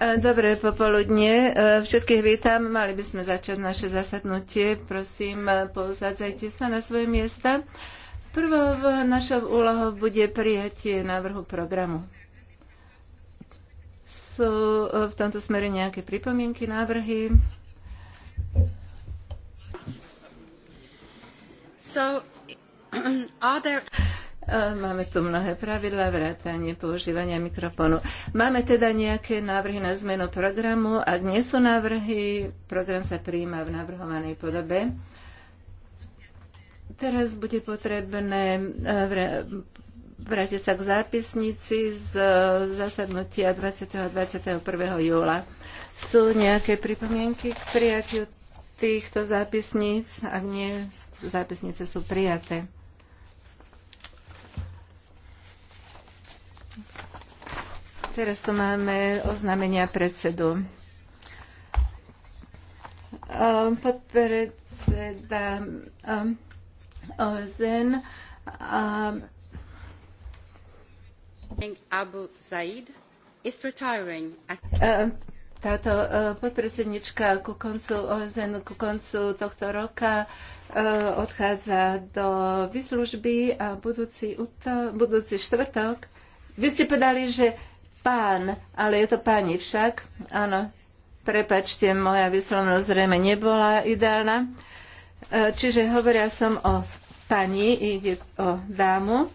E, dobré popoludne. E, všetkých vítam. Mali by sme začať naše zasadnutie. Prosím, e, pozadzajte sa na svoje miesta. Prvou našou úlohou bude prijatie návrhu programu. Sú v tomto smere nejaké pripomienky, návrhy? So, are there... Máme tu mnohé pravidlá, vrátanie používania mikrofónu. Máme teda nejaké návrhy na zmenu programu. Ak nie sú návrhy, program sa prijíma v navrhovanej podobe. Teraz bude potrebné e, vrátiť sa k zápisnici z e, zasadnutia 20. a 21. júla. Sú nejaké pripomienky k prijatiu týchto zápisníc? Ak nie, zápisnice sú prijaté. Teraz tu máme oznámenia predsedu. Ehm, podpredseda ehm, ehm, Abu Zaid is retiring táto podpredsednička ku koncu OSN, ku koncu tohto roka odchádza do výslužby a budúci, budúci štvrtok. Vy ste povedali, že pán, ale je to pani však. Áno, prepačte, moja vyslovnosť zrejme nebola ideálna. E, čiže hovorila som o pani, ide o dámu.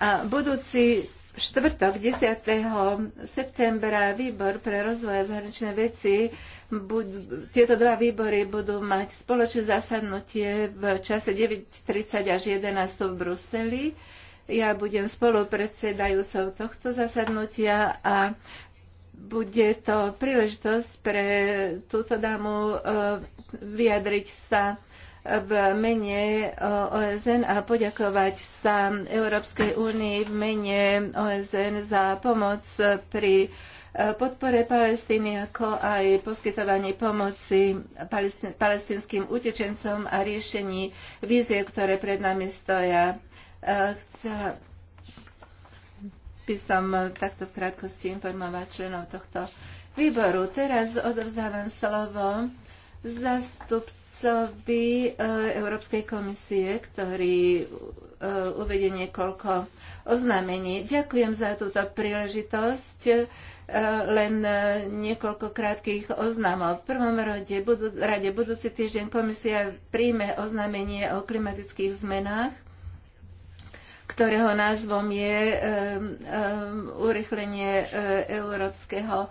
A budúci štvrtok 10. septembra výbor pre rozvoj a zahraničné veci budú, tieto dva výbory budú mať spoločné zasadnutie v čase 9.30 až 11.00 v Bruseli ja budem spolupredsedajúcou tohto zasadnutia a bude to príležitosť pre túto dámu e, vyjadriť sa v mene e, OSN a poďakovať sa Európskej únii v mene OSN za pomoc pri e, podpore Palestíny, ako aj poskytovanie pomoci palestinským utečencom a riešení vízie, ktoré pred nami stoja. Chcela by som takto v krátkosti informovať členov tohto výboru. Teraz odovzdávam slovo zastupcovi e, Európskej komisie, ktorý e, uvedie niekoľko oznámení. Ďakujem za túto príležitosť e, len niekoľko krátkých oznamov. V prvom rade, budú, rade budúci týždeň komisia príjme oznámenie o klimatických zmenách ktorého názvom je urychlenie e, európskeho e,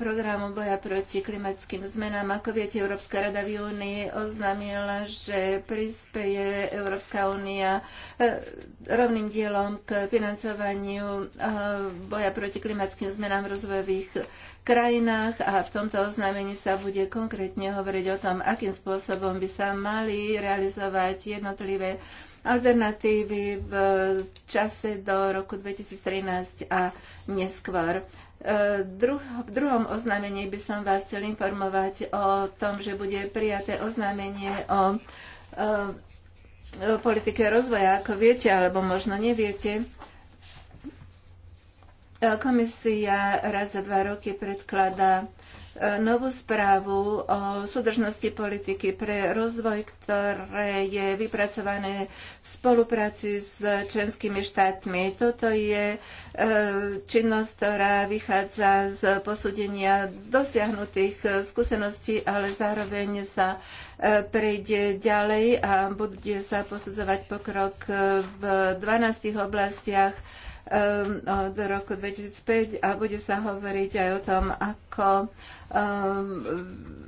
programu boja proti klimatickým zmenám. Ako viete, Európska rada v júni oznámila, že prispeje Európska únia e, rovným dielom k financovaniu boja proti klimatickým zmenám v rozvojových krajinách a v tomto oznámení sa bude konkrétne hovoriť o tom, akým spôsobom by sa mali realizovať jednotlivé alternatívy v čase do roku 2013 a neskôr. E, v druhom oznámení by som vás chcel informovať o tom, že bude prijaté oznámenie o e, politike rozvoja, ako viete, alebo možno neviete. E, komisia raz za dva roky predkladá novú správu o súdržnosti politiky pre rozvoj, ktoré je vypracované v spolupráci s členskými štátmi. Toto je e, činnosť, ktorá vychádza z posúdenia dosiahnutých e, skúseností, ale zároveň sa e, prejde ďalej a bude sa posudzovať pokrok v 12 oblastiach Ehm, od roku 2005 a bude sa hovoriť aj o tom, ako ehm,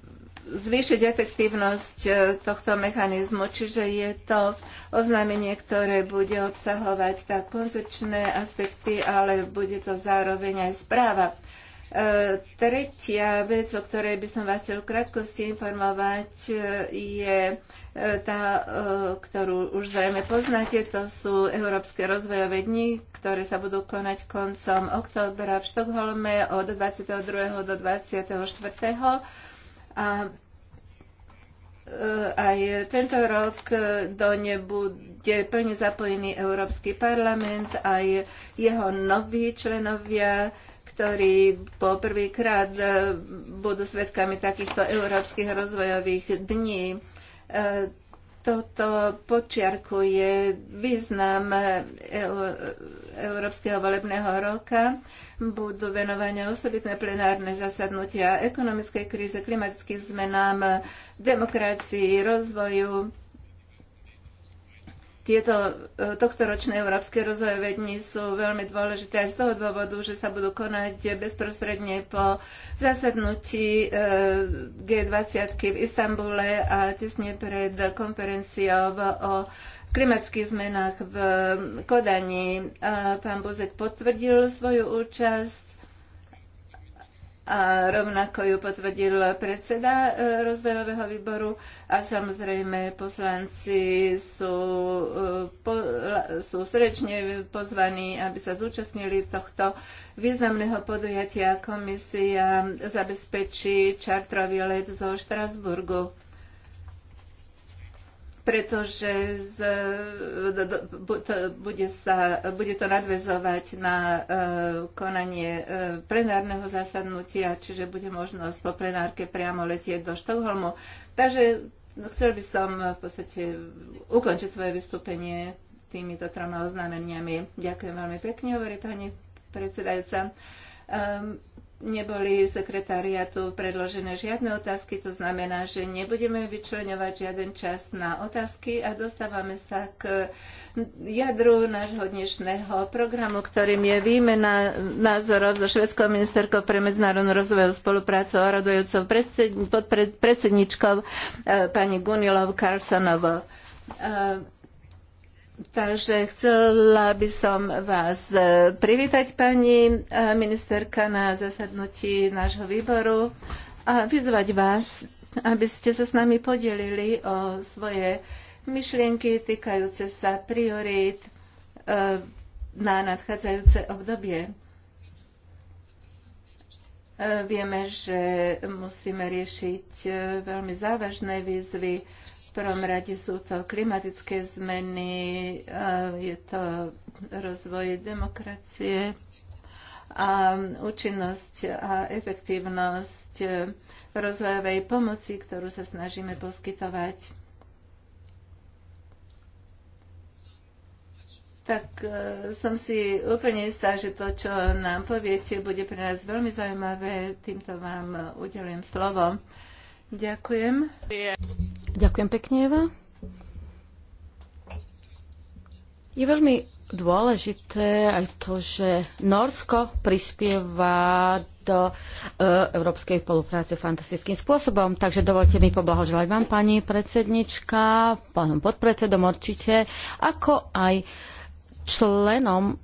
zvýšiť efektívnosť e, tohto mechanizmu. Čiže je to oznámenie, ktoré bude obsahovať tak koncepčné aspekty, ale bude to zároveň aj správa. E, tretia vec, o ktorej by som vás chcel krátkosti informovať, e, je E, tá, e, ktorú už zrejme poznáte, to sú Európske rozvojové dni, ktoré sa budú konať koncom októbra v Štokholme od 22. do 24. A e, aj tento rok do ne bude plne zapojený Európsky parlament, aj jeho noví členovia, ktorí po prvýkrát budú svedkami takýchto európskych rozvojových dní toto počiarkuje význam Európskeho volebného roka. Budú venovania osobitné plenárne zasadnutia ekonomickej kríze, klimatickým zmenám, demokracii, rozvoju, tieto e, tohtoročné európske rozvojové dni sú veľmi dôležité aj z toho dôvodu, že sa budú konať bezprostredne po zasadnutí e, G20 v Istambule a tesne pred konferenciou o klimatických zmenách v Kodani. E, pán Buzek potvrdil svoju účasť a rovnako ju potvrdil predseda e, rozvojového výboru a samozrejme poslanci sú, e, po, sú srdečne pozvaní, aby sa zúčastnili tohto významného podujatia. Komisia zabezpečí čartrový let zo Štrasburgu pretože z, bude, sa, bude to nadvezovať na e, konanie e, plenárneho zasadnutia, čiže bude možnosť po plenárke priamo letieť do Štokholmu. Takže no, chcel by som v podstate ukončiť svoje vystúpenie týmito troma oznámeniami. Ďakujem veľmi pekne, hovorí pani predsedajúca. Um, neboli sekretariatu predložené žiadne otázky, to znamená, že nebudeme vyčleňovať žiaden čas na otázky a dostávame sa k jadru nášho dnešného programu, ktorým je výmena názorov so švedskou ministerkou pre medzinárodnú rozvojovú spoluprácu a radujúcou predsed, predsedničkou eh, pani Gunilov Karlsonovou. Eh, Takže chcela by som vás e, privítať, pani e, ministerka, na zasadnutí nášho výboru a vyzvať vás, aby ste sa s nami podelili o svoje myšlienky týkajúce sa priorít e, na nadchádzajúce obdobie. Vieme, že musíme riešiť veľmi závažné výzvy, v prvom rade sú to klimatické zmeny, je to rozvoj demokracie a účinnosť a efektívnosť rozvojovej pomoci, ktorú sa snažíme poskytovať. tak e, som si úplne istá, že to, čo nám poviete, bude pre nás veľmi zaujímavé. Týmto vám udelujem slovo. Ďakujem. Ďakujem pekne, Eva. Je veľmi dôležité aj to, že Norsko prispieva do e, európskej spolupráce fantastickým spôsobom. Takže dovolte mi poblahoželať vám, pani predsednička, pánom podpredsedom určite, ako aj členom e,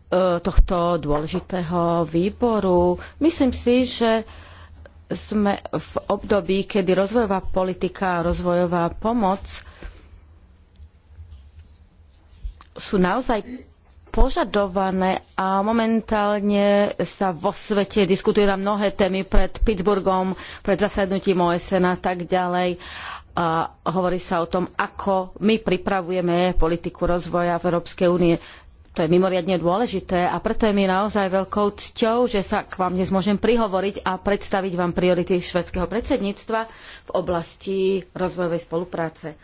tohto dôležitého výboru. Myslím si, že sme v období, kedy rozvojová politika a rozvojová pomoc sú naozaj požadované a momentálne sa vo svete diskutujú na mnohé témy pred Pittsburghom, pred zasadnutím OSN a tak ďalej. A hovorí sa o tom, ako my pripravujeme politiku rozvoja v Európskej únie. To je mimoriadne dôležité a preto je mi naozaj veľkou cťou, že sa k vám dnes môžem prihovoriť a predstaviť vám priority švedského predsedníctva v oblasti rozvojovej spolupráce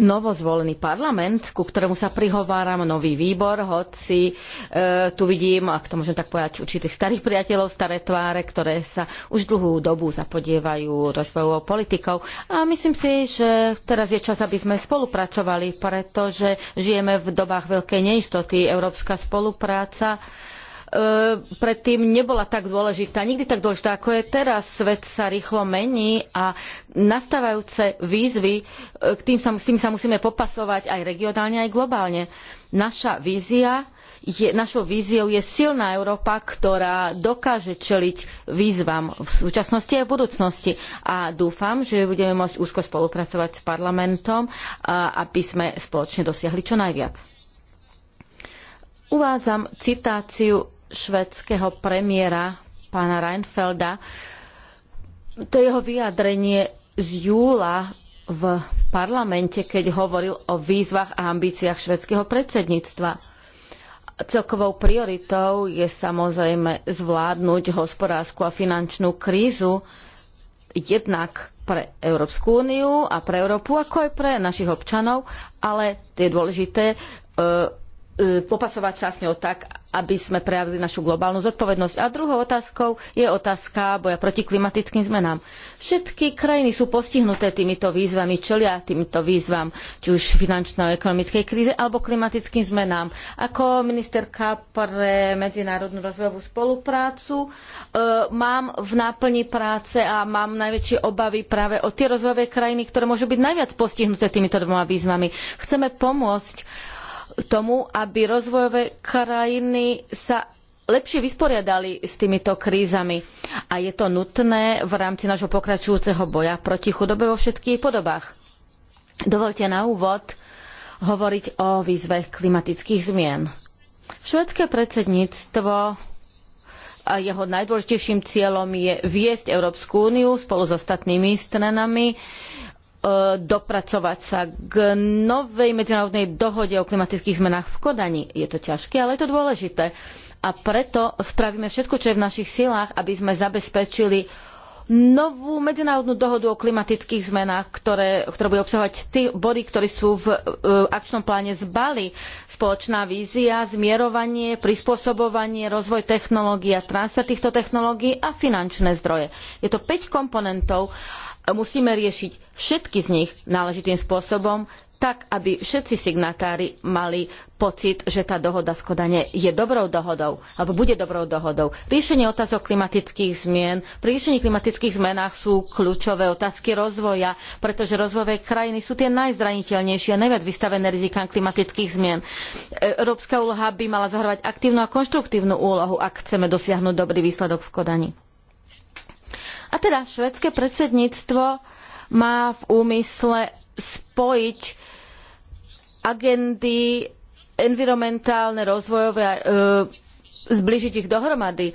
novozvolený parlament, ku ktorému sa prihováram, nový výbor, hoci e, tu vidím, ak to môžem tak povedať, určitých starých priateľov, staré tváre, ktoré sa už dlhú dobu zapodievajú rozvojovou politikou. A myslím si, že teraz je čas, aby sme spolupracovali, pretože žijeme v dobách veľkej neistoty. Európska spolupráca E, predtým nebola tak dôležitá, nikdy tak dôležitá, ako je teraz. Svet sa rýchlo mení a nastávajúce výzvy, e, k tým sa, s tým sa musíme popasovať aj regionálne, aj globálne. Naša vízia je, našou víziou je silná Európa, ktorá dokáže čeliť výzvam v súčasnosti a v budúcnosti. A dúfam, že budeme môcť úzko spolupracovať s parlamentom, aby sme spoločne dosiahli čo najviac. Uvádzam citáciu švedského premiéra pána Reinfelda. To jeho vyjadrenie z júla v parlamente, keď hovoril o výzvach a ambíciách švedského predsedníctva. Celkovou prioritou je samozrejme zvládnuť hospodárskú a finančnú krízu jednak pre Európsku úniu a pre Európu, ako aj pre našich občanov, ale je dôležité e, E, popasovať sa s ňou tak, aby sme prejavili našu globálnu zodpovednosť. A druhou otázkou je otázka boja proti klimatickým zmenám. Všetky krajiny sú postihnuté týmito výzvami, čelia týmto výzvam, či už finančno-ekonomickej kríze alebo klimatickým zmenám. Ako ministerka pre medzinárodnú rozvojovú spoluprácu e, mám v náplni práce a mám najväčšie obavy práve o tie rozvojové krajiny, ktoré môžu byť najviac postihnuté týmito dvoma výzvami. Chceme pomôcť tomu, aby rozvojové krajiny sa lepšie vysporiadali s týmito krízami. A je to nutné v rámci nášho pokračujúceho boja proti chudobe vo všetkých podobách. Dovolte na úvod hovoriť o výzve klimatických zmien. Švedské predsedníctvo a jeho najdôležitejším cieľom je viesť Európsku úniu spolu s so ostatnými stranami E, dopracovať sa k novej medzinárodnej dohode o klimatických zmenách v Kodani. Je to ťažké, ale je to dôležité. A preto spravíme všetko, čo je v našich silách, aby sme zabezpečili novú medzinárodnú dohodu o klimatických zmenách, ktoré, ktorá bude obsahovať tie body, ktoré sú v, e, akčnom pláne z Bali. Spoločná vízia, zmierovanie, prispôsobovanie, rozvoj technológií a transfer týchto technológií a finančné zdroje. Je to 5 komponentov. Musíme riešiť všetky z nich náležitým spôsobom tak, aby všetci signatári mali pocit, že tá dohoda z Kodane je dobrou dohodou, alebo bude dobrou dohodou. Riešenie otázok klimatických zmien. Pri riešení klimatických zmenách sú kľúčové otázky rozvoja, pretože rozvojové krajiny sú tie najzraniteľnejšie a najviac vystavené rizikám klimatických zmien. Európska úloha by mala zohrávať aktívnu a konštruktívnu úlohu, ak chceme dosiahnuť dobrý výsledok v Kodani. A teda švedské predsedníctvo má v úmysle spojiť agendy environmentálne, rozvojové e, zbližiť ich dohromady. E,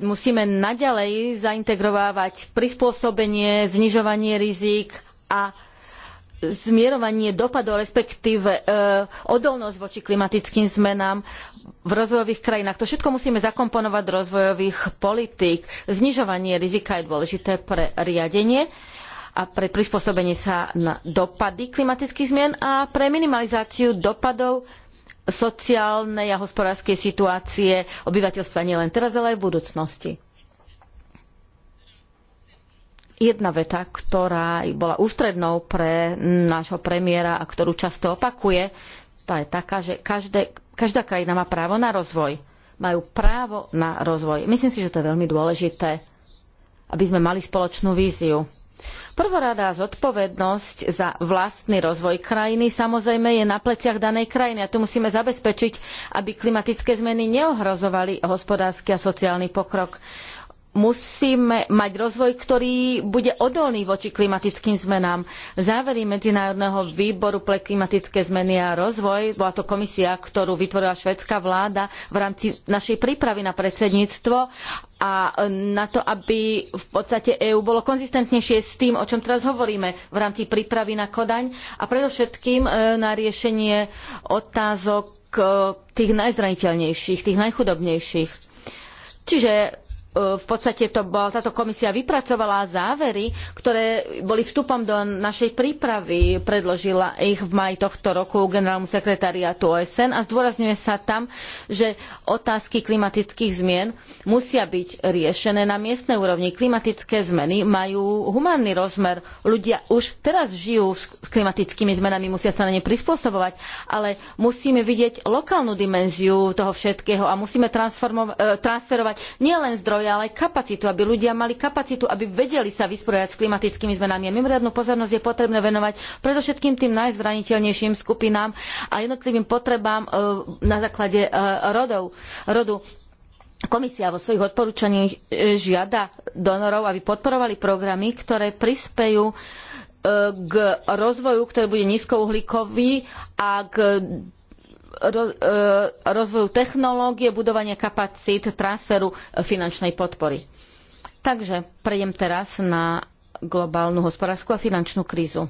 musíme naďalej zaintegrovávať prispôsobenie, znižovanie rizik a zmierovanie dopadov, respektíve e, odolnosť voči klimatickým zmenám v rozvojových krajinách. To všetko musíme zakomponovať do rozvojových politík. Znižovanie rizika je dôležité pre riadenie a pre prispôsobenie sa na dopady klimatických zmien a pre minimalizáciu dopadov sociálnej a hospodárskej situácie obyvateľstva nielen teraz, ale aj v budúcnosti. Jedna veta, ktorá bola ústrednou pre nášho premiéra a ktorú často opakuje, tá je taká, že každé, každá krajina má právo na rozvoj. Majú právo na rozvoj. Myslím si, že to je veľmi dôležité, aby sme mali spoločnú víziu Prvoradá zodpovednosť za vlastný rozvoj krajiny samozrejme je na pleciach danej krajiny a tu musíme zabezpečiť, aby klimatické zmeny neohrozovali hospodársky a sociálny pokrok musíme mať rozvoj, ktorý bude odolný voči klimatickým zmenám. Závery Medzinárodného výboru pre klimatické zmeny a rozvoj, bola to komisia, ktorú vytvorila švedská vláda v rámci našej prípravy na predsedníctvo a na to, aby v podstate EÚ bolo konzistentnejšie s tým, o čom teraz hovoríme v rámci prípravy na Kodaň a predovšetkým e, na riešenie otázok e, tých najzraniteľnejších, tých najchudobnejších. Čiže v podstate to táto komisia vypracovala závery, ktoré boli vstupom do našej prípravy, predložila ich v maji tohto roku generálnemu sekretariátu OSN a zdôrazňuje sa tam, že otázky klimatických zmien musia byť riešené na miestnej úrovni. Klimatické zmeny majú humánny rozmer. Ľudia už teraz žijú s klimatickými zmenami, musia sa na ne prispôsobovať, ale musíme vidieť lokálnu dimenziu toho všetkého a musíme e, transferovať nielen zdroje, ale aj kapacitu, aby ľudia mali kapacitu, aby vedeli sa vysporiadať s klimatickými zmenami. A mimoriadnú pozornosť je potrebné venovať predovšetkým tým najzraniteľnejším skupinám a jednotlivým potrebám e, na základe e, rodov, rodu. Komisia vo svojich odporúčaniach e, žiada donorov, aby podporovali programy, ktoré prispejú k rozvoju, ktorý bude nízkouhlíkový a k E, rozvoju technológie, budovania kapacít, transferu e, finančnej podpory. Takže prejdem teraz na globálnu hospodárskú a finančnú krízu.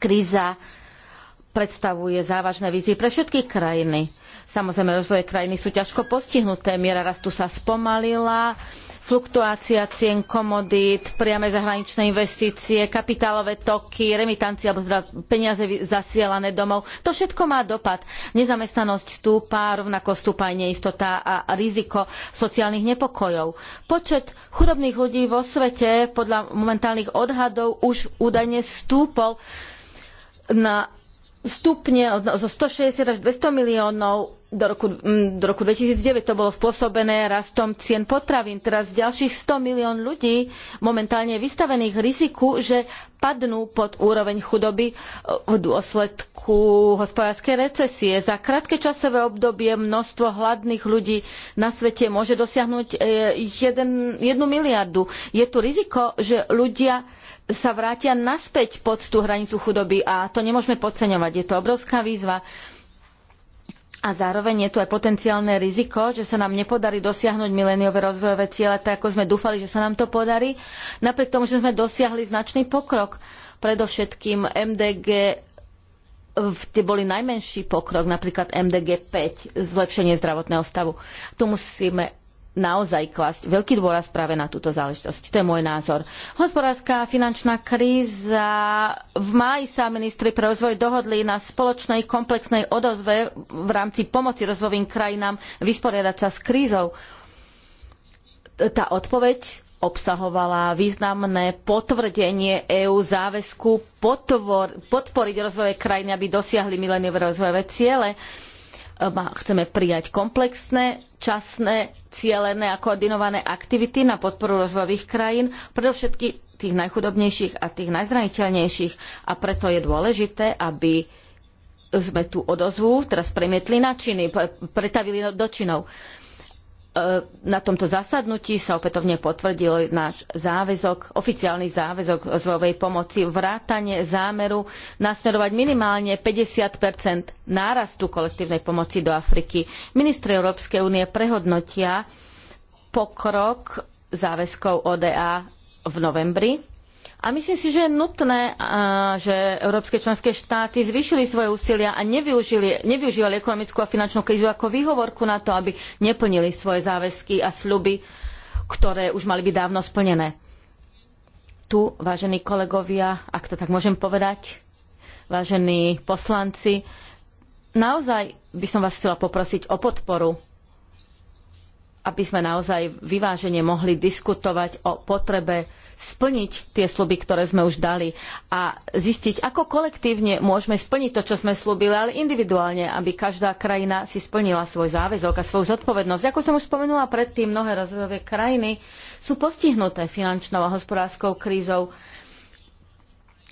Kríza predstavuje závažné vízie pre všetky krajiny. Samozrejme, rozvoje krajiny sú ťažko postihnuté, miera rastu sa spomalila, fluktuácia cien komodít, priame zahraničné investície, kapitálové toky, remitancie alebo teda peniaze zasielané domov. To všetko má dopad. Nezamestnanosť stúpa, rovnako stúpa aj neistota a riziko sociálnych nepokojov. Počet chudobných ľudí vo svete podľa momentálnych odhadov už údajne stúpol na stupne zo 160 až 200 miliónov do roku, mm, do roku 2009 to bolo spôsobené rastom cien potravín. Teraz ďalších 100 milión ľudí momentálne je vystavených riziku, že padnú pod úroveň chudoby e, v dôsledku hospodárskej recesie. Za krátke časové obdobie množstvo hladných ľudí na svete môže dosiahnuť e, jeden, jednu miliardu. Je tu riziko, že ľudia sa vrátia naspäť pod tú hranicu chudoby a to nemôžeme podceňovať. Je to obrovská výzva. A zároveň je tu aj potenciálne riziko, že sa nám nepodarí dosiahnuť miléniové rozvojové ciele, tak ako sme dúfali, že sa nám to podarí, napriek tomu, že sme dosiahli značný pokrok. Predovšetkým MDG tie boli najmenší pokrok, napríklad MDG 5, zlepšenie zdravotného stavu. Tu musíme naozaj klasť veľký dôraz práve na túto záležitosť. To je môj názor. Hospodárska finančná kríza. V máji sa ministri pre rozvoj dohodli na spoločnej komplexnej odozve v rámci pomoci rozvojovým krajinám vysporiadať sa s krízou. Tá odpoveď obsahovala významné potvrdenie EÚ záväzku podporiť rozvoje krajiny, aby dosiahli mileniové rozvojové ciele chceme prijať komplexné, časné, cielené a koordinované aktivity na podporu rozvojových krajín, predovšetky tých najchudobnejších a tých najzraniteľnejších. A preto je dôležité, aby sme tú odozvu teraz premietli na činy, pretavili do činov. E, na tomto zasadnutí sa opätovne potvrdil náš záväzok, oficiálny záväzok rozvojovej pomoci, vrátanie zámeru nasmerovať minimálne 50 nárastu kolektívnej pomoci do Afriky. Ministri Európskej únie prehodnotia pokrok záväzkov ODA v novembri a myslím si, že je nutné, že európske členské štáty zvýšili svoje úsilia a nevyužívali ekonomickú a finančnú krízu ako výhovorku na to, aby neplnili svoje záväzky a sľuby, ktoré už mali byť dávno splnené. Tu, vážení kolegovia, ak to tak môžem povedať, vážení poslanci, naozaj by som vás chcela poprosiť o podporu aby sme naozaj vyvážene mohli diskutovať o potrebe splniť tie sluby, ktoré sme už dali a zistiť, ako kolektívne môžeme splniť to, čo sme slúbili, ale individuálne, aby každá krajina si splnila svoj záväzok a svoju zodpovednosť. Ako som už spomenula predtým, mnohé rozvojové krajiny sú postihnuté finančnou a hospodárskou krízou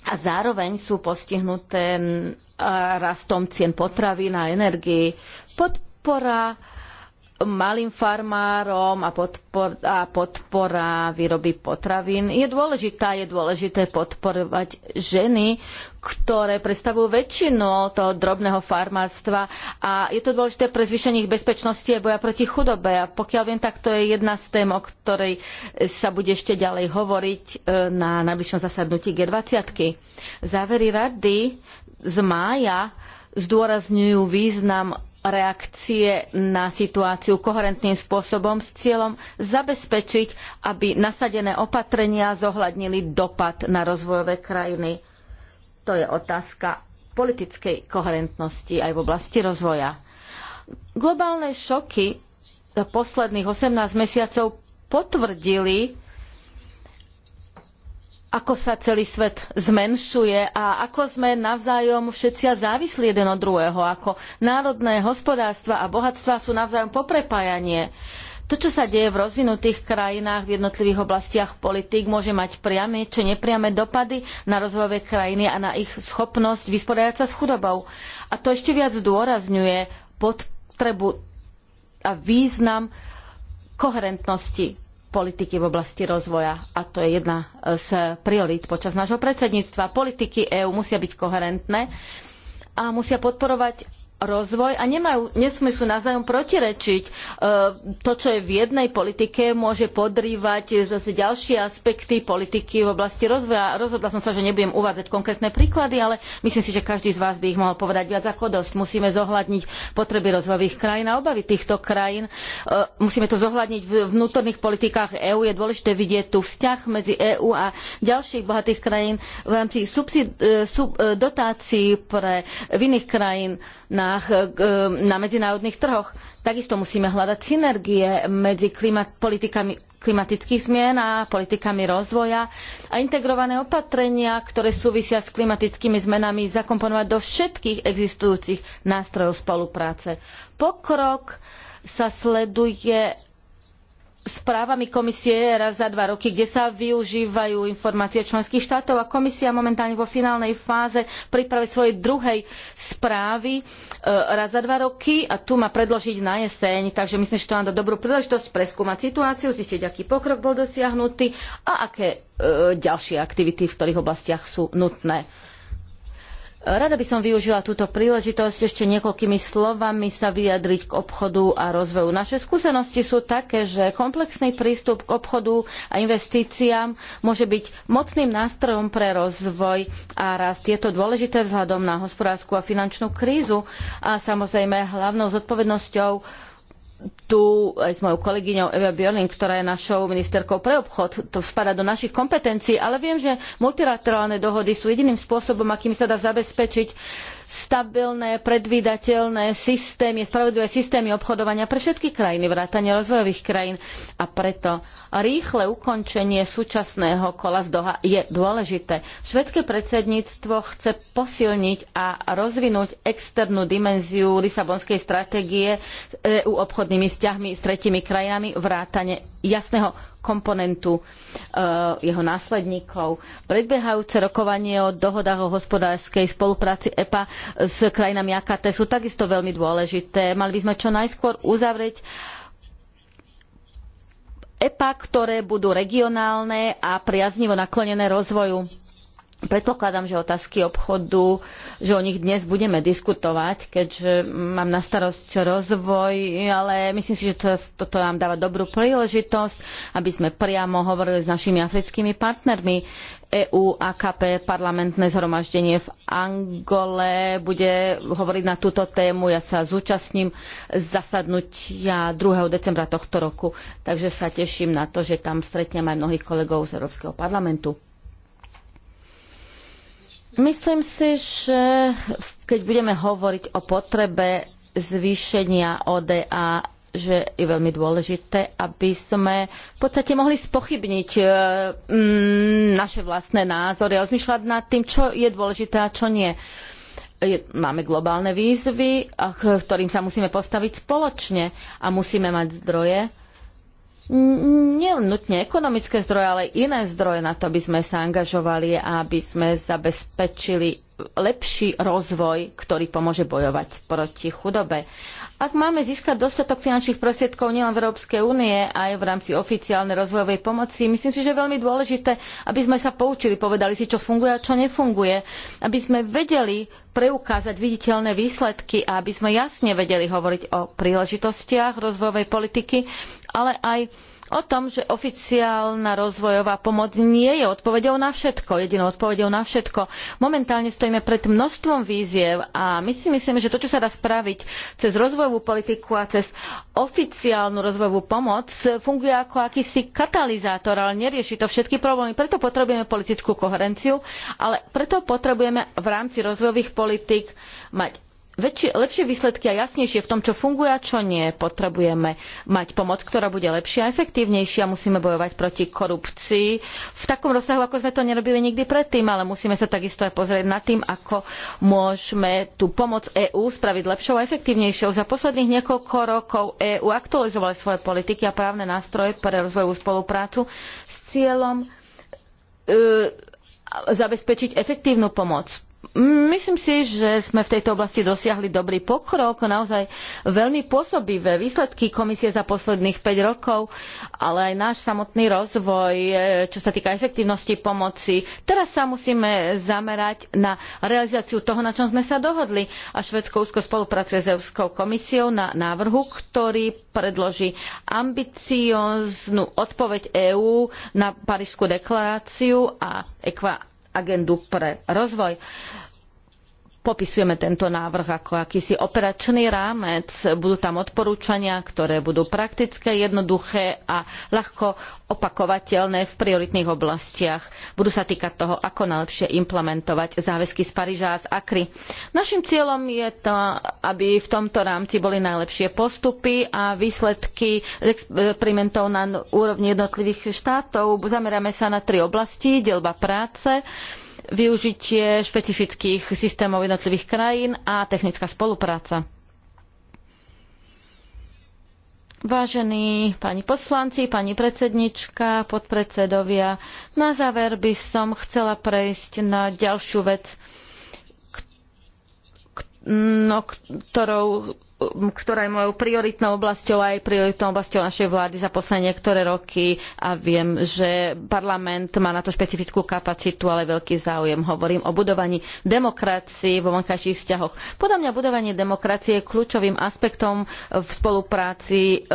a zároveň sú postihnuté mm, rastom cien potravy na energii. Podpora malým farmárom a, podpora a podpora výroby potravín je dôležitá. Je dôležité podporovať ženy, ktoré predstavujú väčšinu toho drobného farmárstva a je to dôležité pre zvýšenie ich bezpečnosti a boja proti chudobe. A pokiaľ viem, tak to je jedna z tém, o ktorej sa bude ešte ďalej hovoriť e, na najbližšom zasadnutí G20. Závery rady z mája zdôrazňujú význam reakcie na situáciu koherentným spôsobom s cieľom zabezpečiť, aby nasadené opatrenia zohľadnili dopad na rozvojové krajiny. To je otázka politickej koherentnosti aj v oblasti rozvoja. Globálne šoky posledných 18 mesiacov potvrdili, ako sa celý svet zmenšuje a ako sme navzájom všetci závislí jeden od druhého, ako národné hospodárstva a bohatstva sú navzájom poprepájanie. To, čo sa deje v rozvinutých krajinách, v jednotlivých oblastiach politik, môže mať priame či nepriame dopady na rozvojové krajiny a na ich schopnosť vysporiadať sa s chudobou. A to ešte viac zdôrazňuje potrebu a význam koherentnosti politiky v oblasti rozvoja. A to je jedna z priorít počas nášho predsedníctva. Politiky EÚ musia byť koherentné a musia podporovať rozvoj a nemajú, nesmú sú navzájom protirečiť. E, to, čo je v jednej politike, môže podrývať zase ďalšie aspekty politiky v oblasti rozvoja. Rozhodla som sa, že nebudem uvádzať konkrétne príklady, ale myslím si, že každý z vás by ich mohol povedať viac ako dosť. Musíme zohľadniť potreby rozvojových krajín a obavy týchto krajín. E, musíme to zohľadniť v vnútorných politikách EÚ. Je dôležité vidieť tu vzťah medzi EÚ a ďalších bohatých krajín v rámci subsid, e, sub, dotácií pre v iných krajín na cenách e, na medzinárodných trhoch. Takisto musíme hľadať synergie medzi klimat, politikami klimatických zmien a politikami rozvoja a integrované opatrenia, ktoré súvisia s klimatickými zmenami, zakomponovať do všetkých existujúcich nástrojov spolupráce. Pokrok sa sleduje správami komisie raz za dva roky, kde sa využívajú informácie členských štátov a komisia momentálne vo finálnej fáze prípravy svojej druhej správy e, raz za dva roky a tu má predložiť na jeseň. Takže myslím, že to nám dá dobrú príležitosť preskúmať situáciu, zistiť, aký pokrok bol dosiahnutý a aké e, ďalšie aktivity v ktorých oblastiach sú nutné. Rada by som využila túto príležitosť ešte niekoľkými slovami sa vyjadriť k obchodu a rozvoju. Naše skúsenosti sú také, že komplexný prístup k obchodu a investíciám môže byť mocným nástrojom pre rozvoj a rast. Je to dôležité vzhľadom na hospodárskú a finančnú krízu a samozrejme hlavnou zodpovednosťou tu aj s mojou kolegyňou Eva Björling, ktorá je našou ministerkou pre obchod. To spadá do našich kompetencií, ale viem, že multilaterálne dohody sú jediným spôsobom, akým sa dá zabezpečiť stabilné, predvídateľné systémy, spravodlivé systémy obchodovania pre všetky krajiny, vrátane rozvojových krajín. A preto rýchle ukončenie súčasného kola z Doha je dôležité. Švedské predsedníctvo chce posilniť a rozvinúť externú dimenziu Lisabonskej stratégie EU obchodnými vzťahmi s tretimi krajinami vrátane jasného komponentu e, jeho následníkov. Predbiehajúce rokovanie o dohodách o hospodárskej spolupráci EPA s krajinami AKT sú takisto veľmi dôležité. Mali by sme čo najskôr uzavrieť EPA, ktoré budú regionálne a priaznivo naklonené rozvoju Predpokladám, že otázky obchodu, že o nich dnes budeme diskutovať, keďže mám na starosť rozvoj, ale myslím si, že to, toto nám dáva dobrú príležitosť, aby sme priamo hovorili s našimi africkými partnermi. EU AKP parlamentné zhromaždenie v Angole bude hovoriť na túto tému. Ja sa zúčastním zasadnutia 2. decembra tohto roku, takže sa teším na to, že tam stretnem aj mnohých kolegov z Európskeho parlamentu. Myslím si, že keď budeme hovoriť o potrebe zvýšenia ODA, že je veľmi dôležité, aby sme v podstate mohli spochybniť e, mm, naše vlastné názory a rozmýšľať nad tým, čo je dôležité a čo nie. Máme globálne výzvy, ktorým sa musíme postaviť spoločne a musíme mať zdroje, nie nutne ekonomické zdroje, ale iné zdroje na to, aby sme sa angažovali a aby sme zabezpečili lepší rozvoj, ktorý pomôže bojovať proti chudobe. Ak máme získať dostatok finančných prostriedkov nielen v Európskej únie, aj v rámci oficiálnej rozvojovej pomoci, myslím si, že je veľmi dôležité, aby sme sa poučili, povedali si, čo funguje a čo nefunguje, aby sme vedeli preukázať viditeľné výsledky a aby sme jasne vedeli hovoriť o príležitostiach rozvojovej politiky, ale aj o tom, že oficiálna rozvojová pomoc nie je odpovedou na všetko, jedinou odpovedou na všetko. Momentálne stojíme pred množstvom víziev a my si myslíme, že to, čo sa dá spraviť cez rozvojovú politiku a cez oficiálnu rozvojovú pomoc, funguje ako akýsi katalizátor, ale nerieši to všetky problémy. Preto potrebujeme politickú koherenciu, ale preto potrebujeme v rámci rozvojových politik mať väčšie, lepšie výsledky a jasnejšie v tom, čo funguje a čo nie. Potrebujeme mať pomoc, ktorá bude lepšia a efektívnejšia. Musíme bojovať proti korupcii v takom rozsahu, ako sme to nerobili nikdy predtým, ale musíme sa takisto aj pozrieť na tým, ako môžeme tú pomoc EÚ spraviť lepšou a efektívnejšou. Za posledných niekoľko rokov EÚ aktualizovala svoje politiky a právne nástroje pre rozvojovú spoluprácu s cieľom uh, zabezpečiť efektívnu pomoc Myslím si, že sme v tejto oblasti dosiahli dobrý pokrok, naozaj veľmi pôsobivé výsledky komisie za posledných 5 rokov, ale aj náš samotný rozvoj, e, čo sa týka efektívnosti pomoci. Teraz sa musíme zamerať na realizáciu toho, na čom sme sa dohodli. A Švedsko úzko spolupracuje s Európskou komisiou na návrhu, ktorý predloží ambicióznu odpoveď EÚ na Parížskú deklaráciu a agendu pre rozvoj popisujeme tento návrh ako akýsi operačný rámec. Budú tam odporúčania, ktoré budú praktické, jednoduché a ľahko opakovateľné v prioritných oblastiach. Budú sa týkať toho, ako najlepšie implementovať záväzky z Paríža a z Akry. Našim cieľom je to, aby v tomto rámci boli najlepšie postupy a výsledky experimentov na úrovni jednotlivých štátov. Zameráme sa na tri oblasti. Delba práce, využitie špecifických systémov jednotlivých krajín a technická spolupráca. Vážení pani poslanci, pani predsednička, podpredsedovia, na záver by som chcela prejsť na ďalšiu vec, no, ktorou ktorá je mojou prioritnou oblasťou aj prioritnou oblasťou našej vlády za posledné niektoré roky a viem, že parlament má na to špecifickú kapacitu, ale veľký záujem. Hovorím o budovaní demokracie vo vonkajších vzťahoch. Podľa mňa budovanie demokracie je kľúčovým aspektom v spolupráci, e,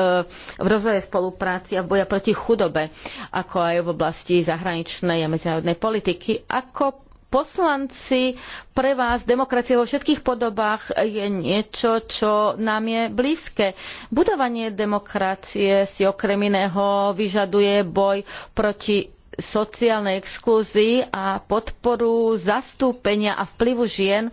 v rozvoje spolupráci a v boja proti chudobe, ako aj v oblasti zahraničnej a medzinárodnej politiky, ako poslanci, pre vás demokracia vo všetkých podobách je niečo, čo nám je blízke. Budovanie demokracie si okrem iného vyžaduje boj proti sociálnej exklúzii a podporu zastúpenia a vplyvu žien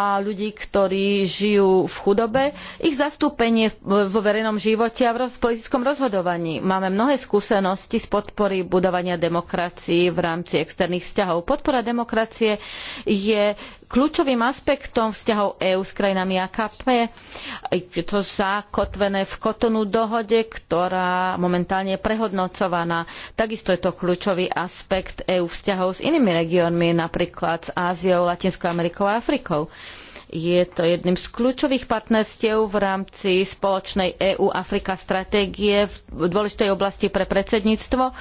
a ľudí, ktorí žijú v chudobe, ich zastúpenie vo verejnom živote a v politickom rozhodovaní. Máme mnohé skúsenosti z podpory budovania demokracií v rámci externých vzťahov. Podpora demokracie je kľúčovým aspektom vzťahov EÚ s krajinami AKP. Je to zakotvené v Kotonu dohode, ktorá momentálne je prehodnocovaná. Takisto je to kľúčový aspekt EÚ vzťahov s inými regiónmi, napríklad s Áziou, Latinskou Amerikou a Afrikou. Je to jedným z kľúčových partnerstiev v rámci spoločnej EU-Afrika stratégie v dôležitej oblasti pre predsedníctvo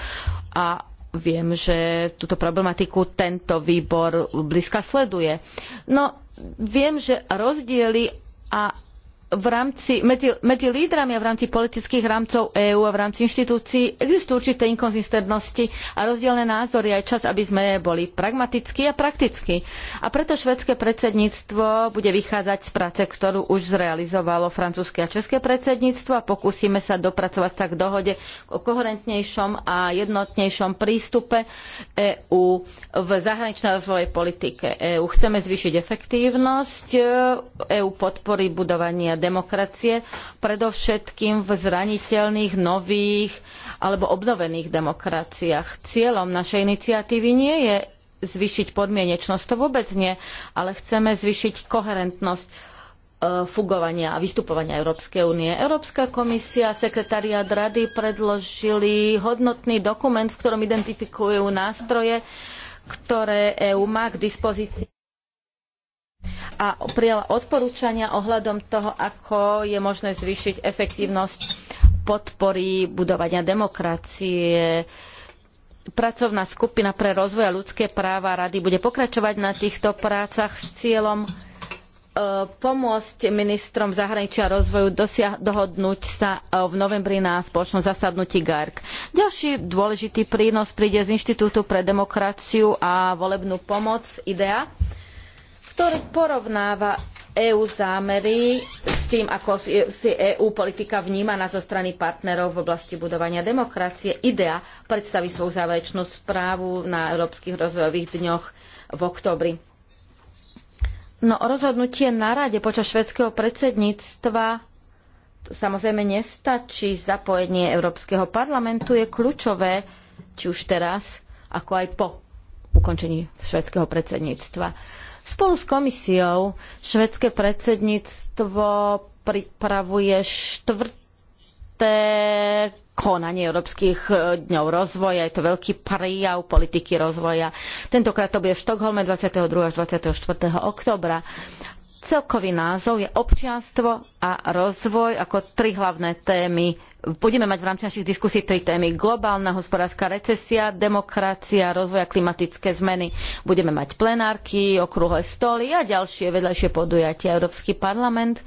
a Viem, že túto problematiku tento výbor blízka sleduje. No, viem, že rozdiely a v rámci, medzi, medzi lídrami a v rámci politických rámcov EÚ a v rámci inštitúcií existujú určité inkonzistentnosti a rozdielne názory aj čas, aby sme boli pragmatickí a praktickí. A preto švedské predsedníctvo bude vychádzať z práce, ktorú už zrealizovalo francúzske a české predsedníctvo a pokúsime sa dopracovať sa k dohode o koherentnejšom a jednotnejšom prístupe EÚ v zahraničnej rozvojovej politike EÚ. Chceme zvýšiť efektívnosť, EÚ podporí budovanie demokracie, predovšetkým v zraniteľných, nových alebo obnovených demokraciách. Cieľom našej iniciatívy nie je zvýšiť podmienečnosť, to vôbec nie, ale chceme zvýšiť koherentnosť e, fungovania a vystupovania Európskej únie. Európska komisia a sekretariat rady predložili hodnotný dokument, v ktorom identifikujú nástroje, ktoré EÚ má k dispozícii a prijala odporúčania ohľadom toho, ako je možné zvýšiť efektívnosť podpory budovania demokracie. Pracovná skupina pre rozvoj a ľudské práva rady bude pokračovať na týchto prácach s cieľom e, pomôcť ministrom zahraničia a rozvoju dohodnúť sa e, v novembri na spoločnom zasadnutí GARC. Ďalší dôležitý prínos príde z Inštitútu pre demokraciu a volebnú pomoc IDEA ktorý porovnáva EÚ zámery s tým, ako si EÚ politika vnímaná zo strany partnerov v oblasti budovania demokracie. IDEA predstaví svoju záverečnú správu na Európskych rozvojových dňoch v októbri. No rozhodnutie na rade počas švedského predsedníctva samozrejme nestačí. Zapojenie Európskeho parlamentu je kľúčové, či už teraz, ako aj po ukončení švedského predsedníctva. Spolu s komisiou švedské predsedníctvo pripravuje štvrté konanie Európskych e, dňov rozvoja. Je to veľký prejav politiky rozvoja. Tentokrát to bude v Štokholme 22. až 24. oktobra. Celkový názov je občianstvo a rozvoj ako tri hlavné témy budeme mať v rámci našich diskusí tri témy. Globálna hospodárska recesia, demokracia, rozvoj a klimatické zmeny. Budeme mať plenárky, okrúhle stoly a ďalšie vedľajšie podujatia. Európsky parlament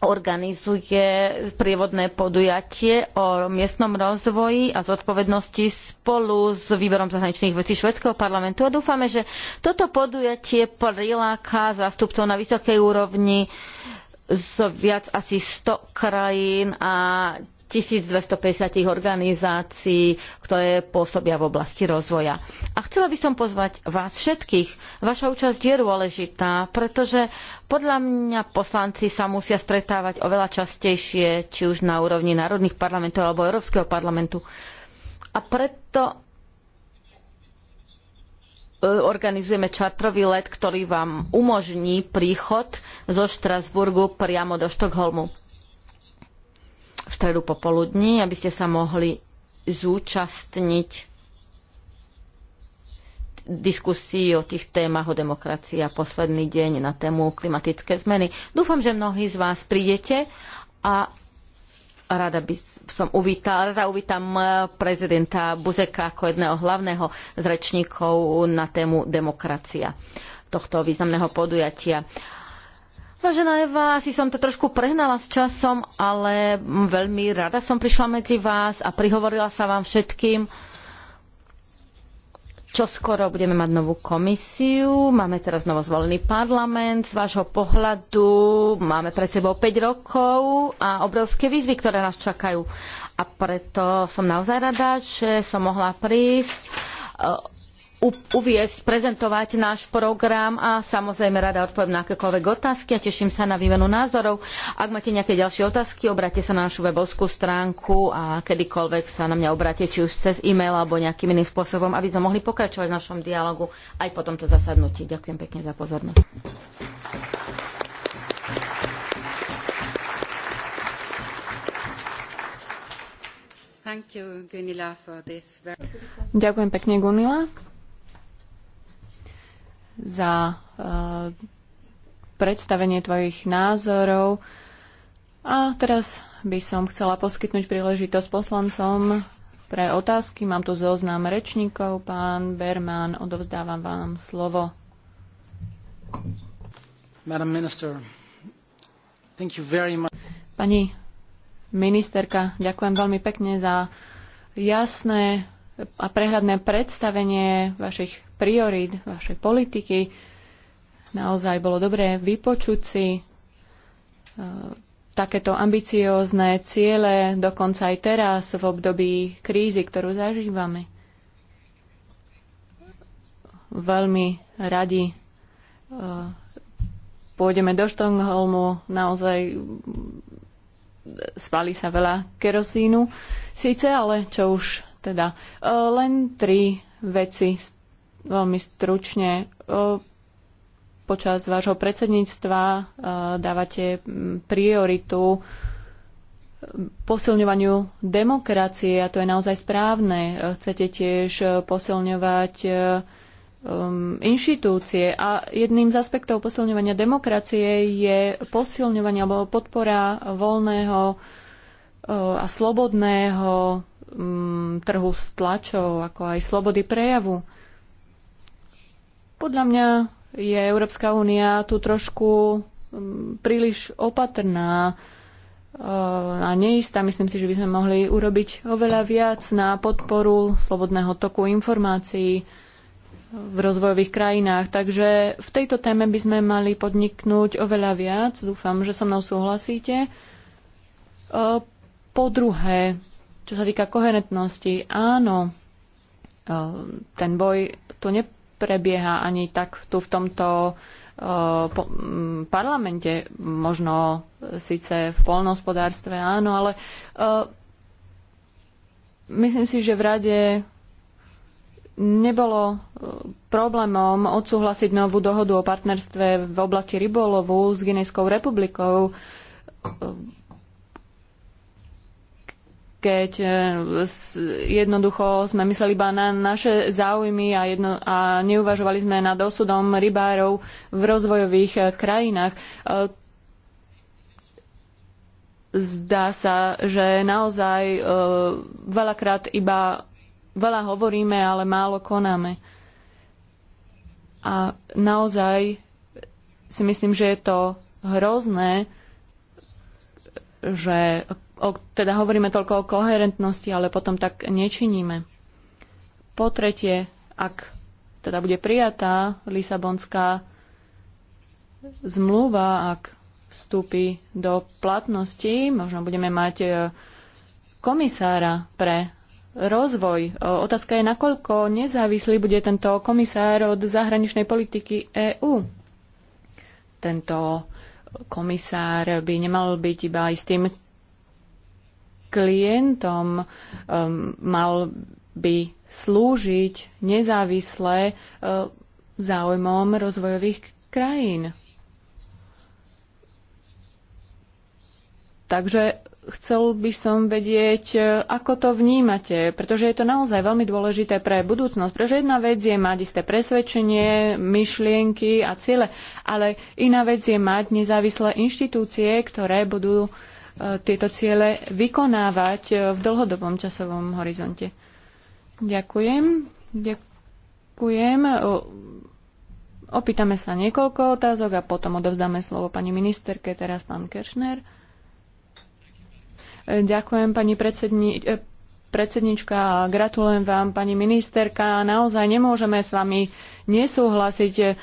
organizuje prievodné podujatie o miestnom rozvoji a zodpovednosti spolu s výborom zahraničných vecí švedského parlamentu a dúfame, že toto podujatie priláka zástupcov na vysokej úrovni z viac asi 100 krajín a 1250 organizácií, ktoré pôsobia v oblasti rozvoja. A chcela by som pozvať vás všetkých. Vaša účasť je dôležitá, pretože podľa mňa poslanci sa musia stretávať oveľa častejšie, či už na úrovni národných parlamentov alebo Európskeho parlamentu. A preto E, organizujeme čatrový let, ktorý vám umožní príchod zo Štrasburgu priamo do Štokholmu v stredu popoludní, aby ste sa mohli zúčastniť diskusí o tých témach o demokracii a posledný deň na tému klimatické zmeny. Dúfam, že mnohí z vás prídete a rada by som uvítala, rada uvítam eh, prezidenta Buzeka ako jedného hlavného z rečníkov na tému demokracia tohto významného podujatia. Vážená Eva, asi som to trošku prehnala s časom, ale mm, veľmi rada som prišla medzi vás a prihovorila sa vám všetkým čo skoro budeme mať novú komisiu, máme teraz zvolený parlament, z vášho pohľadu máme pred sebou 5 rokov a obrovské výzvy, ktoré nás čakajú. A preto som naozaj rada, že som mohla prísť uviesť, prezentovať náš program a samozrejme rada odpoviem na akékoľvek otázky a teším sa na výmenu názorov. Ak máte nejaké ďalšie otázky, obráte sa na našu webovskú stránku a kedykoľvek sa na mňa obráte, či už cez e-mail alebo nejakým iným spôsobom, aby sme mohli pokračovať v našom dialogu aj po tomto zasadnutí. Ďakujem pekne za pozornosť. You, Gunilla, very... Ďakujem pekne, Gunila za e, predstavenie tvojich názorov. A teraz by som chcela poskytnúť príležitosť poslancom pre otázky. Mám tu zoznam rečníkov. Pán Berman, odovzdávam vám slovo. Madam Minister, thank you very much. Pani ministerka, ďakujem veľmi pekne za jasné a prehľadné predstavenie vašich priorít, vašej politiky. Naozaj bolo dobré vypočuť si e, takéto ambiciózne ciele, dokonca aj teraz v období krízy, ktorú zažívame. Veľmi radi e, pôjdeme do Štongholmu, naozaj spali sa veľa kerosínu, síce, ale čo už teda e, len tri veci veľmi stručne. E, počas vášho predsedníctva e, dávate prioritu posilňovaniu demokracie a to je naozaj správne. Chcete tiež posilňovať um, inštitúcie a jedným z aspektov posilňovania demokracie je posilňovanie alebo podpora voľného uh, a slobodného Mm, trhu s tlačou, ako aj slobody prejavu. Podľa mňa je Európska únia tu trošku mm, príliš opatrná eh, a neistá. Myslím si, že by sme mohli urobiť oveľa viac na podporu slobodného toku informácií v rozvojových krajinách. Takže v tejto téme by sme mali podniknúť oveľa viac. Dúfam, že so mnou súhlasíte. Eh, po druhé, čo sa týka koherentnosti, áno, e, ten boj tu neprebieha ani tak tu v tomto e, parlamente, možno síce v polnohospodárstve, áno, ale e, myslím si, že v rade nebolo problémom odsúhlasiť novú dohodu o partnerstve v oblasti rybolovu s Guinejskou republikou keď e, jednoducho sme mysleli iba na naše záujmy a, jedno, a neuvažovali sme nad osudom rybárov v rozvojových e, krajinách. E, zdá sa, že naozaj veľakrát iba veľa hovoríme, ale málo konáme. A naozaj si myslím, že je to hrozné, že o, teda hovoríme toľko o koherentnosti, ale potom tak nečiníme. Po tretie, ak teda bude prijatá Lisabonská zmluva, ak vstúpi do platnosti, možno budeme mať e, komisára pre rozvoj. E, otázka je, nakoľko nezávislý bude tento komisár od zahraničnej politiky EÚ. Tento komisár by nemal byť iba istým klientom, um, mal by slúžiť nezávisle uh, záujmom rozvojových krajín. Takže chcel by som vedieť, uh, ako to vnímate, pretože je to naozaj veľmi dôležité pre budúcnosť. Pretože jedna vec je mať isté presvedčenie, myšlienky a ciele, ale iná vec je mať nezávislé inštitúcie, ktoré budú uh, E, tieto ciele vykonávať e, v dlhodobom časovom horizonte. Ďakujem. Ďakujem. E, opýtame sa niekoľko otázok a potom odovzdáme slovo pani ministerke, teraz pán Keršner. Ďakujem pani predsedni, predsednička a gratulujem vám pani ministerka. Naozaj nemôžeme s vami nesúhlasiť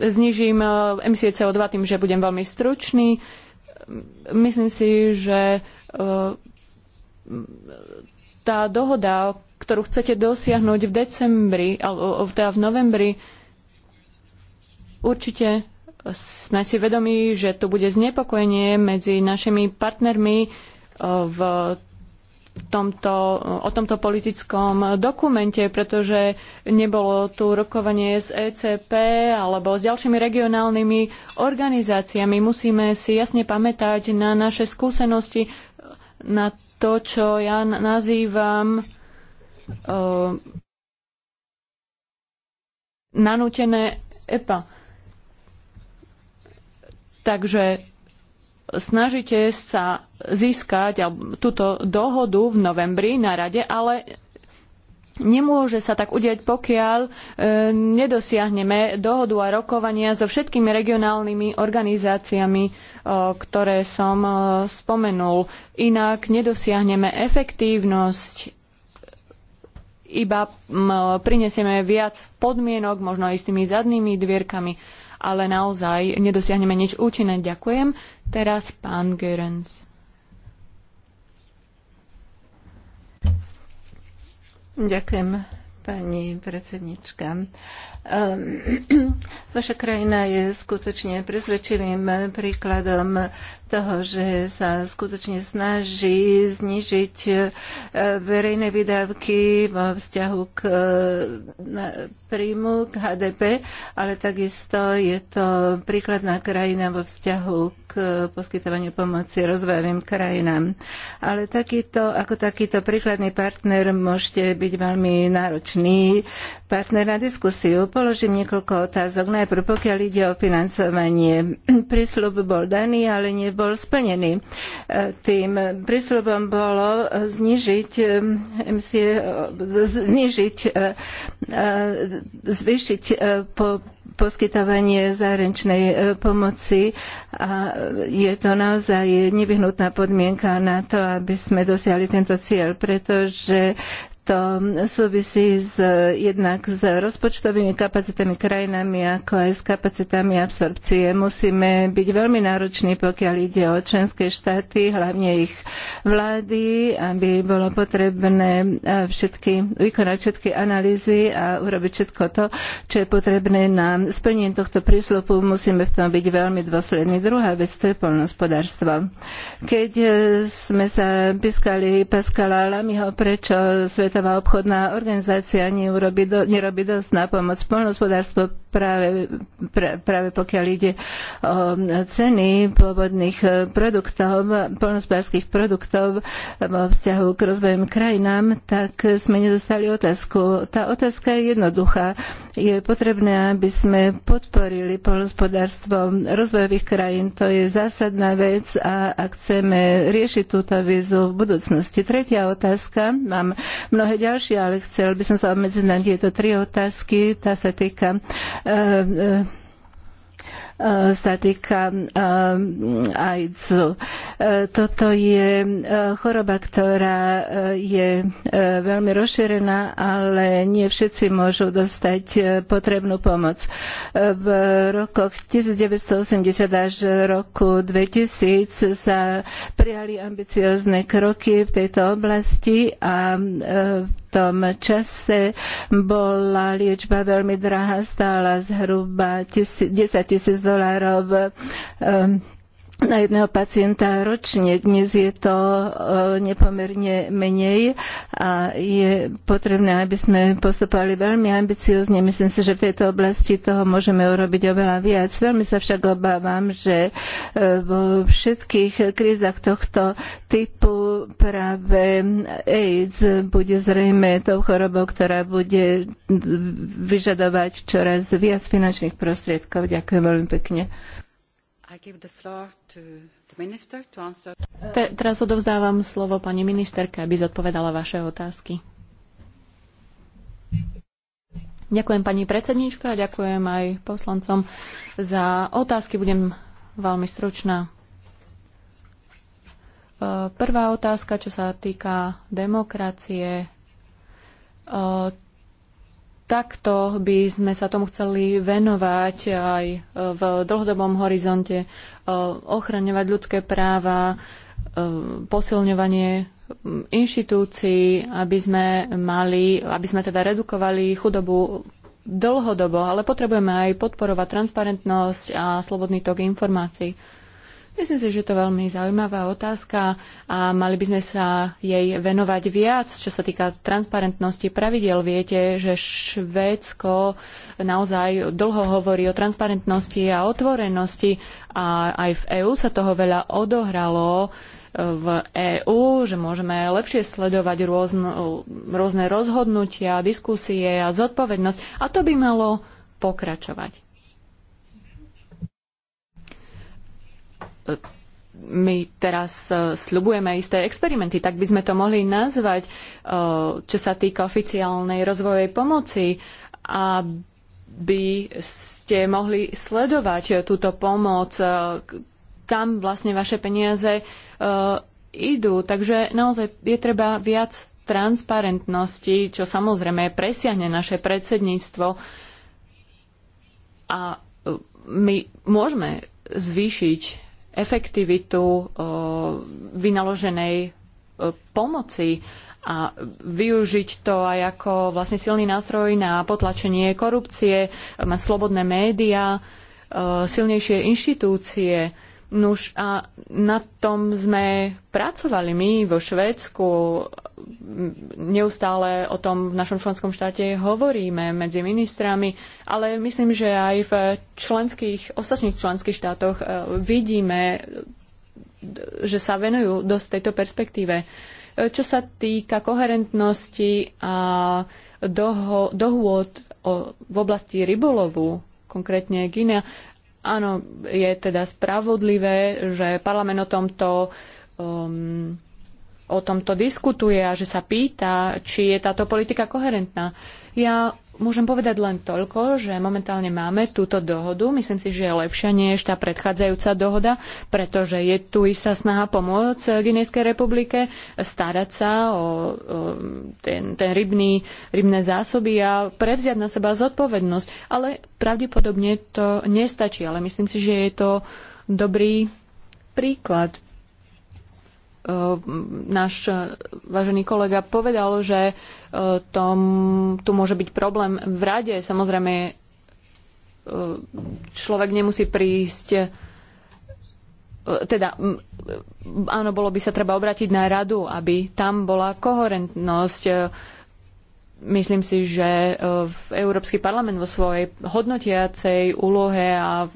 znižím e, emisie CO2 tým, že budem veľmi stručný. Myslím si, že e, tá dohoda, ktorú chcete dosiahnuť v decembri, alebo e, teda v novembri, určite sme si vedomi, že tu bude znepokojenie medzi našimi partnermi v tomto, o tomto politickom dokumente, pretože nebolo tu rokovanie s ECP alebo s ďalšími regionálnymi organizáciami. Musíme si jasne pamätať na naše skúsenosti, na to, čo ja nazývam uh, nanútené EPA. Takže snažíte sa získať túto dohodu v novembri na rade, ale Nemôže sa tak udiať, pokiaľ e, nedosiahneme dohodu a rokovania so všetkými regionálnymi organizáciami, e, ktoré som e, spomenul. Inak nedosiahneme efektívnosť, iba m, prinesieme viac podmienok, možno istými zadnými dvierkami ale naozaj nedosiahneme nič účinné. Ďakujem. Teraz pán Gerens. Ďakujem, pani predsednička. Ehm, vaša krajina je skutočne presvedčivým príkladom toho, že sa skutočne snaží znižiť e, verejné výdavky vo vzťahu k e, príjmu, k HDP, ale takisto je to príkladná krajina vo vzťahu k poskytovaniu pomoci rozvojovým krajinám. Ale takýto, ako takýto príkladný partner môžete byť veľmi náročný partner na diskusiu, Položím niekoľko otázok. Najprv, pokiaľ ide o financovanie. Prísľub bol daný, ale nebol splnený. E, tým prísľubom bolo znižiť, e, MCA, e, znižiť zvýšiť po poskytovanie zahraničnej pomoci a je to naozaj nevyhnutná podmienka na to, aby sme dosiahli tento cieľ, pretože to súvisí s, jednak s rozpočtovými kapacitami krajinami, ako aj s kapacitami absorpcie. Musíme byť veľmi nároční, pokiaľ ide o členské štáty, hlavne ich vlády, aby bolo potrebné e, všetky, vykonať všetky analýzy a urobiť všetko to, čo je potrebné na splnenie tohto prísľubu. Musíme v tom byť veľmi dôslední. Druhá vec to je polnospodárstvo. Keď e, sme sa pískali Pascala Lamiho, prečo svet Svetová obchodná organizácia neurobi do, nerobí dosť na pomoc poľnohospodárstvu práve, práve pokiaľ ide o ceny pôvodných produktov, poľnohospodárských produktov vo vzťahu k rozvojom krajinám, tak sme nedostali otázku. Tá otázka je jednoduchá. Je potrebné, aby sme podporili poľnohospodárstvo rozvojových krajín. To je zásadná vec a ak chceme riešiť túto výzvu v budúcnosti. Tretia otázka. Mám mnoho mnohé ďalšie, ale chcel by som sa obmedziť na tieto tri otázky. Tá sa týka eh, eh, E, sa týka e, AIDS. E, toto je choroba, ktorá je veľmi rozšírená, ale nie všetci môžu dostať potrebnú pomoc. V rokoch 1980 až roku 2000 sa prijali ambiciozne kroky v tejto oblasti a v tom čase bola liečba veľmi drahá, stála zhruba 10 tisíc dolárov ehm, na jedného pacienta ročne. Dnes je to e, nepomerne menej a je potrebné, aby sme postupovali veľmi ambiciozne. Myslím si, že v tejto oblasti toho môžeme urobiť oveľa viac. Veľmi sa však obávam, že e, vo všetkých krízach tohto typu práve AIDS bude zrejme tou chorobou, ktorá bude vyžadovať čoraz viac finančných prostriedkov. Ďakujem veľmi pekne. Te, teraz odovzdávam slovo pani ministerke, aby zodpovedala vaše otázky. Ďakujem pani predsednička, ďakujem aj poslancom za otázky. Budem veľmi stručná. E, prvá otázka, čo sa týka demokracie. E, takto by sme sa tomu chceli venovať aj e, v dlhodobom horizonte, e, ochraňovať ľudské práva, e, posilňovanie inštitúcií, aby sme mali, aby sme teda redukovali chudobu dlhodobo, ale potrebujeme aj podporovať transparentnosť a slobodný tok informácií. Myslím si, že to je veľmi zaujímavá otázka a mali by sme sa jej venovať viac, čo sa týka transparentnosti pravidel. Viete, že Švédsko naozaj dlho hovorí o transparentnosti a otvorenosti a aj v EÚ sa toho veľa odohralo v EÚ, že môžeme lepšie sledovať rôzno, rôzne rozhodnutia, diskusie a zodpovednosť. A to by malo pokračovať. my teraz e, sľubujeme isté experimenty, tak by sme to mohli nazvať, e, čo sa týka oficiálnej rozvojovej pomoci, aby ste mohli sledovať túto pomoc, e, kam vlastne vaše peniaze idú. Takže naozaj je treba viac transparentnosti, čo samozrejme presiahne naše predsedníctvo a my môžeme zvýšiť efektivitu vynaloženej pomoci a využiť to aj ako vlastne silný nástroj na potlačenie korupcie, mať slobodné médiá, silnejšie inštitúcie. Nuž a na tom sme pracovali my vo Švédsku neustále o tom v našom členskom štáte hovoríme medzi ministrami, ale myslím, že aj v členských, ostatných členských štátoch e, vidíme, že sa venujú dosť tejto perspektíve. E, čo sa týka koherentnosti a doho, dohôd o, v oblasti rybolovu, konkrétne Guinea, áno, je teda spravodlivé, že parlament o tomto um, o tomto diskutuje a že sa pýta, či je táto politika koherentná. Ja môžem povedať len toľko, že momentálne máme túto dohodu. Myslím si, že je lepšia než tá predchádzajúca dohoda, pretože je tu istá snaha pomôcť Guinejskej republike, starať sa o, ten, ten rybný, rybné zásoby a prevziať na seba zodpovednosť. Ale pravdepodobne to nestačí, ale myslím si, že je to dobrý príklad Ehm, náš e, vážený kolega povedal, že e, tom, tu môže byť problém v rade. Samozrejme, e, človek nemusí prísť teda, áno, bolo by sa treba obrátiť na radu, aby tam bola koherentnosť. Myslím si, že e, v Európsky parlament vo svojej hodnotiacej úlohe a e,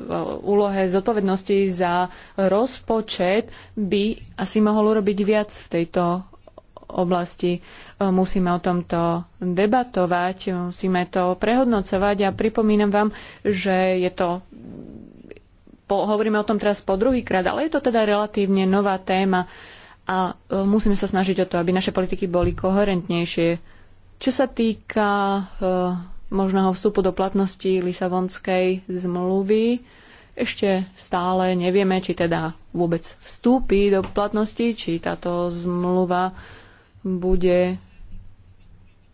úlohe zodpovednosti za rozpočet by asi mohol urobiť viac v tejto oblasti. E, musíme o tomto debatovať, musíme to prehodnocovať a pripomínam vám, že je to po, hovoríme o tom teraz po druhýkrát, ale je to teda relatívne nová téma a musíme sa snažiť o to, aby naše politiky boli koherentnejšie čo sa týka eh, možného vstupu do platnosti Lisabonskej zmluvy, ešte stále nevieme, či teda vôbec vstúpi do platnosti, či táto zmluva bude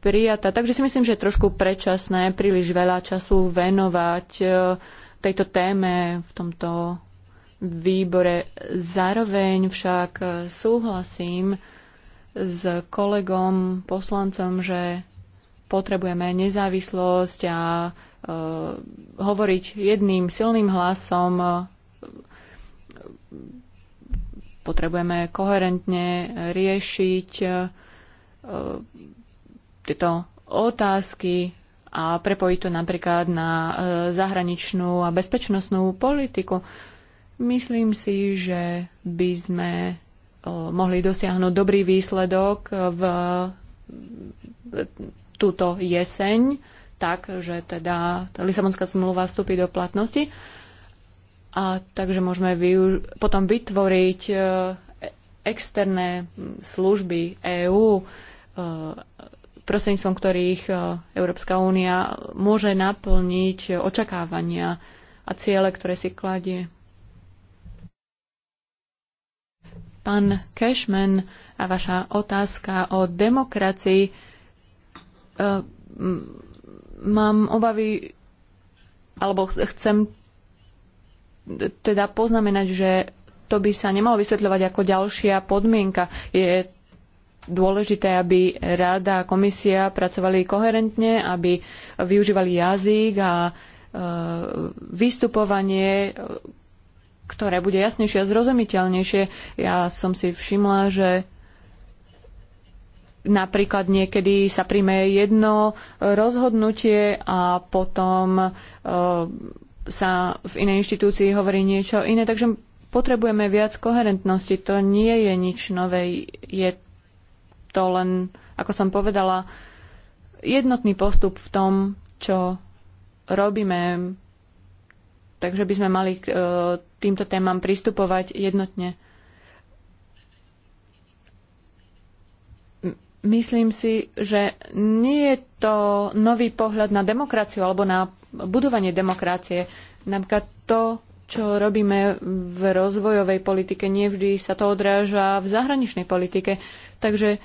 prijatá. Takže si myslím, že je trošku predčasné príliš veľa času venovať eh, tejto téme v tomto výbore. Zároveň však súhlasím s kolegom, poslancom, že potrebujeme nezávislosť a e, hovoriť jedným silným hlasom. Potrebujeme koherentne riešiť e, tieto otázky a prepojiť to napríklad na e, zahraničnú a bezpečnostnú politiku. Myslím si, že by sme mohli dosiahnuť dobrý výsledok v túto jeseň, tak, že teda Lisabonská zmluva vstúpi do platnosti. A takže môžeme potom vytvoriť e, externé služby EÚ, e, prostredníctvom ktorých e, Európska únia môže naplniť očakávania a ciele, ktoré si kladie. Pán Cashman, a vaša otázka o demokracii, e, mám obavy, alebo chcem e, teda poznamenať, že to by sa nemalo vysvetľovať ako ďalšia podmienka. Je dôležité, aby rada a komisia pracovali koherentne, aby využívali jazyk a e, vystupovanie ktoré bude jasnejšie a zrozumiteľnejšie. Ja som si všimla, že napríklad niekedy sa príjme jedno rozhodnutie a potom e, sa v inej inštitúcii hovorí niečo iné. Takže potrebujeme viac koherentnosti. To nie je nič nové. Je to len, ako som povedala, jednotný postup v tom, čo robíme. Takže by sme mali k e, týmto témam pristupovať jednotne. Myslím si, že nie je to nový pohľad na demokraciu alebo na budovanie demokracie. Napríklad to, čo robíme v rozvojovej politike, nevždy sa to odráža v zahraničnej politike. Takže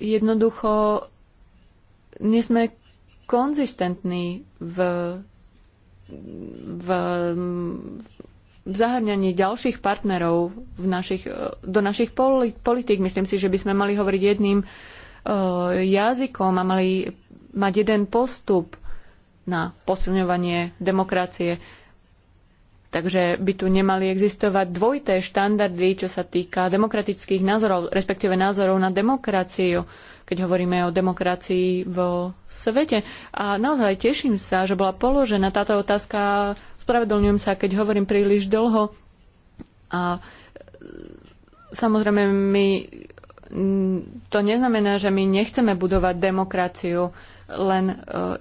jednoducho nie sme konzistentní v, v, v zahrňaní ďalších partnerov v našich, e, do našich politík. Myslím si, že by sme mali hovoriť jedným e, jazykom a mali mať jeden postup na posilňovanie demokracie. Takže by tu nemali existovať dvojité štandardy, čo sa týka demokratických názorov, respektíve názorov na demokraciu. Uh, keď hovoríme o demokracii vo svete. A naozaj teším sa, že bola položená táto otázka. Spravedlňujem sa, keď hovorím príliš dlho. A e, samozrejme, my, to neznamená, že my nechceme budovať demokraciu, len e,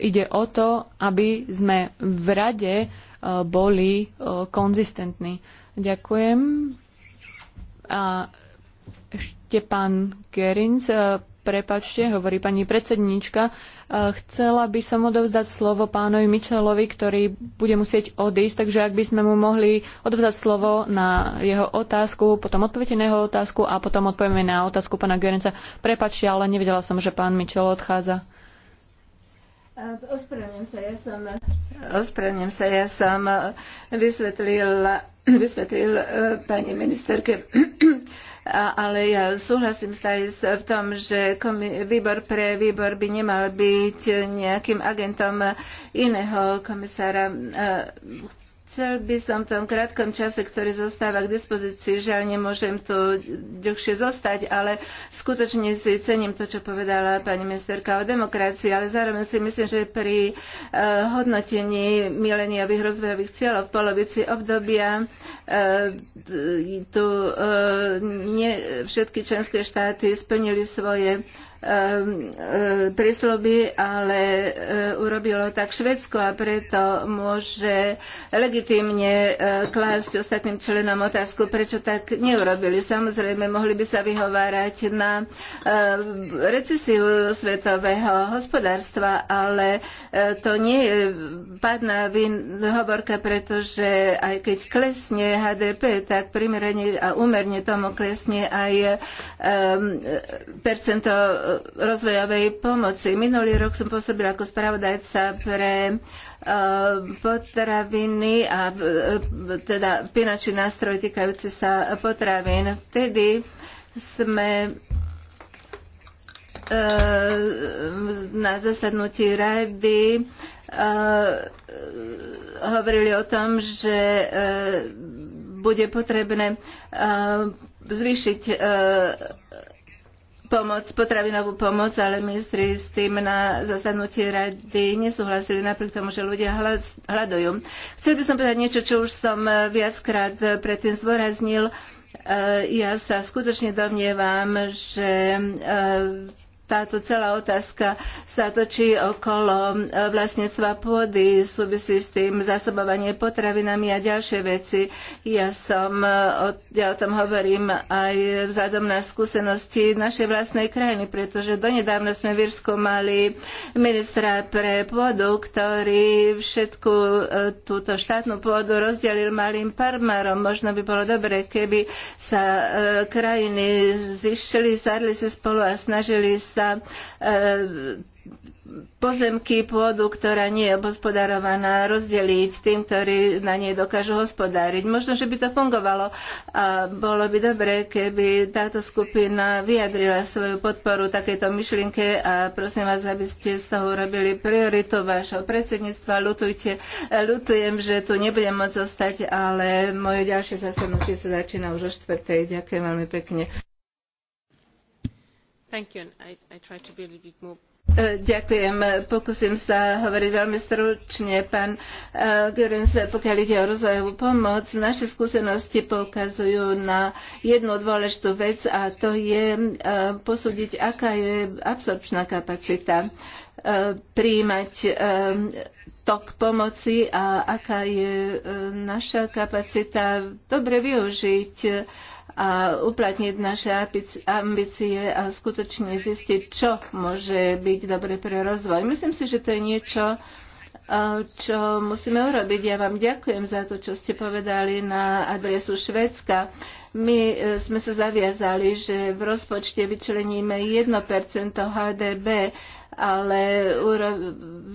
ide o to, aby sme v rade e, boli konzistentní. Ďakujem. A ešte pán Gerins, Prepačte, hovorí pani predsedníčka. E, chcela by som odovzdať slovo pánovi Michelovi, ktorý bude musieť odísť, takže ak by sme mu mohli odovzdať slovo na jeho otázku, potom odpoviete na jeho otázku a potom odpovieme na otázku pána Görenca. Prepačte, ale nevedela som, že pán Michel odchádza. E, ospravedlňujem sa, ja som, sa, ja som vysvetlila, vysvetlil e, pani ministerke ale ja súhlasím sa aj v tom, že výbor pre výbor by nemal byť nejakým agentom iného komisára. Chcel by som v tom krátkom čase, ktorý zostáva k dispozícii, žiaľ nemôžem tu dlhšie zostať, ale skutočne si cením to, čo povedala pani ministerka o demokracii, ale zároveň si myslím, že pri uh, hodnotení mileniových rozvojových cieľov v polovici obdobia uh, tu uh, nie všetky členské štáty splnili svoje Ehm, e, prísľuby, ale e, urobilo tak Švedsko a preto môže legitímne e, klásť ostatným členom otázku, prečo tak neurobili. Samozrejme, mohli by sa vyhovárať na recesiu svetového hospodárstva, ale to nie je padná hovorka, pretože aj keď klesne HDP, tak primerane a úmerne tomu klesne aj percento rozvojovej pomoci. Minulý rok som pôsobila ako spravodajca pre e, potraviny a e, teda finančný nástroj týkajúci sa potravín. Vtedy sme e, na zasadnutí rady hovorili o tom, že bude potrebné zvýšiť pomoc, potravinovú pomoc, ale ministri s tým na zasadnutí rady nesúhlasili, napriek tomu, že ľudia hľadujú. Chcel by som povedať niečo, čo už som viackrát predtým zdôraznil. E, ja sa skutočne domnievam, že e, táto celá otázka sa točí okolo e, vlastníctva pôdy, súvisí s tým zásobovanie potravinami a ďalšie veci. Ja, som, e, ja o tom hovorím aj vzhľadom na skúsenosti našej vlastnej krajiny, pretože donedávno sme v Irsku mali ministra pre pôdu, ktorý všetku e, túto štátnu pôdu rozdelil malým farmárom. Možno by bolo dobre, keby sa krajiny zišli, sadli si spolu a snažili sa sa e, pozemky pôdu, ktorá nie je obhospodarovaná, rozdeliť tým, ktorí na nej dokážu hospodáriť. Možno, že by to fungovalo a bolo by dobre, keby táto skupina vyjadrila svoju podporu takejto myšlienke a prosím vás, aby ste z toho urobili prioritu vášho predsedníctva. Lutujte, lutujem, že tu nebudem môcť zostať, ale moje ďalšie zasadnutie sa začína už o štvrtej. Ďakujem veľmi pekne. Thank you. I, I try to be a little bit more e, Ďakujem. Pokúsim sa hovoriť veľmi stručne. Pán e, Görens, pokiaľ ide o rozvojovú pomoc, naše skúsenosti poukazujú na jednu dôležitú vec a to je e, posúdiť, aká je absorpčná kapacita príjmať tok pomoci a aká je naša kapacita dobre využiť a uplatniť naše ambície a skutočne zistiť, čo môže byť dobre pre rozvoj. Myslím si, že to je niečo, čo musíme urobiť. Ja vám ďakujem za to, čo ste povedali na adresu Švedska. My e, sme sa zaviazali, že v rozpočte vyčleníme 1% HDB ale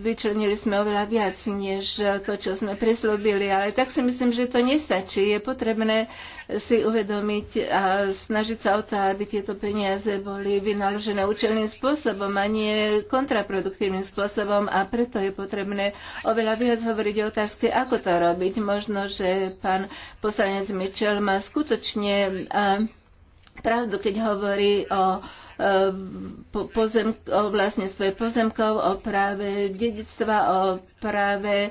vyčlenili sme oveľa viac, než to, čo sme prislúbili. Ale tak si myslím, že to nestačí. Je potrebné si uvedomiť a snažiť sa o to, aby tieto peniaze boli vynaložené účelným spôsobom a nie kontraproduktívnym spôsobom a preto je potrebné oveľa viac hovoriť o otázke, ako to robiť. Možno, že pán poslanec Mitchell má skutočne pravdu, keď hovorí o pozem, o vlastne svoje pozemkov, o práve dedictva, o práve e,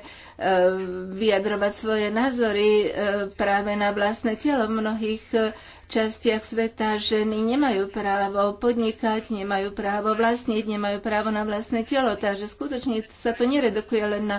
vyjadrovať svoje názory e, práve na vlastné telo. V mnohých e, častiach sveta ženy nemajú právo podnikať, nemajú právo vlastniť, nemajú právo na vlastné telo. Takže skutočne sa to neredukuje len na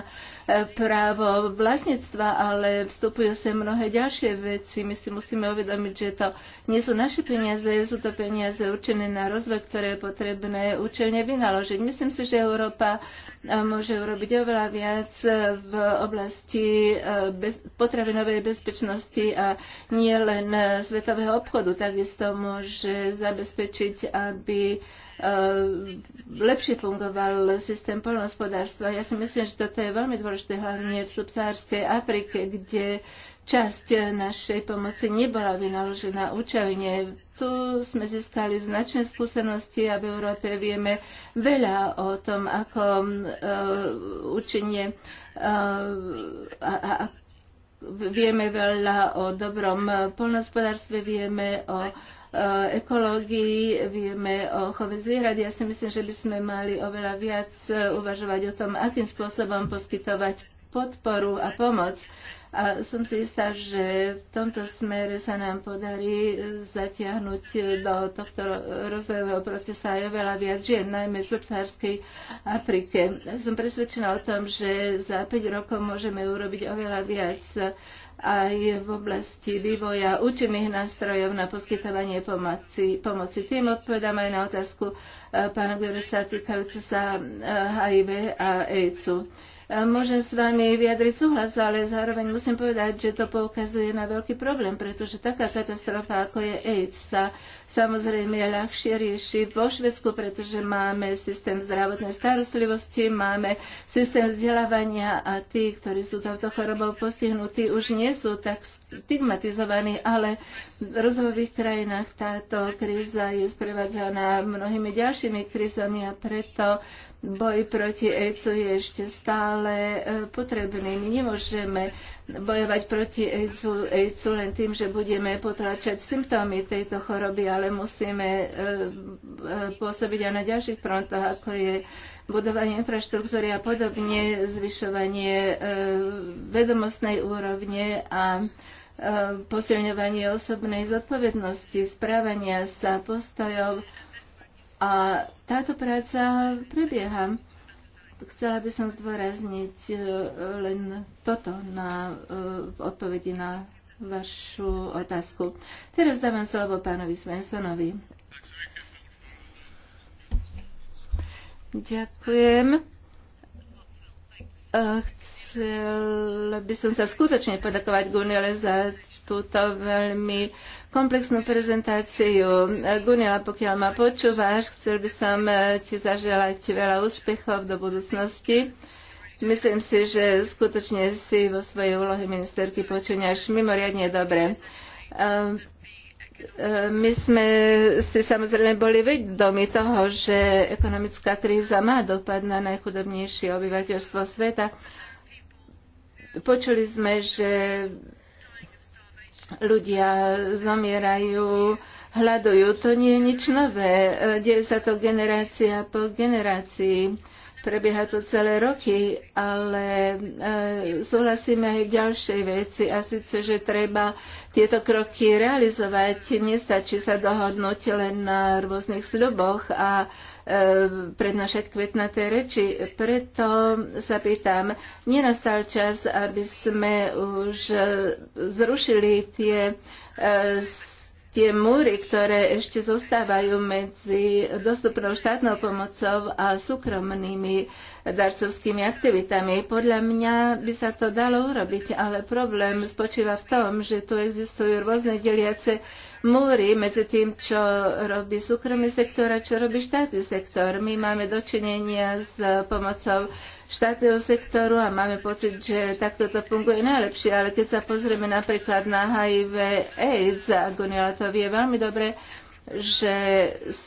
právo vlastníctva, ale vstupujú sa mnohé ďalšie veci. My si musíme uvedomiť, že to nie sú naše peniaze, sú to peniaze určené na rozvoj, ktoré je potrebné účelne vynaložiť. Myslím si, že Európa eh, môže urobiť oveľa viac eh, v oblasti eh, bez, potravinovej bezpečnosti a nie len svetového obchodu. Takisto môže zabezpečiť, aby lepšie fungoval systém polnospodárstva. Ja si myslím, že toto je veľmi dôležité, hlavne v subsárskej Afrike, kde časť našej pomoci nebola vynaložená účelne. Tu sme získali značné skúsenosti a v Európe vieme veľa o tom, ako e, učenie uh, e, a, a vieme veľa o dobrom polnospodárstve, vieme o e, ekológii, vieme o chove zvierat. Ja si myslím, že by sme mali oveľa viac e, uvažovať o tom, akým spôsobom poskytovať podporu a pomoc a som si istá, že v tomto smere sa nám podarí zatiahnuť do tohto rozvojového procesa aj oveľa viac žien, najmä v subsárskej Afrike. Som presvedčená o tom, že za 5 rokov môžeme urobiť oveľa viac aj v oblasti vývoja účinných nástrojov na poskytovanie pomoci. pomoci. Tým odpovedám aj na otázku eh, pána Gureca týkajúcu sa HIV eh, a AIDSu. Môžem s vami vyjadriť súhlas, ale zároveň musím povedať, že to poukazuje na veľký problém, pretože taká katastrofa, ako je AIDS, sa samozrejme ľahšie rieši vo Švedsku, pretože máme systém zdravotnej starostlivosti, máme systém vzdelávania a tí, ktorí sú touto chorobou postihnutí, už nie sú tak stigmatizovaní, ale v rozvojových krajinách táto kríza je sprevádzaná mnohými ďalšími krízami a preto boj proti ECU je ešte stále e, potrebný. My nemôžeme bojovať proti ECU, ECU len tým, že budeme potlačať symptómy tejto choroby, ale musíme e, e, pôsobiť aj na ďalších frontoch, ako je budovanie infraštruktúry a podobne, zvyšovanie vedomostnej úrovne a posilňovanie osobnej zodpovednosti, správania sa, postojov a táto práca prebieha. Chcela by som zdôrazniť e, len toto na, e, v odpovedi na vašu otázku. Teraz dávam slovo pánovi Svensonovi. Ďakujem. E, Chcel by som sa skutočne podakovať Gunile za túto veľmi komplexnú prezentáciu. Gunila, pokiaľ ma počúvaš, chcel by som eh, ti zaželať veľa úspechov do budúcnosti. Myslím si, že skutočne si vo svojej úlohe ministerky počúňaš mimoriadne dobre. Eh, eh, my sme si samozrejme boli vedomi toho, že ekonomická kríza má dopad na najchudobnejšie obyvateľstvo sveta. Počuli sme, že ľudia zomierajú, hľadujú. To nie je nič nové. Deje sa to generácia po generácii. Prebieha to celé roky, ale e, súhlasíme aj v ďalšej veci a síce, že treba tieto kroky realizovať. Nestačí sa dohodnúť len na rôznych sľuboch a E, prednášať kvetnaté reči. Preto sa pýtam, nenastal čas, aby sme už e, zrušili tie e, tie múry, ktoré ešte zostávajú medzi dostupnou štátnou pomocou a súkromnými darcovskými aktivitami. Podľa mňa by sa to dalo urobiť, ale problém spočíva v tom, že tu existujú rôzne deliace múry medzi tým, čo robí súkromný sektor a čo robí štátny sektor. My máme dočinenia s pomocou štátneho sektoru a máme pocit, že takto to funguje najlepšie, ale keď sa pozrieme napríklad na HIV AIDS, a Gunila to vie veľmi dobre, že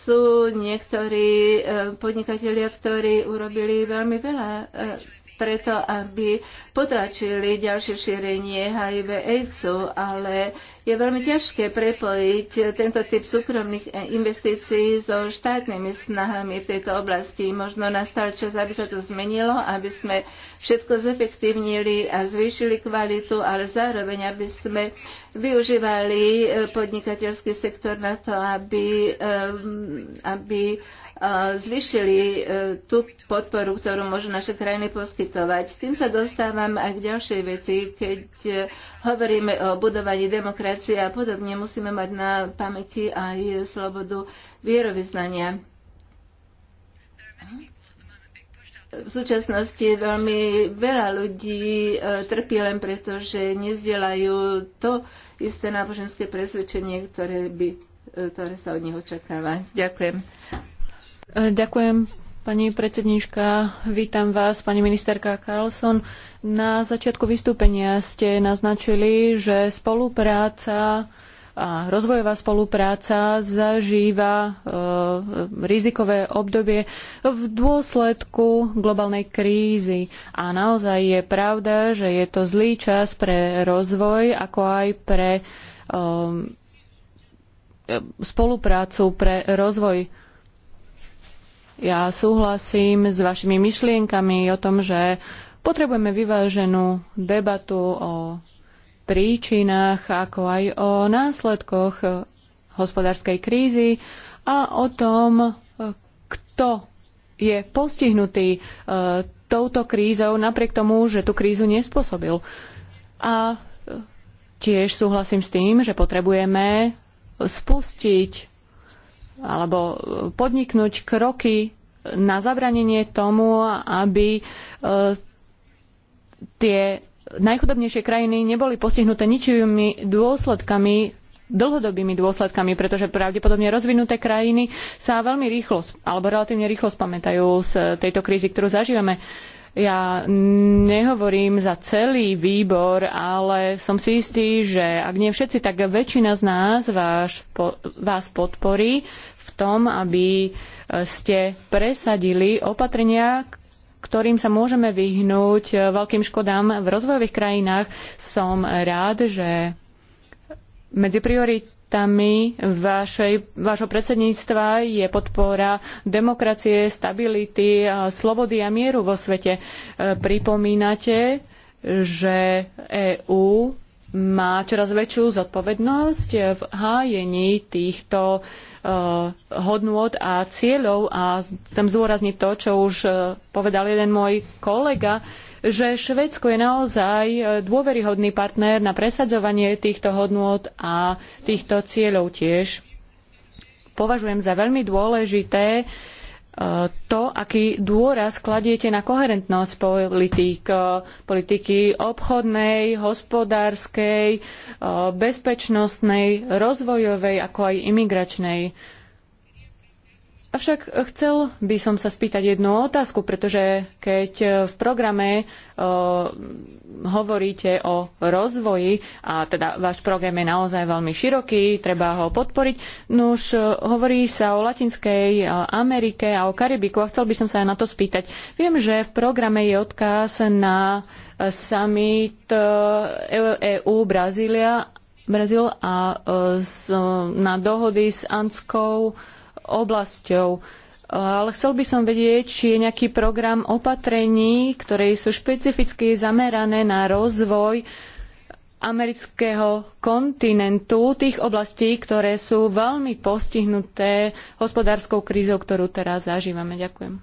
sú niektorí eh, podnikatelia, ktorí urobili veľmi veľa eh, preto, aby potračili ďalšie šírenie HIV AIDS, ale je veľmi ťažké prepojiť tento typ súkromných investícií so štátnymi snahami v tejto oblasti. Možno nastal čas, aby sa to zmenilo, aby sme všetko zefektívnili a zvýšili kvalitu, ale zároveň, aby sme využívali podnikateľský sektor na to, aby, aby zvyšili e, tú podporu, ktorú môžu naše krajiny poskytovať. Tým sa dostávam aj k ďalšej veci. Keď e, hovoríme o budovaní demokracie a podobne, musíme mať na pamäti aj slobodu vierovýznania. V súčasnosti veľmi veľa ľudí e, trpí len preto, že nezdielajú to isté náboženské presvedčenie, ktoré by ktoré sa od nich očakáva. Ďakujem. Ďakujem, pani predsedníčka. Vítam vás, pani ministerka Carlson. Na začiatku vystúpenia ste naznačili, že spolupráca a rozvojová spolupráca zažíva e, rizikové obdobie v dôsledku globálnej krízy. A naozaj je pravda, že je to zlý čas pre rozvoj, ako aj pre e, spoluprácu, pre rozvoj ja súhlasím s vašimi myšlienkami o tom, že potrebujeme vyváženú debatu o príčinách, ako aj o následkoch hospodárskej krízy a o tom, kto je postihnutý e, touto krízou, napriek tomu, že tú krízu nespôsobil. A tiež súhlasím s tým, že potrebujeme spustiť alebo podniknúť kroky na zabranenie tomu, aby e, tie najchudobnejšie krajiny neboli postihnuté ničivými dôsledkami dlhodobými dôsledkami, pretože pravdepodobne rozvinuté krajiny sa veľmi rýchlo alebo relatívne rýchlo spamätajú z tejto krízy, ktorú zažívame. Ja nehovorím za celý výbor, ale som si istý, že ak nie všetci, tak väčšina z nás vás, vás podporí v tom, aby eh, ste presadili opatrenia, ktorým sa môžeme vyhnúť eh, veľkým škodám v rozvojových krajinách. Som rád, že medzi prioritami prioritami vašej, vášho predsedníctva je podpora demokracie, stability, slobody a mieru vo svete. E, pripomínate, že EÚ má čoraz väčšiu zodpovednosť v hájení týchto uh, hodnôt a cieľov a chcem zdôrazniť to, čo už uh, povedal jeden môj kolega, uh, že Švédsko je naozaj e, dôveryhodný partner na presadzovanie týchto hodnôt a týchto cieľov tiež. Považujem za veľmi dôležité e, to, aký dôraz kladiete na koherentnosť politik, e, politiky obchodnej, hospodárskej, bezpečnostnej, rozvojovej, ako aj imigračnej Avšak chcel by som sa spýtať jednu otázku, pretože keď v programe uh, hovoríte o rozvoji, a teda váš program je naozaj veľmi široký, treba ho podporiť, no už e, hovorí sa o Latinskej e, Amerike a o Karibiku a chcel by som sa aj na to spýtať. Viem, že v programe je odkaz na summit EU Brazília, Brazíl a na dohody s Anskou oblasťou. Ale chcel by som vedieť, či je nejaký program opatrení, ktoré sú špecificky zamerané na rozvoj amerického kontinentu, tých oblastí, ktoré sú veľmi postihnuté hospodárskou krízou, ktorú teraz zažívame. Ďakujem.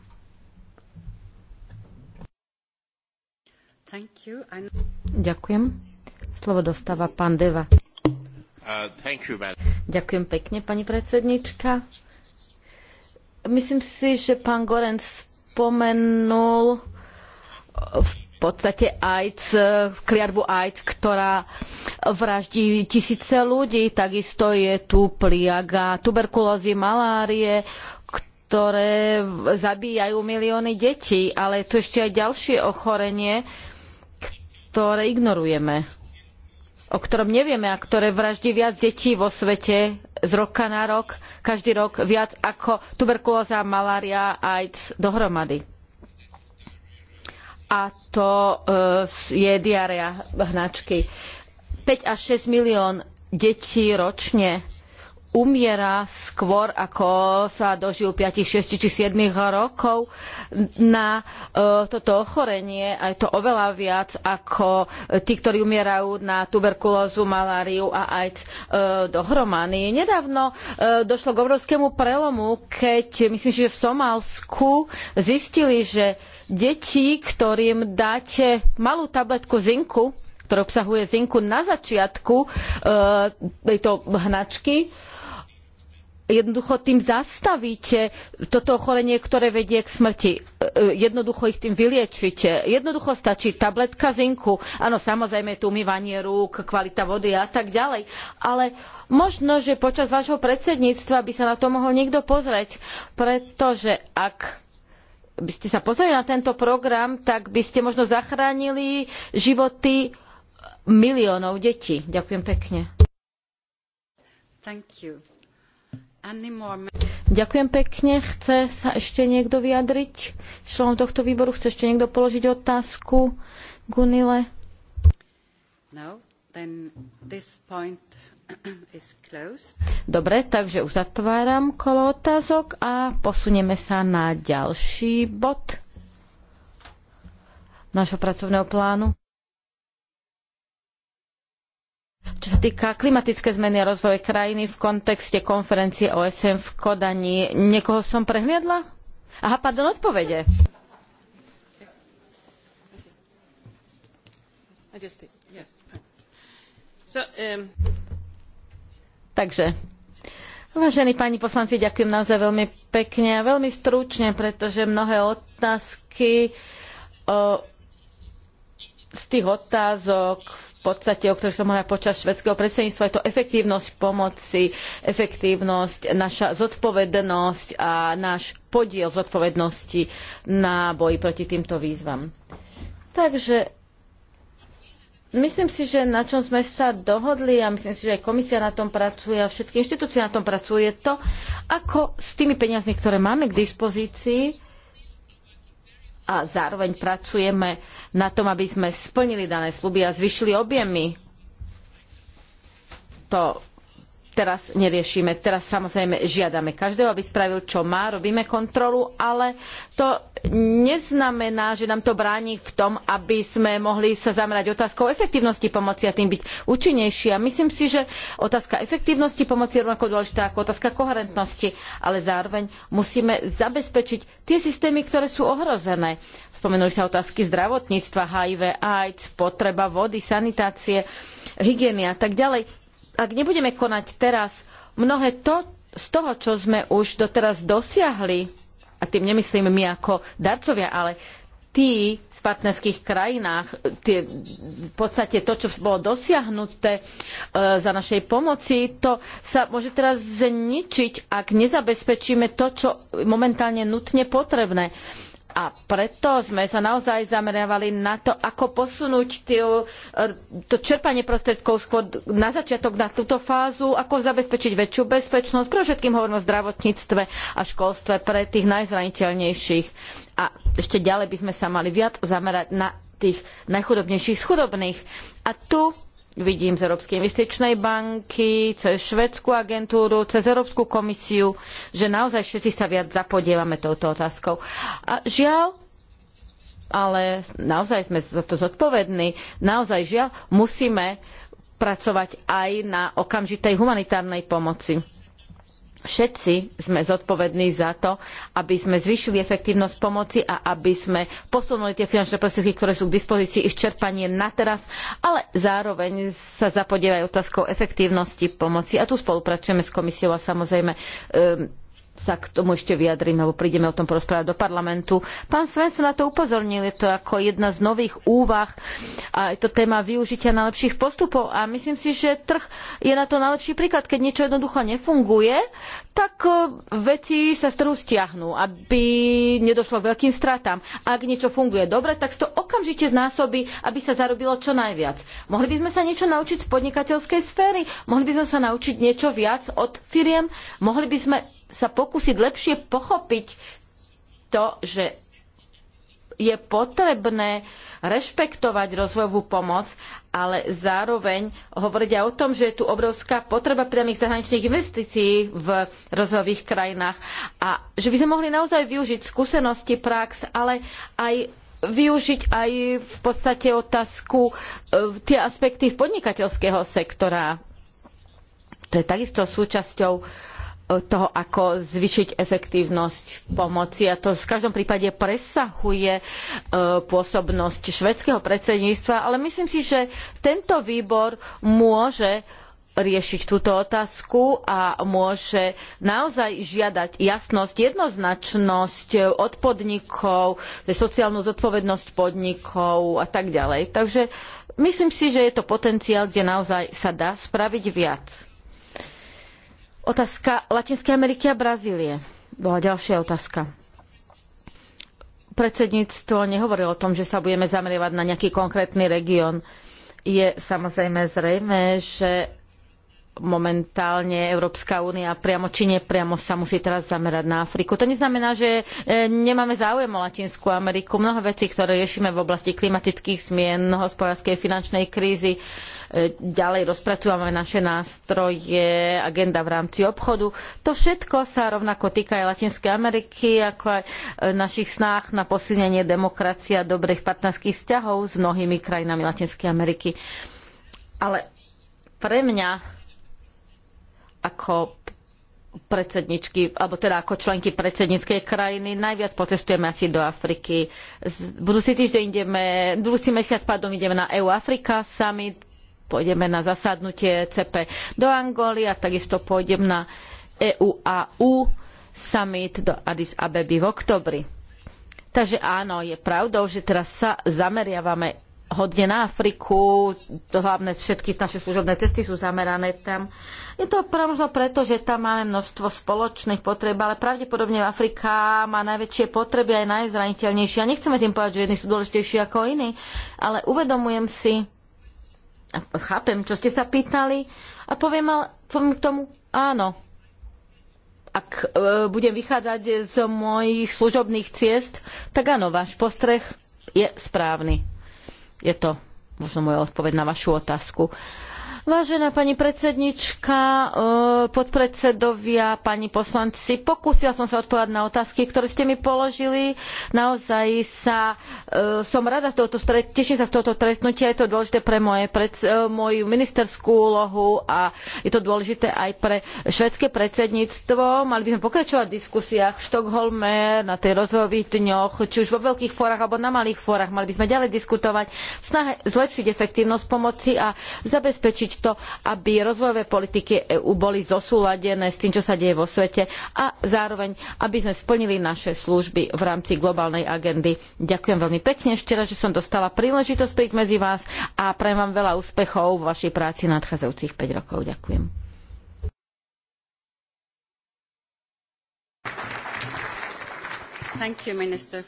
Ďakujem. Slovo dostáva pán Deva. Uh, you, Ďakujem pekne, pani predsednička. Myslím si, že pán Gorenc spomenul v podstate AIDS, kliatbu AIDS, ktorá vraždí tisíce ľudí. Takisto je tu pliaga tuberkulózy, malárie, ktoré zabíjajú milióny detí, ale je tu ešte aj ďalšie ochorenie, ktoré ignorujeme o ktorom nevieme a ktoré vraždí viac detí vo svete z roka na rok, každý rok viac ako tuberkulóza, malária a AIDS dohromady. A to e, je diarea hnačky. 5 až 6 milión detí ročne umiera skôr, ako sa dožil 5, 6 či 7 rokov na e, toto ochorenie. A je to oveľa viac ako tí, ktorí umierajú na tuberkulózu, maláriu a AIDS e, dohromady. Nedávno e, došlo k obrovskému prelomu, keď myslím, že v Somálsku zistili, že deti, ktorým dáte malú tabletku zinku, ktorá obsahuje zinku na začiatku tejto hnačky, jednoducho tým zastavíte toto ochorenie, ktoré vedie k smrti. E, jednoducho ich tým vyliečite. Jednoducho stačí tabletka zinku. Áno, samozrejme je tu umývanie rúk, kvalita vody a tak ďalej. Ale možno, že počas vášho predsedníctva by sa na to mohol niekto pozrieť, pretože ak by ste sa pozreli na tento program, tak by ste možno zachránili životy miliónov detí. Ďakujem pekne. Thank you. Ďakujem pekne. Chce sa ešte niekto vyjadriť? Členom tohto výboru chce ešte niekto položiť otázku? Gunile? No, then this point is closed. Dobre, takže uzatváram kolo otázok a posunieme sa na ďalší bod nášho pracovného plánu. Čo sa týka klimatické zmeny a rozvoje krajiny v kontexte konferencie OSN v Kodani, niekoho som prehliadla? Aha, pardon, odpovede. Um, Takže, vážení páni poslanci, ďakujem naozaj veľmi pekne a veľmi stručne, pretože mnohé otázky o, z tých otázok v podstate, o ktorej som hovorila počas švedského predsedníctva, je to efektívnosť pomoci, efektívnosť, naša zodpovednosť a náš podiel zodpovednosti na boji proti týmto výzvam. Takže Myslím si, že na čom sme sa dohodli a myslím si, že aj komisia na tom pracuje a všetky inštitúcie na tom pracuje, je to, ako s tými peniazmi, ktoré máme k dispozícii, a zároveň pracujeme na tom, aby sme splnili dané sluby a zvyšili objemy. To teraz neriešime. Teraz samozrejme žiadame každého, aby spravil, čo má, robíme kontrolu, ale to neznamená, že nám to bráni v tom, aby sme mohli sa zamerať otázkou efektívnosti pomoci a tým byť účinnejší. A myslím si, že otázka efektívnosti pomoci je rovnako dôležitá ako otázka koherentnosti, ale zároveň musíme zabezpečiť tie systémy, ktoré sú ohrozené. Spomenuli sa otázky zdravotníctva, HIV, AIDS, potreba vody, sanitácie, hygieny a tak ďalej ak nebudeme konať teraz, mnohé to, z toho, čo sme už doteraz dosiahli, a tým nemyslím my ako darcovia, ale tí v partnerských krajinách, tie, v podstate to, čo bolo dosiahnuté e, za našej pomoci, to sa môže teraz zničiť, ak nezabezpečíme to, čo momentálne nutne potrebné. A preto sme sa naozaj zameriavali na to, ako posunúť e, to čerpanie prostriedkov skôr na začiatok, na túto fázu, ako zabezpečiť väčšiu bezpečnosť. Pre všetkým hovorím o zdravotníctve a školstve pre tých najzraniteľnejších. A ešte ďalej by sme sa mali viac zamerať na tých najchudobnejších z chudobných. A tu vidím z Európskej investičnej banky, cez švedskú agentúru, cez Európsku komisiu, že naozaj všetci sa viac zapodievame touto otázkou. A žiaľ, ale naozaj sme za to zodpovední, naozaj žiaľ, musíme pracovať aj na okamžitej humanitárnej pomoci všetci sme zodpovední za to, aby sme zvýšili efektívnosť pomoci a aby sme posunuli tie finančné prostriedky, ktoré sú k dispozícii, ich čerpanie na teraz, ale zároveň sa zapodievajú otázkou efektívnosti pomoci a tu spolupracujeme s komisiou a samozrejme ehm, sa k tomu ešte vyjadrím, alebo prídeme o tom porozprávať do parlamentu. Pán Sven sa na to upozornil, je to ako jedna z nových úvah a je to téma využitia najlepších postupov a myslím si, že trh je na to najlepší príklad. Keď niečo jednoducho nefunguje, tak e, veci sa z trhu stiahnu, aby nedošlo k veľkým stratám. Ak niečo funguje dobre, tak to okamžite znásobí, aby sa zarobilo čo najviac. Mohli by sme sa niečo naučiť z podnikateľskej sféry, mohli by sme sa naučiť niečo viac od firiem, mohli by sme sa pokúsiť lepšie pochopiť to, že je potrebné rešpektovať rozvojovú pomoc, ale zároveň hovoriť aj o tom, že je tu obrovská potreba priamých zahraničných investícií v rozvojových krajinách a že by sme mohli naozaj využiť skúsenosti, prax, ale aj využiť aj v podstate otázku e, tie aspekty podnikateľského sektora. To je takisto súčasťou toho, ako zvyšiť efektívnosť pomoci. A to v každom prípade presahuje e, pôsobnosť švedského predsedníctva, ale myslím si, že tento výbor môže riešiť túto otázku a môže naozaj žiadať jasnosť, jednoznačnosť od podnikov, sociálnu zodpovednosť podnikov a tak ďalej. Takže myslím si, že je to potenciál, kde naozaj sa dá spraviť viac. Otázka Latinskej Ameriky a Brazílie. Bola ďalšia otázka. Predsedníctvo nehovorilo o tom, že sa budeme zameriavať na nejaký konkrétny región. Je samozrejme zrejme, že momentálne Európska únia priamo či nepriamo sa musí teraz zamerať na Afriku. To neznamená, že e, nemáme záujem o Latinskú Ameriku. Mnoho vecí, ktoré riešime v oblasti klimatických zmien, hospodárskej finančnej krízy, E, ďalej rozpracúvame naše nástroje, agenda v rámci obchodu. To všetko sa rovnako týka aj Latinskej Ameriky, ako aj e, našich snách na posilnenie demokracie a dobrých partnerských vzťahov s mnohými krajinami Latinskej Ameriky. Ale pre mňa ako predsedničky, alebo teda ako členky predsedníckej krajiny. Najviac pocestujeme asi do Afriky. Budúci týždeň ideme, budúci mesiac pádom ideme na EU Afrika summit, pôjdeme na zasadnutie CP do Angoly a takisto pôjdem na EU-AU summit do Addis Abeby v oktobri. Takže áno, je pravdou, že teraz sa zameriavame hodne na Afriku, hlavne všetky naše služobné cesty sú zamerané tam. Je to možno preto, že tam máme množstvo spoločných potreb, ale pravdepodobne Afrika má najväčšie potreby aj najzraniteľnejšie. A nechceme tým povedať, že jedni sú dôležitejší ako iní, ale uvedomujem si, chápem, čo ste sa pýtali a poviem, ale, poviem k tomu áno. Ak e, budem vychádzať z mojich služobných ciest, tak áno, váš postreh je správny. Je to možno moja odpoveď na vašu otázku. E, Vážená pani predsednička, eh, podpredsedovia, pani poslanci, pokúsila som sa odpovedať na otázky, ktoré ste mi položili. Naozaj sa, eh, som rada z tohoto, teším sa z tohoto stretnutia, je to dôležité pre moje, eh, moju ministerskú úlohu a je to dôležité aj pre švedské predsedníctvo. Mali by sme pokračovať v diskusiách v Štokholme, na tej rozvojových dňoch, či už vo veľkých fórach alebo na malých fórach. Mali by sme ďalej diskutovať v snahe zlepšiť efektívnosť pomoci a zabezpečiť to, aby rozvojové politiky EÚ boli zosúladené s tým, čo sa deje vo svete a zároveň, aby sme splnili naše služby v rámci globálnej agendy. Ďakujem veľmi pekne ešte raz, že som dostala príležitosť príť medzi vás a prajem vám veľa úspechov v vašej práci nadchádzajúcich 5 rokov. Ďakujem. You, minister,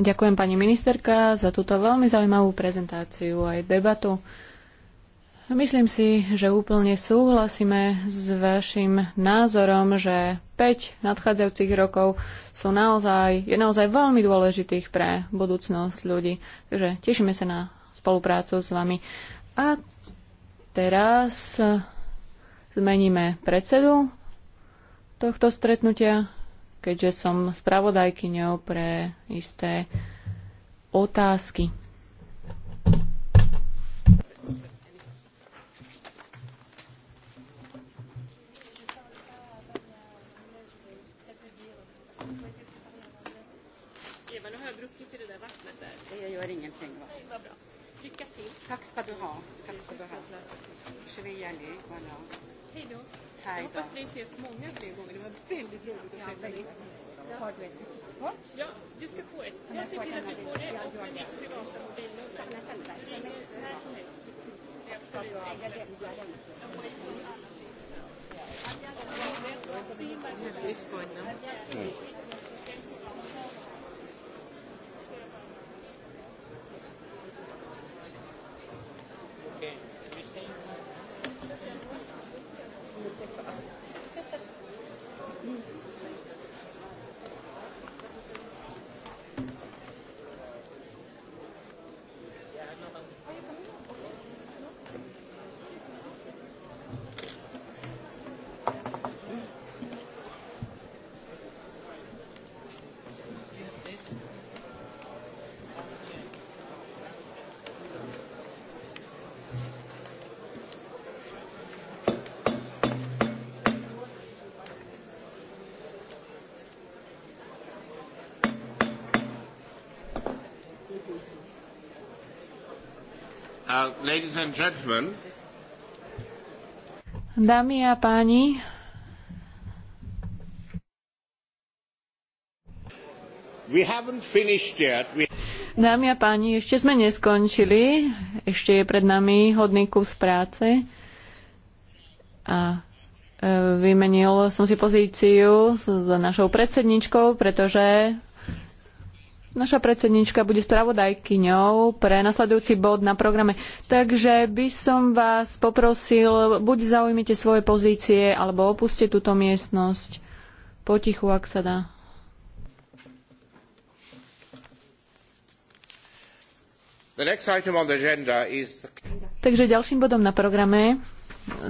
Ďakujem pani ministerka za túto veľmi zaujímavú prezentáciu aj debatu. Myslím si, že úplne súhlasíme s vašim názorom, že 5 nadchádzajúcich rokov sú naozaj, je naozaj veľmi dôležitých pre budúcnosť ľudí. Takže tešíme sa na spoluprácu s vami. A teraz zmeníme predsedu tohto stretnutia, keďže som spravodajkyňou pre isté otázky. pas de rang. Quatre de rang. Je vais y aller. Voilà. Hej då. Hej då. Jag hoppas vi ses många fler gånger. Det var väldigt roligt att träffa dig. Har du ett visitkort? Ja, du ska få ett. Jag ser till att du får det och med ditt privata mobilnummer. Kan jag sända? När som helst. Absolut. Jag har ju alla sitt. Mm. Uh, Dámy a páni, We... Dámy a páni, ešte sme neskončili. Ešte je pred nami hodný kus práce. A e, vymenil som si pozíciu s našou predsedničkou, pretože Naša predsednička bude spravodajkyňou pre nasledujúci bod na programe. Takže by som vás poprosil, buď zaujmite svoje pozície, alebo opuste túto miestnosť potichu, ak sa dá. Is... Takže ďalším bodom na programe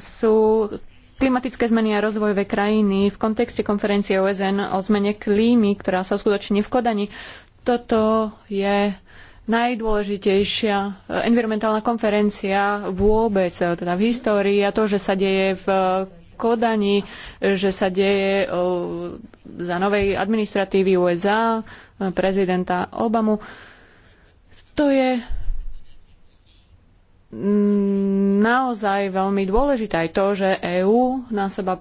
sú klimatické zmeny a rozvojové krajiny v kontexte konferencie OSN o zmene klímy, ktorá sa uskutoční v Kodani. Toto je najdôležitejšia eh, environmentálna konferencia vôbec, eh, teda v histórii a to, že sa deje v eh, Kodani, že sa deje za novej administratívy USA, prezidenta Obamu. To je mm, naozaj veľmi dôležité aj to, že EÚ na seba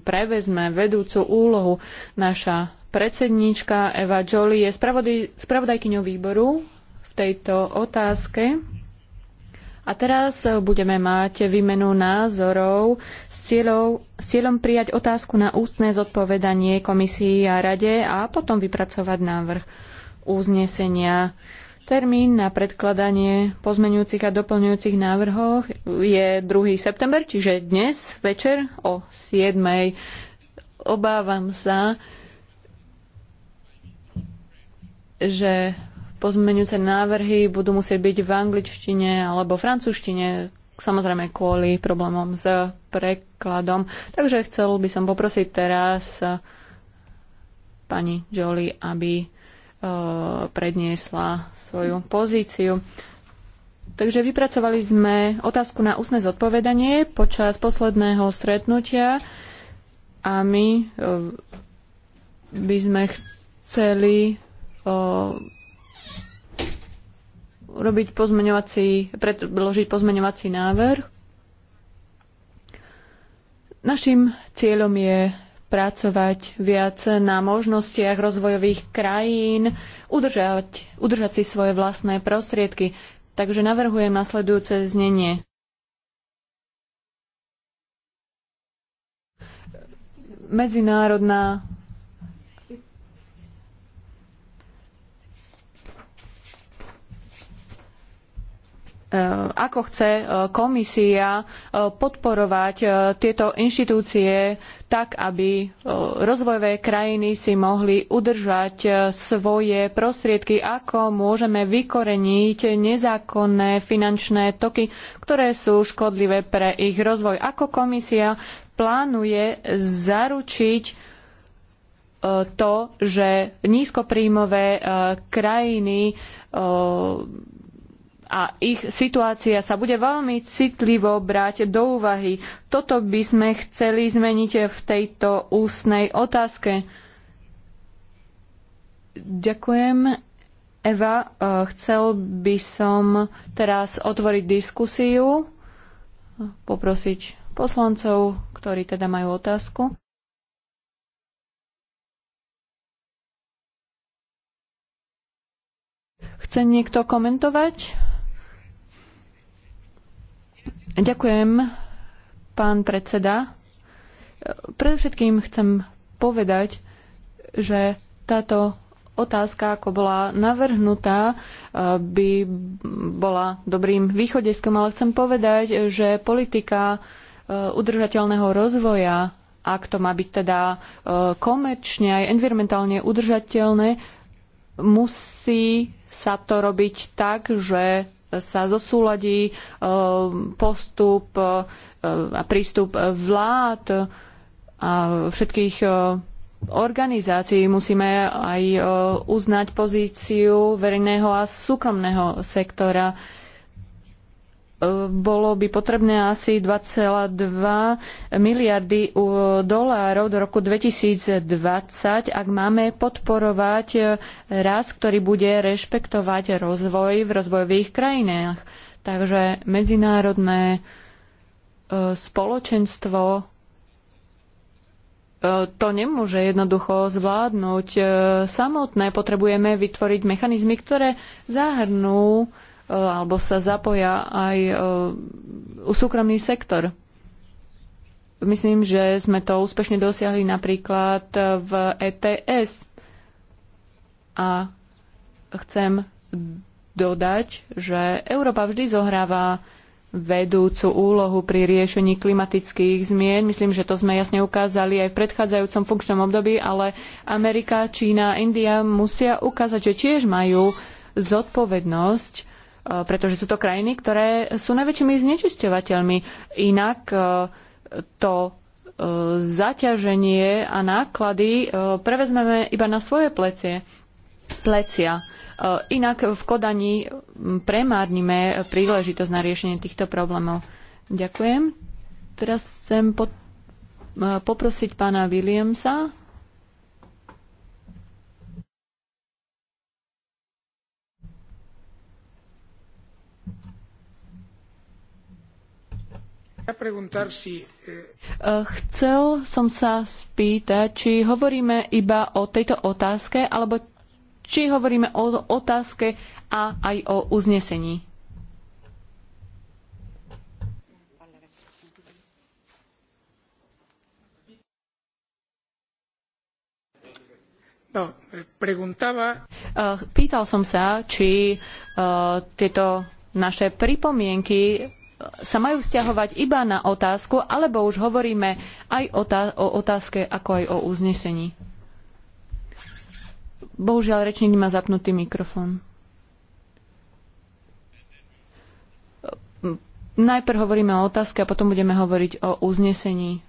prevezme vedúcu úlohu. Naša Predsedníčka Eva Jolie je spravodajkyňou výboru v tejto otázke. A teraz budeme mať výmenu názorov s, cieľou, s cieľom prijať otázku na ústne zodpovedanie komisii a rade a potom vypracovať návrh uznesenia. Termín na predkladanie pozmeňujúcich a doplňujúcich návrhov je 2. september, čiže dnes večer o 7. Obávam sa, že pozmeňujúce návrhy budú musieť byť v angličtine alebo francúzštine, samozrejme kvôli problémom s prekladom. Takže chcel by som poprosiť teraz pani Jolie, aby e, predniesla svoju pozíciu. Takže vypracovali sme otázku na úsne zodpovedanie počas posledného stretnutia a my e, by sme chceli robiť pozmeňovací, predložiť pozmeňovací návrh. Našim cieľom je pracovať viac na možnostiach rozvojových krajín, udržať, udržať si svoje vlastné prostriedky. Takže navrhujem nasledujúce znenie. Medzinárodná Eh, ako chce eh, komisia eh, podporovať tieto inštitúcie tak, aby rozvojové krajiny si mohli udržať svoje prostriedky, ako môžeme vykoreniť nezákonné finančné toky, ktoré sú škodlivé pre ich rozvoj. Ako komisia plánuje zaručiť to, že nízkopríjmové krajiny a ich situácia sa bude veľmi citlivo brať do úvahy. Toto by sme chceli zmeniť v tejto ústnej otázke. Ďakujem. Eva, eh, chcel by som teraz otvoriť diskusiu, poprosiť poslancov, ktorí teda majú otázku. Chce niekto komentovať? Ďakujem, pán predseda. Predovšetkým chcem povedať, že táto otázka, ako bola navrhnutá, eh, by bola dobrým východiskom, ale chcem povedať, že politika eh, udržateľného rozvoja, ak to má byť teda eh, komerčne aj environmentálne udržateľné, musí sa to robiť tak, že sa zosúladí e, postup e, a prístup vlád a všetkých e, organizácií. Musíme aj uznať pozíciu verejného a súkromného sektora bolo by potrebné asi 2,2 miliardy uh, dolárov do roku 2020, ak máme podporovať uh, rast, ktorý bude rešpektovať rozvoj v rozvojových krajinách. Takže medzinárodné uh, spoločenstvo to nemôže jednoducho zvládnuť. Samotné potrebujeme vytvoriť mechanizmy, ktoré zahrnú Eh, alebo sa zapoja aj eh, súkromný sektor. Myslím, že sme to úspešne dosiahli napríklad eh, v ETS. A chcem dodať, že Európa vždy zohráva vedúcu úlohu pri riešení klimatických zmien. Myslím, že to sme jasne ukázali aj v predchádzajúcom funkčnom období, ale Amerika, Čína, India musia ukázať, že tiež majú zodpovednosť Eh, pretože sú to krajiny, ktoré sú najväčšími znečisťovateľmi. Inak eh, to eh, zaťaženie a náklady prevezmeme iba na svoje plecie, plecia. Inak v Kodani hm, premárnime príležitosť na riešenie týchto problémov. Ďakujem. Teraz chcem poprosiť pána Williamsa, E, eh, chcel som sa spýtať, či hovoríme iba o tejto otázke, alebo či hovoríme o otázke a aj o uznesení. No, eh, eh, Pýtal som sa, či uh, tieto naše pripomienky sa majú vzťahovať iba na otázku, alebo už hovoríme aj o otázke, ako aj o uznesení. Bohužiaľ, rečník má zapnutý mikrofón. Najprv hovoríme o otázke a potom budeme hovoriť o uznesení.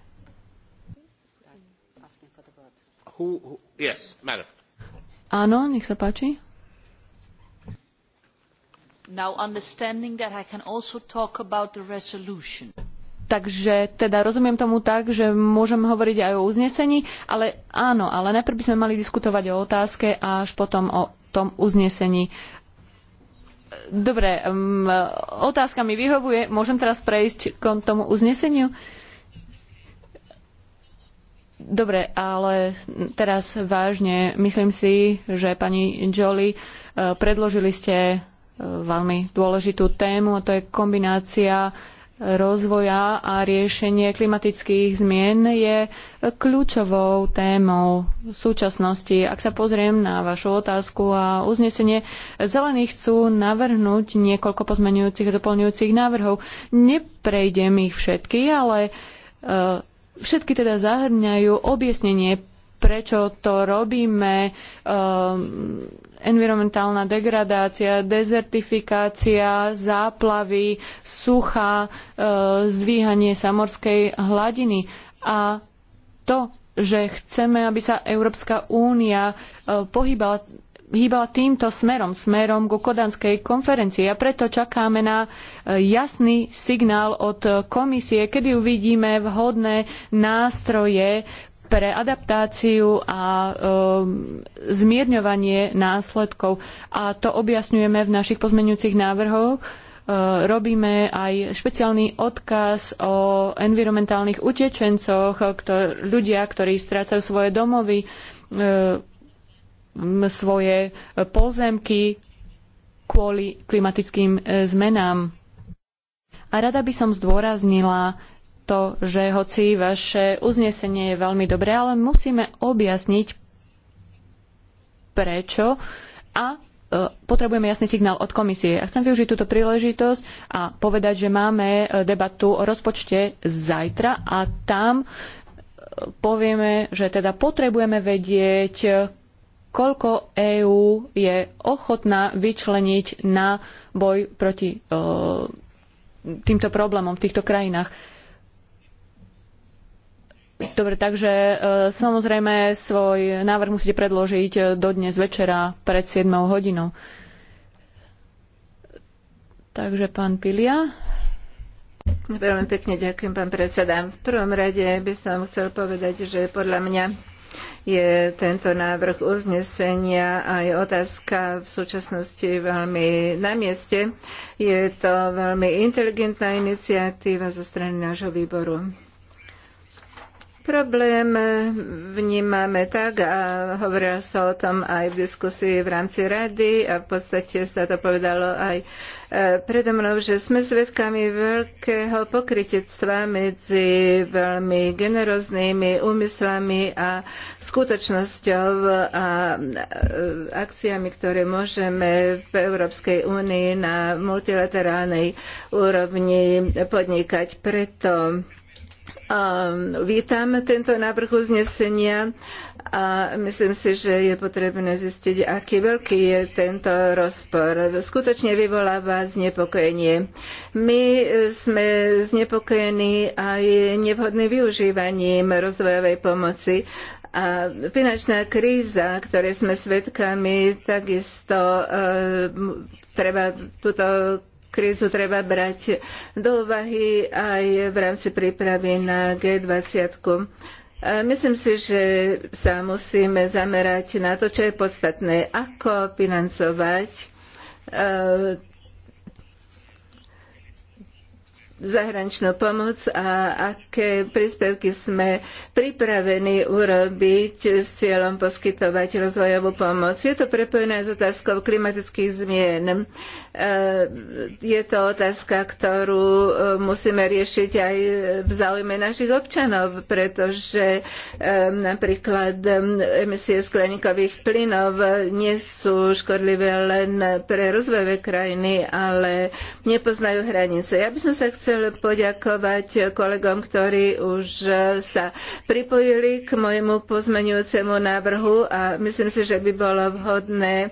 Áno, nech sa páči. Now understanding that I can also talk about the resolution. Takže teda rozumiem tomu tak, že môžem hovoriť aj o uznesení, ale áno, ale najprv by sme mali diskutovať o otázke a až potom o tom uznesení. Dobre, um, otázka mi vyhovuje. Môžem teraz prejsť k tomu uzneseniu? Dobre, ale teraz vážne, myslím si, že pani Jolie, eh, predložili ste veľmi dôležitú tému a to je kombinácia rozvoja a riešenie klimatických zmien je kľúčovou témou v súčasnosti. Ak sa pozriem na vašu otázku a uznesenie, zelení chcú navrhnúť niekoľko pozmenujúcich a doplňujúcich návrhov. Neprejdem ich všetky, ale e, všetky teda zahrňajú objasnenie, prečo to robíme, e, environmentálna degradácia, dezertifikácia, záplavy, sucha, e, zdvíhanie samorskej hladiny. A to, že chceme, aby sa Európska únia e, pohybala hýbala týmto smerom, smerom ku Kodanskej konferencii. A preto čakáme na e, jasný signál od komisie, kedy uvidíme vhodné nástroje pre adaptáciu a um, zmierňovanie následkov. A to objasňujeme v našich pozmeňujúcich návrhoch. Uh, robíme aj špeciálny odkaz o environmentálnych utečencoch, ktor ľudia, ktorí strácajú svoje domovy, um, svoje pozemky kvôli klimatickým eh, zmenám. A rada by som zdôraznila to, že hoci vaše uznesenie je veľmi dobré, ale musíme objasniť prečo a e, potrebujeme jasný signál od komisie. A chcem využiť túto príležitosť a povedať, že máme e, debatu o rozpočte zajtra a tam e, povieme, že teda potrebujeme vedieť, koľko EÚ je ochotná vyčleniť na boj proti týmto problémom v týchto krajinách. Dobre, takže e, samozrejme svoj návrh musíte predložiť e, do dnes večera pred 7 hodinou. Takže pán Pilia. Veľmi pekne ďakujem, pán predseda. V prvom rade by som chcel povedať, že podľa mňa je tento návrh uznesenia aj otázka v súčasnosti veľmi na mieste. Je to veľmi inteligentná iniciatíva zo strany nášho výboru. Problém vnímame tak a hovorila sa o tom aj v diskusii v rámci rady a v podstate sa to povedalo aj e, predo mnou, že sme svedkami veľkého pokrytectva medzi veľmi generóznymi úmyslami a skutočnosťou a e, akciami, ktoré môžeme v Európskej únii na multilaterálnej úrovni podnikať. Preto Vítam tento návrh uznesenia a myslím si, že je potrebné zistiť, aký veľký je tento rozpor. Skutočne vyvoláva znepokojenie. My sme znepokojení aj nevhodným využívaním rozvojovej pomoci. A finančná kríza, ktorej sme svedkami, takisto e, treba túto krízu treba brať do úvahy aj v rámci prípravy na G20. Myslím si, že sa musíme zamerať na to, čo je podstatné, ako financovať zahraničnú pomoc a aké príspevky sme pripravení urobiť s cieľom poskytovať rozvojovú pomoc. Je to prepojené s otázkou klimatických zmien. E, je to otázka, ktorú e, musíme riešiť aj v záujme našich občanov, pretože e, napríklad emisie skleníkových plynov nie sú škodlivé len pre rozvojové krajiny, ale nepoznajú hranice. Ja by som sa chcela chcel poďakovať kolegom, ktorí už sa pripojili k môjmu pozmeňujúcemu návrhu a myslím si, že by bolo vhodné e,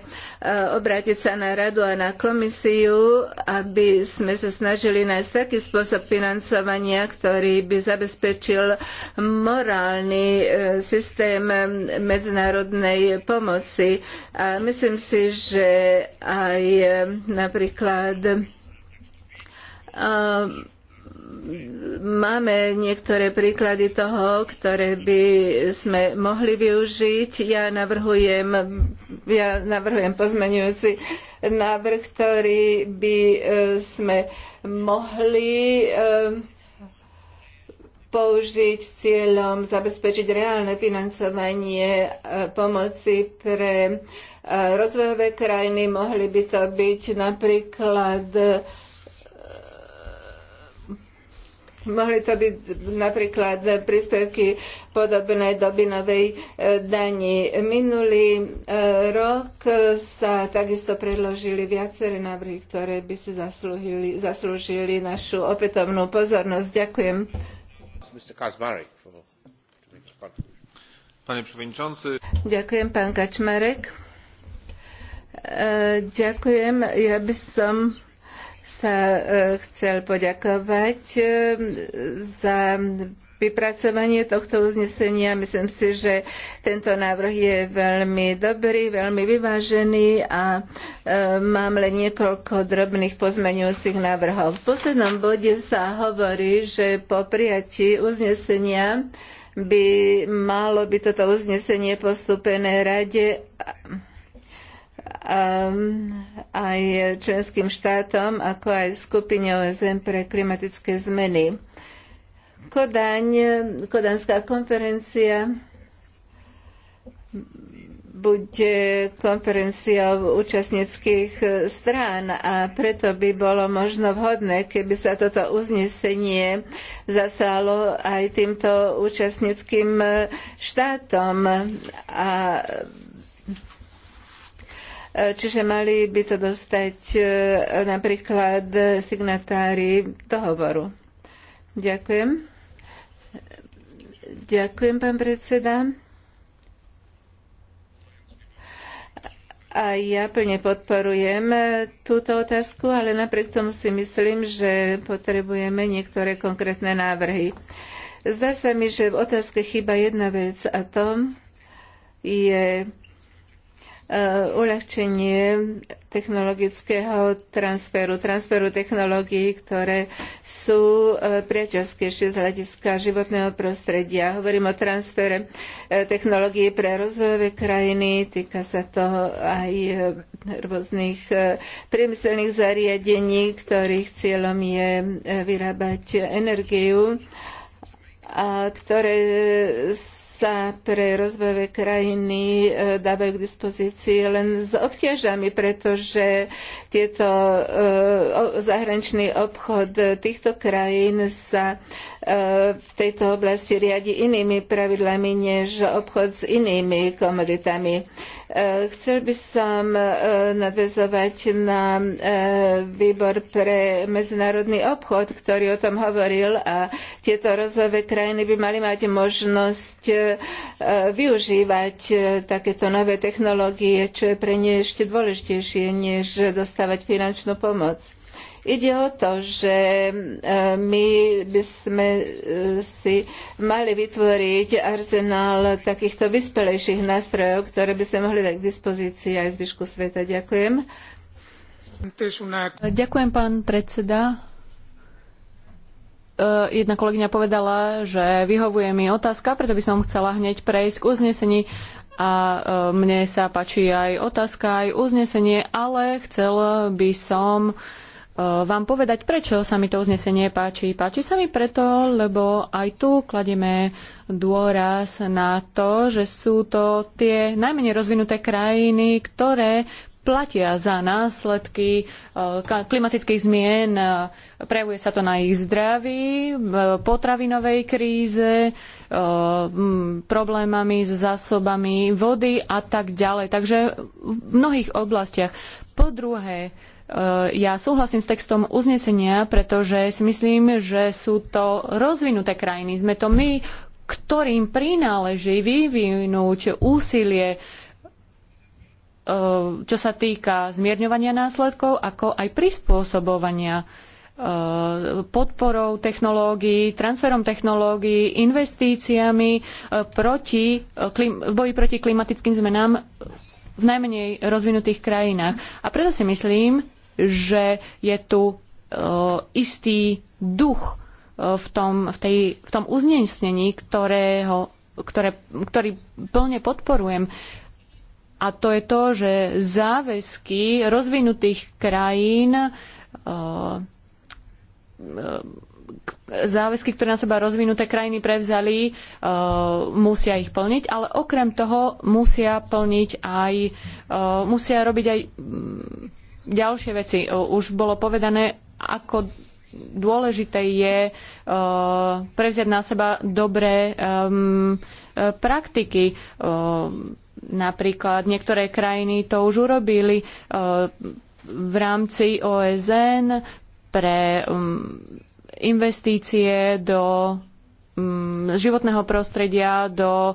obrátiť sa na radu a na komisiu, aby sme sa snažili nájsť taký spôsob financovania, ktorý by zabezpečil morálny e, systém medzinárodnej pomoci. A myslím si, že aj e, napríklad Ehm, máme niektoré príklady toho, ktoré by sme mohli využiť. Ja navrhujem, ja navrhujem pozmenujúci návrh, ktorý by e, sme mohli e, použiť cieľom zabezpečiť reálne financovanie e, pomoci pre rozvojové krajiny. Mohli by to byť napríklad Mohli to byť napríklad príspevky podobnej dobinovej e, dani. Minulý e, rok sa takisto predložili viaceré návrhy, ktoré by si zaslúžili, zaslúžili našu opätovnú pozornosť. Ďakujem. Panie przewodniczący. Ďakujem, pán Kačmarek. E, ďakujem. Ja by som sa e, chcel poďakovať e, za vypracovanie tohto uznesenia. Myslím si, že tento návrh je veľmi dobrý, veľmi vyvážený a e, mám len niekoľko drobných pozmeňujúcich návrhov. V poslednom bode sa hovorí, že po prijatí uznesenia by malo by toto uznesenie postupené rade Ehm, aj členským štátom, ako aj skupine OSN pre klimatické zmeny. Kodaň, Kodanská konferencia bude konferenciou účastnických strán a preto by bolo možno vhodné, keby sa toto uznesenie zasalo aj týmto účastnickým štátom a Čiže mali by to dostať e, napríklad signatári dohovoru. Ďakujem. Ďakujem, pán predseda. A ja plne podporujem e, túto otázku, ale napriek tomu si myslím, že potrebujeme niektoré konkrétne návrhy. Zdá sa mi, že v otázke chýba jedna vec a to je Eh, uľahčenie technologického transferu, transferu technológií, ktoré sú eh, priateľskejšie z hľadiska životného prostredia. Hovorím o transfere eh, technológií pre rozvojové krajiny, týka sa to aj rôznych priemyselných zariadení, ktorých cieľom je vyrábať energiu a ktoré sa pre rozvojové krajiny e, dávajú k dispozícii len s obťažami, pretože tieto e, zahraničný obchod týchto krajín sa E, v tejto oblasti riadi inými pravidlami než obchod s inými komoditami. E, chcel by som e, nadvezovať na výbor pre medzinárodný obchod, ktorý o tom hovoril a tieto rozvojové krajiny by mali mať možnosť využívať takéto nové technológie, čo je pre ne ešte dôležitejšie, než dostávať finančnú pomoc. Ide o to, že e, my by sme e, si mali vytvoriť arzenál takýchto vyspelejších nástrojov, ktoré by sme mohli dať k dispozícii aj zvyšku sveta. Ďakujem. Ďakujem, pán predseda. E, jedna kolegyňa povedala, že vyhovuje mi otázka, preto by som chcela hneď prejsť k uznesení a mne sa páči aj otázka, aj uznesenie, ale chcel by som Eh, vám povedať, prečo sa mi to uznesenie páči. Páči sa mi preto, lebo aj tu kladieme dôraz na to, že sú to tie najmenej rozvinuté krajiny, ktoré platia za následky eh, klimatických zmien. Eh, prejavuje sa to na ich zdraví, potravinovej kríze, problémami s zásobami vody a tak ďalej. Takže v mnohých oblastiach. Po druhé, ja súhlasím s textom uznesenia, pretože si myslím, že sú to rozvinuté krajiny. Sme to my, ktorým prináleží vyvinúť úsilie e, čo sa týka zmierňovania následkov, ako aj prispôsobovania e, podporou technológií, transferom technológií, investíciami e, proti, v boji proti klimatickým zmenám v najmenej rozvinutých krajinách. A preto si myslím, že je tu e, istý duch e, v tom, v tej, v tom uznesnení, ktorého, ktoré, ktorý plne podporujem. A to je to, že záväzky rozvinutých krajín, e, záväzky, ktoré na seba rozvinuté krajiny prevzali, musia ich plniť, ale okrem toho musia plniť aj, musia robiť aj ďalšie veci. E, už bolo povedané, ako dôležité je e, prevziať na seba dobré e, praktiky. Napríklad niektoré krajiny to už urobili v rámci OSN pre investície do Mm, životného prostredia do e,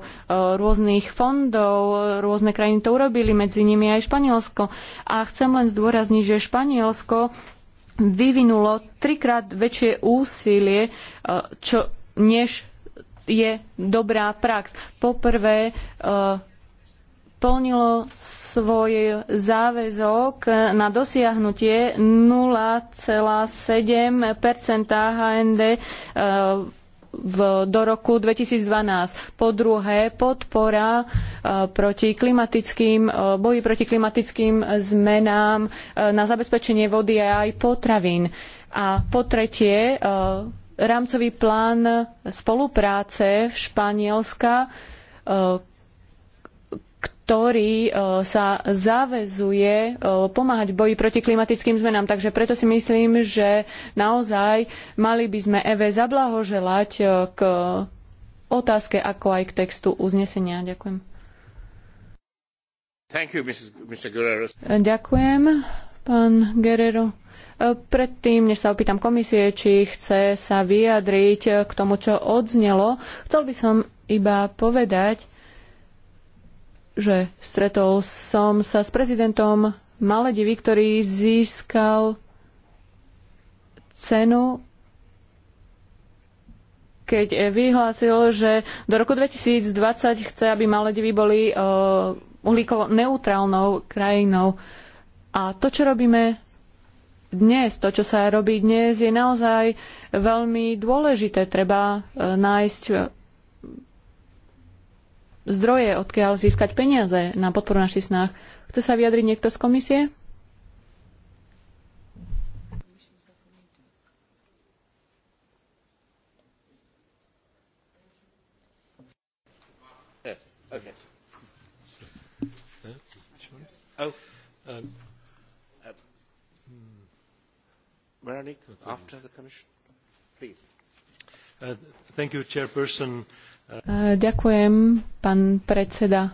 rôznych fondov. Rôzne krajiny to urobili, medzi nimi aj Španielsko. A chcem len zdôrazniť, že Španielsko vyvinulo trikrát väčšie úsilie, e, čo, než je dobrá prax. Poprvé, e, plnilo svoj záväzok na dosiahnutie 0,7 HND v, do roku 2012. Po druhé, podpora e, proti klimatickým, e, boji proti klimatickým zmenám e, na zabezpečenie vody a aj potravín. A po tretie, rámcový plán spolupráce Španielska, ktorý e, sa zavezuje e, pomáhať v boji proti klimatickým zmenám. Takže preto si myslím, že naozaj mali by sme EV zablahoželať e, k otázke, ako aj k textu uznesenia. Ďakujem. You, Ďakujem, pán Guerrero. Predtým, než sa opýtam komisie, či chce sa vyjadriť k tomu, čo odznelo, chcel by som iba povedať, že stretol som sa s prezidentom Maledivy, ktorý získal cenu, keď vyhlásil, že do roku 2020 chce, aby Maledivy boli eh, uhlíkovo neutrálnou krajinou. A to, čo robíme dnes, to, čo sa robí dnes, je naozaj veľmi dôležité. Treba eh, nájsť zdroje, odkiaľ získať peniaze na podporu našich snách. Chce sa vyjadriť niekto z komisie? Oh. Um, uh, Veronique, after the Commission, please. Uh, thank you, Chairperson. Eh, ďakujem, pán predseda.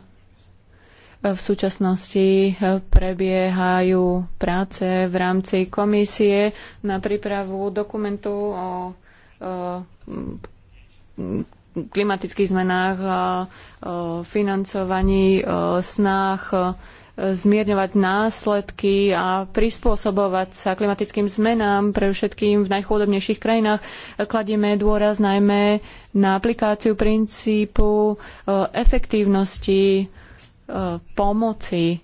Eh, v súčasnosti eh, prebiehajú práce v rámci komisie na prípravu dokumentu o klimatických zmenách, a financovaní snách zmierňovať následky a prispôsobovať sa klimatickým zmenám, pre všetkým v najchudobnejších krajinách. Kladieme dôraz najmä na aplikáciu princípu e, efektívnosti e, pomoci. E,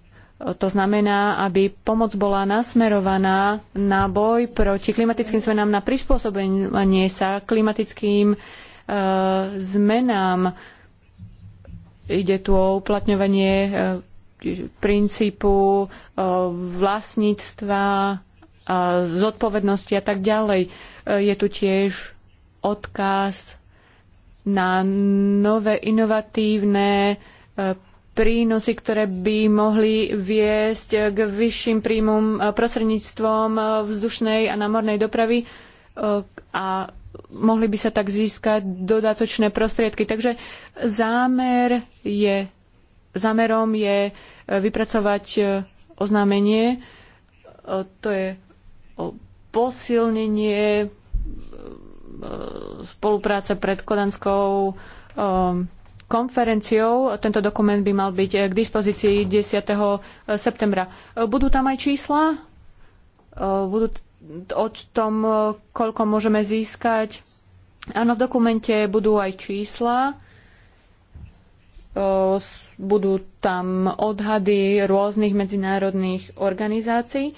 to znamená, aby pomoc bola nasmerovaná na boj proti klimatickým zmenám, na prispôsobenie sa klimatickým zmenám. Ide tu o uplatňovanie princípu vlastníctva, zodpovednosti a tak ďalej. Je tu tiež odkaz na nové inovatívne e, prínosy, ktoré by mohli viesť k vyšším príjmom e, prostredníctvom e, vzdušnej a námornej dopravy a mohli by sa tak získať dodatočné prostriedky. Takže zámer je, zámerom je vypracovať oznámenie, to je posilnenie E, spolupráce pred Kodanskou e, konferenciou. Tento dokument by mal byť e, k dispozícii 10. septembra. Budú tam aj čísla? Budú o tom, koľko môžeme získať? Áno, v dokumente budú aj čísla. Budú tam odhady rôznych medzinárodných organizácií.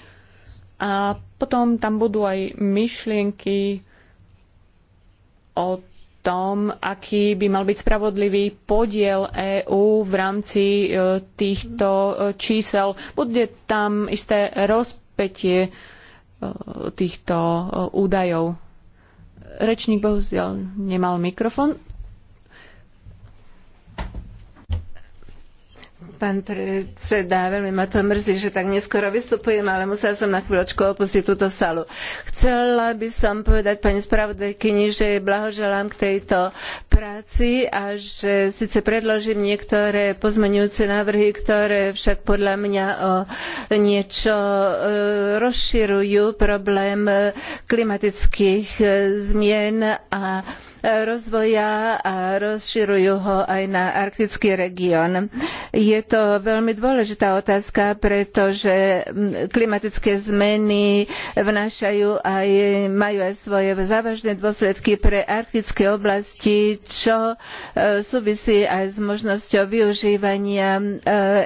A potom tam budú aj myšlienky o tom, aký by mal byť spravodlivý podiel EÚ v rámci e, týchto e, čísel. Bude tam isté rozpätie e, týchto údajov. Rečník bohužiaľ nemal mikrofón. Pán predseda, veľmi ma to mrzí, že tak neskoro vystupujem, ale musela som na chvíľočku opustiť túto salu. Chcela by som povedať pani spravodajkyni, že jej blahoželám k tejto práci a že síce predložím niektoré pozmeňujúce návrhy, ktoré však podľa mňa o niečo e, rozširujú problém klimatických e, zmien a rozvoja a rozširujú ho aj na arktický región. Je to veľmi dôležitá otázka, pretože klimatické zmeny vnášajú aj, majú aj svoje závažné dôsledky pre arktické oblasti, čo e, súvisí aj s možnosťou využívania e,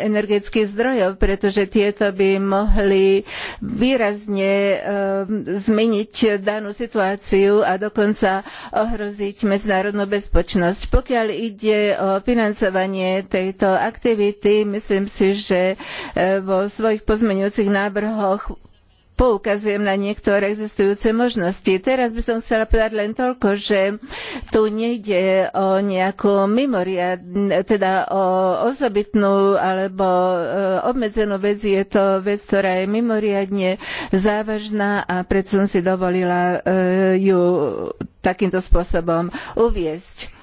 energetických zdrojov, pretože tieto by mohli výrazne e, zmeniť danú situáciu a dokonca ohroziť ohroziť medzinárodnú bezpečnosť. Pokiaľ ide o financovanie tejto aktivity, myslím si, že eh, vo svojich pozmeňujúcich návrhoch poukazujem na niektoré existujúce možnosti. Teraz by som chcela povedať len toľko, že tu nejde o nejakú mimoria, teda o osobitnú alebo e, obmedzenú vec. Je to vec, ktorá je mimoriadne závažná a preto som si dovolila e, ju takýmto spôsobom uviesť.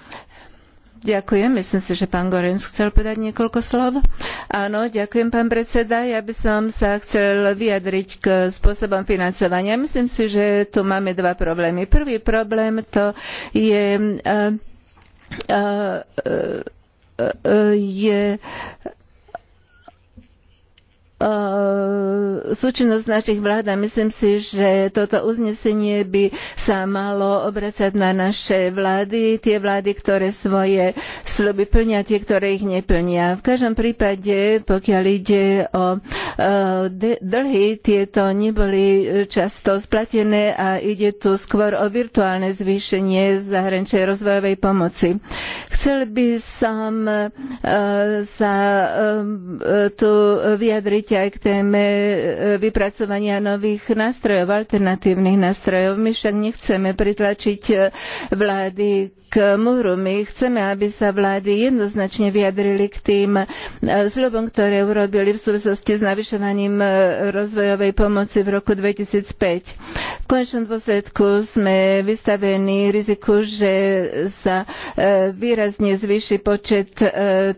Ďakujem. Myslím si, že pán Gorenc chcel povedať niekoľko slov. Áno, ďakujem, pán predseda. Ja by som sa chcel vyjadriť k spôsobom financovania. Myslím si, že tu máme dva problémy. Prvý problém to je, eh, eh, eh, je Ehm, súčinnosť našich vlád a myslím si, že toto uznesenie by sa malo obracať na naše vlády, tie vlády, ktoré svoje sluby plnia, tie, ktoré ich neplnia. V každom prípade, pokiaľ ide o ehm, dlhy, tieto neboli často splatené a ide tu skôr o virtuálne zvýšenie zahraničnej rozvojovej pomoci. Chcel by som ehm, sa tu vyjadriť vrátiť aj k téme e, vypracovania nových nástrojov, alternatívnych nástrojov. My však nechceme pritlačiť e, vlády k múru. My chceme, aby sa vlády jednoznačne vyjadrili k tým e, zľubom, ktoré urobili v súvislosti s navyšovaním rozvojovej pomoci v roku 2005. V konečnom dôsledku sme vystavení riziku, že sa výrazne zvýši počet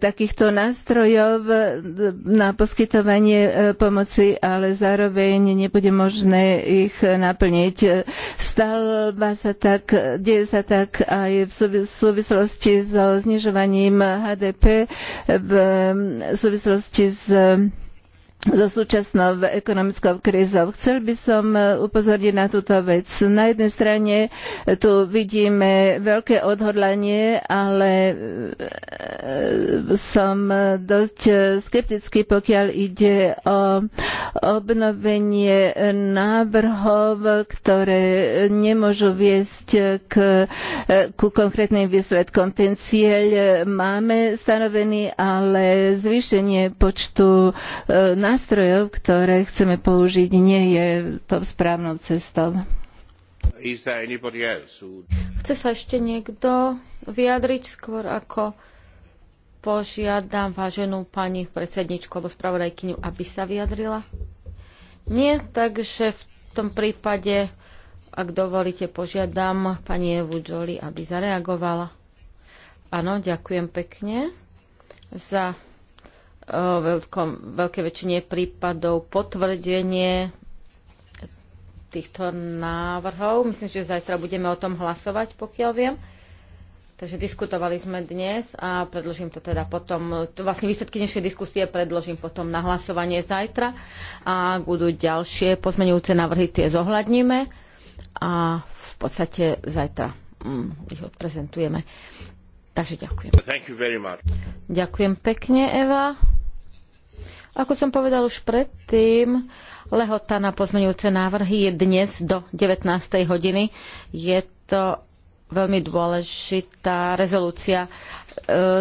takýchto nástrojov na poskytovanie E, pomoci, ale zároveň nebude možné ich naplniť. Stáva sa tak, deje sa tak aj v súvislosti so znižovaním HDP, v súvislosti s so súčasnou ekonomickou krízou. Chcel by som e, upozorniť na túto vec. Na jednej strane tu vidíme veľké odhodlanie, ale e, e, som dosť skeptický, pokiaľ ide o obnovenie návrhov, ktoré nemôžu viesť k, ku konkrétnym výsledkom. Ten cieľ máme stanovený, ale zvýšenie počtu návrhov nástrojov, ktoré chceme použiť, nie je to správnou cestou. Chce sa ešte niekto vyjadriť skôr ako požiadam váženú pani predsedničku alebo spravodajkyňu, aby sa vyjadrila? Nie, takže v tom prípade, ak dovolíte, požiadam pani Evu Jolie, aby zareagovala. Áno, ďakujem pekne za veľkom, veľké väčšine prípadov potvrdenie týchto návrhov. Myslím, že zajtra budeme o tom hlasovať, pokiaľ viem. Takže diskutovali sme dnes a predložím to teda potom, to vlastne výsledky dnešnej diskusie predložím potom na hlasovanie zajtra a budú ďalšie pozmeňujúce návrhy, tie zohľadníme a v podstate zajtra mm, ich odprezentujeme. Takže ďakujem. Ďakujem pekne, Eva. Ako som povedal už predtým, lehota na pozmeňujúce návrhy je dnes do 19. hodiny. Je to veľmi dôležitá rezolúcia e,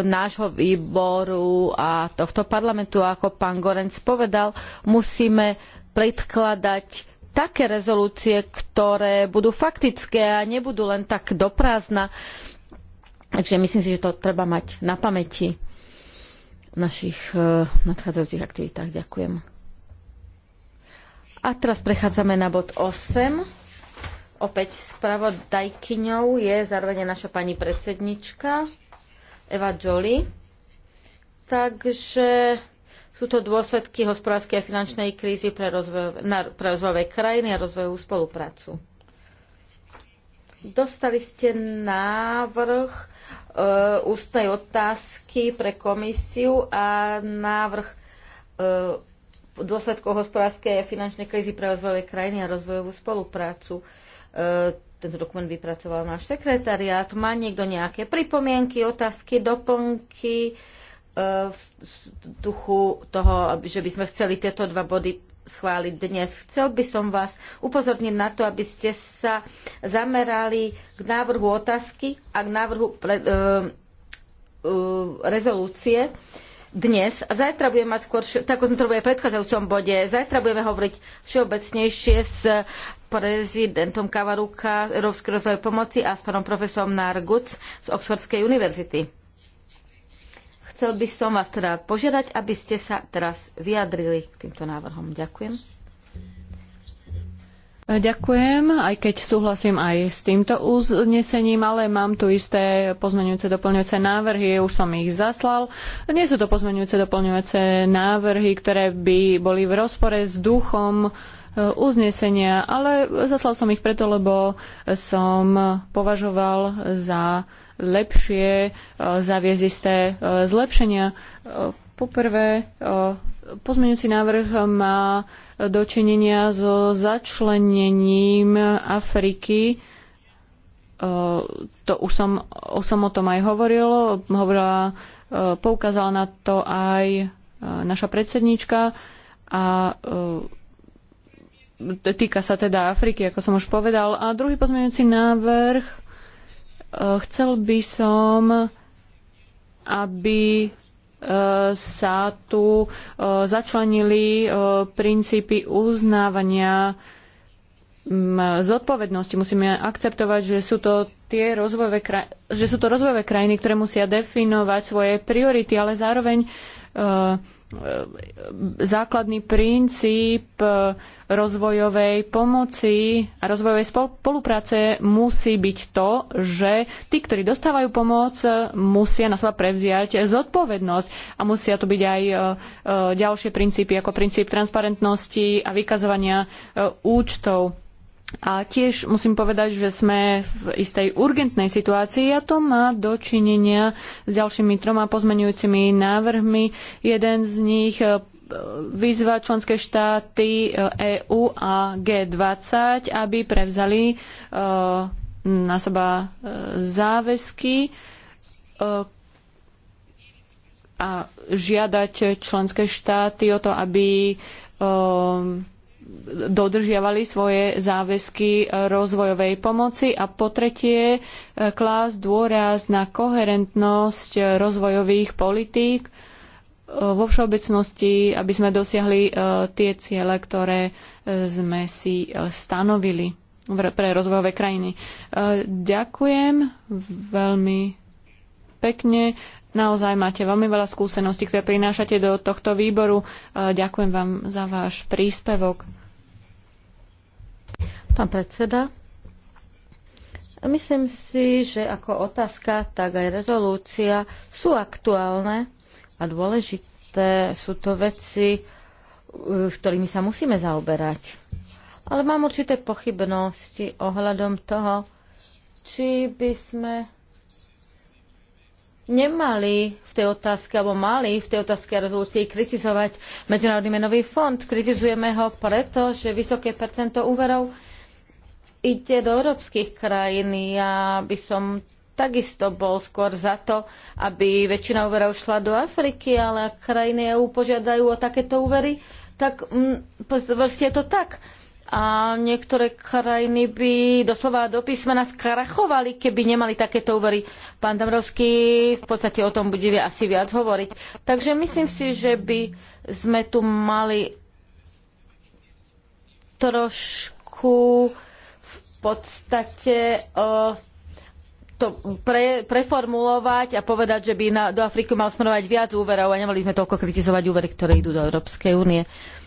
nášho výboru a tohto parlamentu. A ako pán Gorenc povedal, musíme predkladať také rezolúcie, ktoré budú faktické a nebudú len tak do prázdna. E, Takže myslím si, že to treba mať na pamäti v našich e, nadchádzajúcich aktivitách. Ďakujem. A teraz prechádzame na bod 8. Opäť spravodajkyňou je zároveň naša pani predsednička Eva Jolie. Takže sú to dôsledky hospodárskej a finančnej krízy pre, na, pre rozvojové krajiny a rozvojovú spoluprácu. Dostali ste návrh e, ústnej otázky pre komisiu a návrh e, dôsledkov hospodárskej a finančnej krízy pre rozvojové krajiny a rozvojovú spoluprácu. E, tento dokument vypracoval náš sekretariát. Má niekto nejaké pripomienky, otázky, doplnky e, v duchu toho, že by sme chceli tieto dva body schváliť dnes. Chcel by som vás upozorniť na to, aby ste sa zamerali k návrhu otázky a k návrhu pre, e, e, rezolúcie dnes. A zajtra budeme mať skôr, tak ako sme to v predchádzajúcom bode, zajtra budeme hovoriť všeobecnejšie s prezidentom Kavaruka Európskej rozvojovej pomoci a s pánom profesorom Narguc z Oxfordskej univerzity chcel by som vás teda požiadať, aby ste sa teraz vyjadrili k týmto návrhom. Ďakujem. Ďakujem, aj keď súhlasím aj s týmto uznesením, ale mám tu isté pozmeňujúce doplňujúce návrhy, už som ich zaslal. Nie sú to pozmeňujúce doplňujúce návrhy, ktoré by boli v rozpore s duchom e, uznesenia, ale zaslal som ich preto, lebo som považoval za lepšie e, zaviesť isté e, zlepšenia. E, poprvé, pozmeňujúci návrh má dočinenia so začlenením Afriky. To už som, už som o tom aj hovoril, hovorila, poukázala na to aj naša predsednička a týka sa teda Afriky, ako som už povedal. A druhý pozmeňujúci návrh Eh, chcel by som, aby eh, sa tu eh, začlenili princípy uznávania mm, zodpovednosti. Musíme akceptovať, že sú to tie rozvojové krajiny, že sú to rozvojové krajiny, ktoré musia definovať svoje priority, ale zároveň E, základný princíp e, rozvojovej pomoci a rozvojovej spolupráce musí byť to, že tí, ktorí dostávajú pomoc, e, musia na seba prevziať zodpovednosť a musia tu byť aj ďalšie princípy ako princíp transparentnosti a vykazovania účtov a tiež musím povedať, že sme v istej urgentnej situácii a to má dočinenia s ďalšími troma pozmenujúcimi návrhmi. Jeden z nich e, vyzva členské štáty EÚ e a G20, aby prevzali e, na seba záväzky a žiadať členské štáty o to, aby dodržiavali svoje záväzky e, rozvojovej pomoci a po tretie e, klás dôraz na koherentnosť e, rozvojových politík vo všeobecnosti, aby sme dosiahli tie ciele, ktoré sme si stanovili pre rozvojové krajiny. Ďakujem veľmi pekne. Naozaj máte veľmi veľa skúseností, ktoré prinášate do tohto výboru. E, ďakujem vám za váš príspevok. Pán predseda, myslím si, že ako otázka, tak aj rezolúcia sú aktuálne a dôležité sú to veci, e, s ktorými sa musíme zaoberať. Ale mám určité pochybnosti ohľadom toho, či by sme nemali v tej otázke, alebo mali v tej otázke rezolúcii kritizovať Medzinárodný menový fond. Kritizujeme ho preto, že vysoké percento úverov ide do európskych krajín. Ja by som takisto bol skôr za to, aby väčšina úverov šla do Afriky, ale ak krajiny EU požiadajú o takéto úvery, tak mm, je to tak a niektoré krajiny by doslova do písmena skrachovali, keby nemali takéto úvery. Pán Damrovský v podstate o tom bude asi viac hovoriť. Takže myslím si, že by sme tu mali trošku v podstate to pre, preformulovať a povedať, že by na, do Afriky mal smerovať viac úverov a nemali sme toľko kritizovať úvery, ktoré idú do Európskej únie. Uh,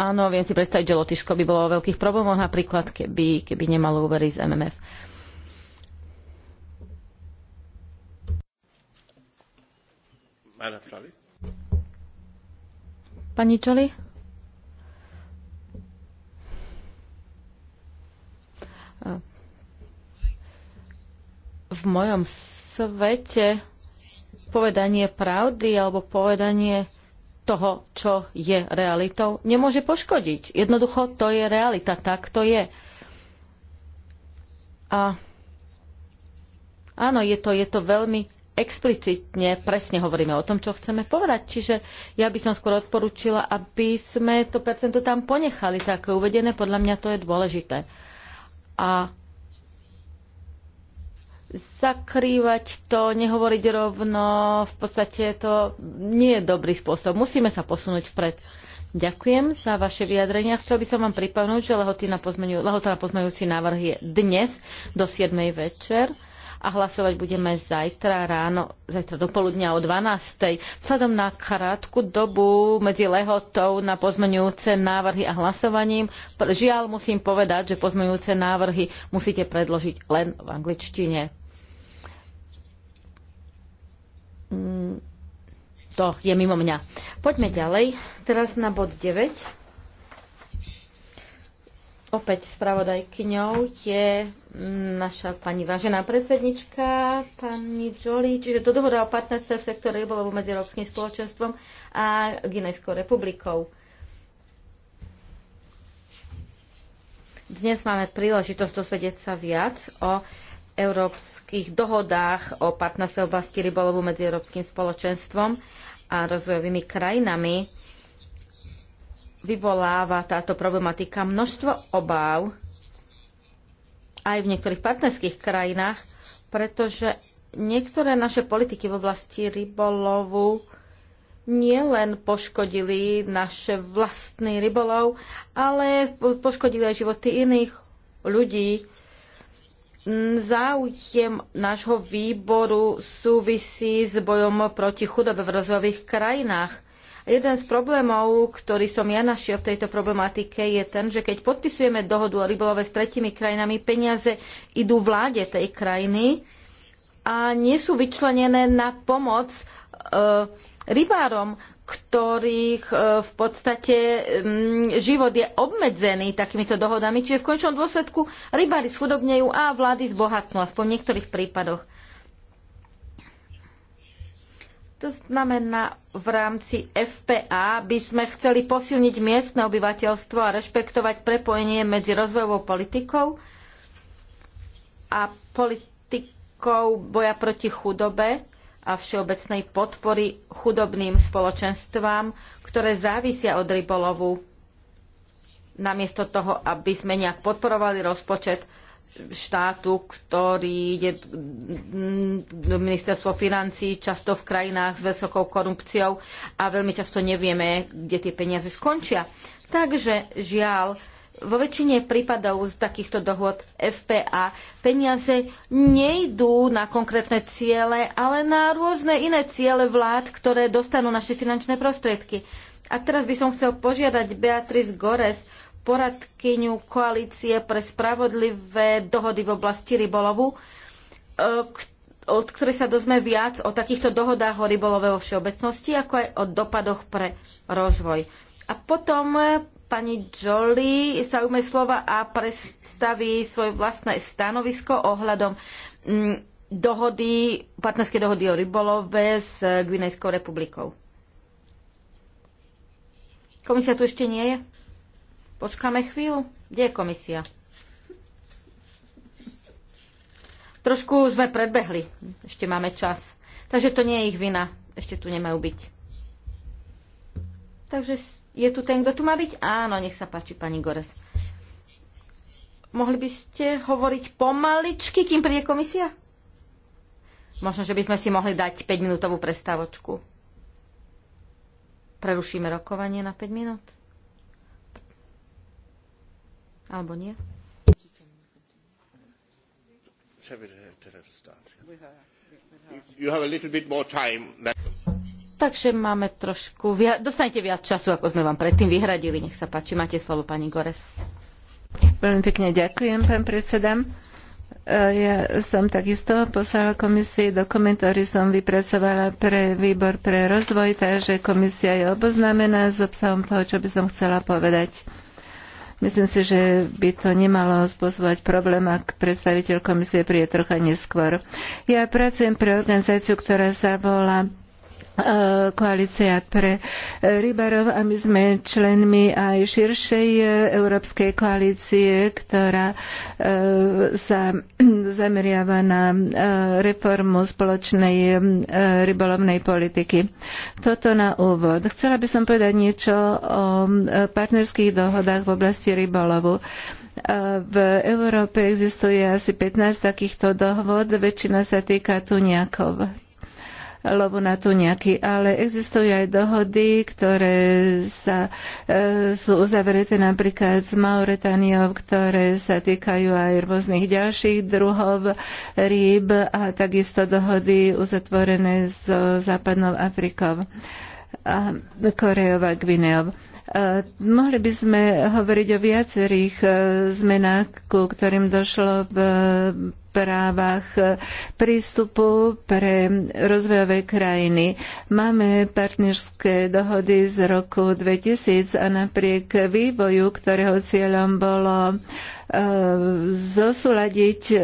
Áno, viem si predstaviť, že Lotyšsko by bolo o veľkých problémoch, napríklad, keby, keby nemalo úvery z MMF. Pani Čoli? V mojom svete povedanie pravdy alebo povedanie toho, čo je realitou, nemôže poškodiť. Jednoducho to je realita, tak to je. A áno, je to, je to veľmi explicitne, presne hovoríme o tom, čo chceme povedať. Čiže ja by som skôr odporúčila, aby sme to percento tam ponechali, tak uvedené, podľa mňa to je dôležité. A zakrývať to, nehovoriť rovno, v podstate to nie je dobrý spôsob. Musíme sa posunúť vpred. Ďakujem za vaše vyjadrenia. Chcel by som vám pripomenúť, že lehota na pozmeňujúci návrh je dnes do 7. večer a hlasovať budeme zajtra ráno, zajtra do poludnia o 12. Vzhľadom na krátku dobu medzi lehotou na pozmeňujúce návrhy a hlasovaním, žiaľ musím povedať, že pozmeňujúce návrhy musíte predložiť len v angličtine. Mm, to je mimo mňa. Poďme ďalej. Teraz na bod 9. Opäť spravodajkyňou je mm, naša pani vážená predsednička, pani Jolie, čiže to dohoda o partnerstve v sektore rybolovu medzi Európskym spoločenstvom a Ginejskou republikou. Dnes máme príležitosť dosvedieť sa viac o európskych dohodách o partnerstve v oblasti rybolovu medzi Európskym spoločenstvom a rozvojovými krajinami vyvoláva táto problematika množstvo obáv aj v niektorých partnerských krajinách, pretože niektoré naše politiky v oblasti rybolovu nielen poškodili naše vlastný rybolov, ale poškodili aj životy iných ľudí, Záujem nášho výboru súvisí s bojom proti chudobe v rozvojových krajinách. Jeden z problémov, ktorý som ja našiel v tejto problematike, je ten, že keď podpisujeme dohodu o rybolove s tretimi krajinami, peniaze idú vláde tej krajiny a nie sú vyčlenené na pomoc e, rybárom ktorých e, v podstate mm, život je obmedzený takýmito dohodami, čiže v končnom dôsledku rybári schudobnejú a vlády zbohatnú, aspoň v niektorých prípadoch. To znamená, v rámci FPA by sme chceli posilniť miestne obyvateľstvo a rešpektovať prepojenie medzi rozvojovou politikou a politikou boja proti chudobe a všeobecnej podpory chudobným spoločenstvám, ktoré závisia od rybolovu. Namiesto toho, aby sme nejak podporovali rozpočet štátu, ktorý ide ministerstvo financí často v krajinách s vysokou korupciou a veľmi často nevieme, kde tie peniaze skončia. Takže žiaľ, vo väčšine prípadov z takýchto dohôd FPA peniaze nejdú na konkrétne ciele, ale na rôzne iné ciele vlád, ktoré dostanú naše finančné prostriedky. A teraz by som chcel požiadať Beatriz Gores, poradkyňu koalície pre spravodlivé dohody v oblasti rybolovu, e, od ktorej sa dozme viac o takýchto dohodách o rybolove vo všeobecnosti, ako aj o dopadoch pre rozvoj. A potom pani Jolie sa ujme slova a predstaví svoje vlastné stanovisko ohľadom mm, dohody, partnerské dohody o rybolove s Gvinejskou republikou. Komisia tu ešte nie je? Počkáme chvíľu. Kde je komisia? Trošku sme predbehli. Ešte máme čas. Takže to nie je ich vina. Ešte tu nemajú byť. Takže je tu ten, kto tu má byť? Áno, nech sa páči, pani Gores. Mohli by ste hovoriť pomaličky, kým príde komisia? Možno, že by sme si mohli dať 5-minútovú prestávočku. Prerušíme rokovanie na 5 minút? Alebo nie? You have a little bit more time than... Takže máme trošku viac, dostanete viac času, ako sme vám predtým vyhradili. Nech sa páči, máte slovo, pani Gores. Veľmi pekne ďakujem, pán predseda. E, ja som takisto poslala komisii dokument, ktorý som vypracovala pre výbor pre rozvoj, takže komisia je oboznámená s obsahom toho, čo by som chcela povedať. Myslím si, že by to nemalo spôsobovať problém, ak predstaviteľ komisie príde trocha neskôr. Ja pracujem pre organizáciu, ktorá sa volá E, koalícia pre rybarov a my sme členmi aj širšej európskej koalície, ktorá e, sa zameriava na e, reformu spoločnej rybolovnej politiky. Toto na úvod. Chcela by som povedať niečo o partnerských dohodách v oblasti rybolovu. V Európe existuje asi 15 takýchto dohod, väčšina sa týka tuniakov lovu na nejaký, ale existujú aj dohody, ktoré sa, e, sú uzavreté napríklad s Mauretániou, ktoré sa týkajú aj rôznych ďalších druhov rýb a takisto dohody uzatvorené so západnou Afrikou a Koreou a Gvineou. E, mohli by sme hovoriť o viacerých e, zmenách, ku ktorým došlo v právach e, prístupu pre rozvojové krajiny. Máme partnerské dohody z roku 2000 a napriek vývoju, ktorého cieľom bolo e, zosúľadiť e,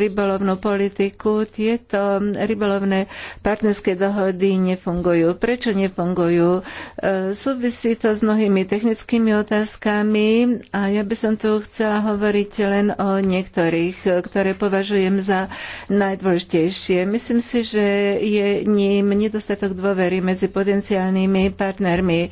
rybolovnú politiku, tieto rybolovné partnerské dohody nefungujú. Prečo nefungujú? Súvisí to s mnohými technickými otázkami a ja by som tu chcela hovoriť len o niektorých, ktoré považujem považujem za najdôležitejšie. Myslím si, že je ním nedostatok dôvery medzi potenciálnymi partnermi.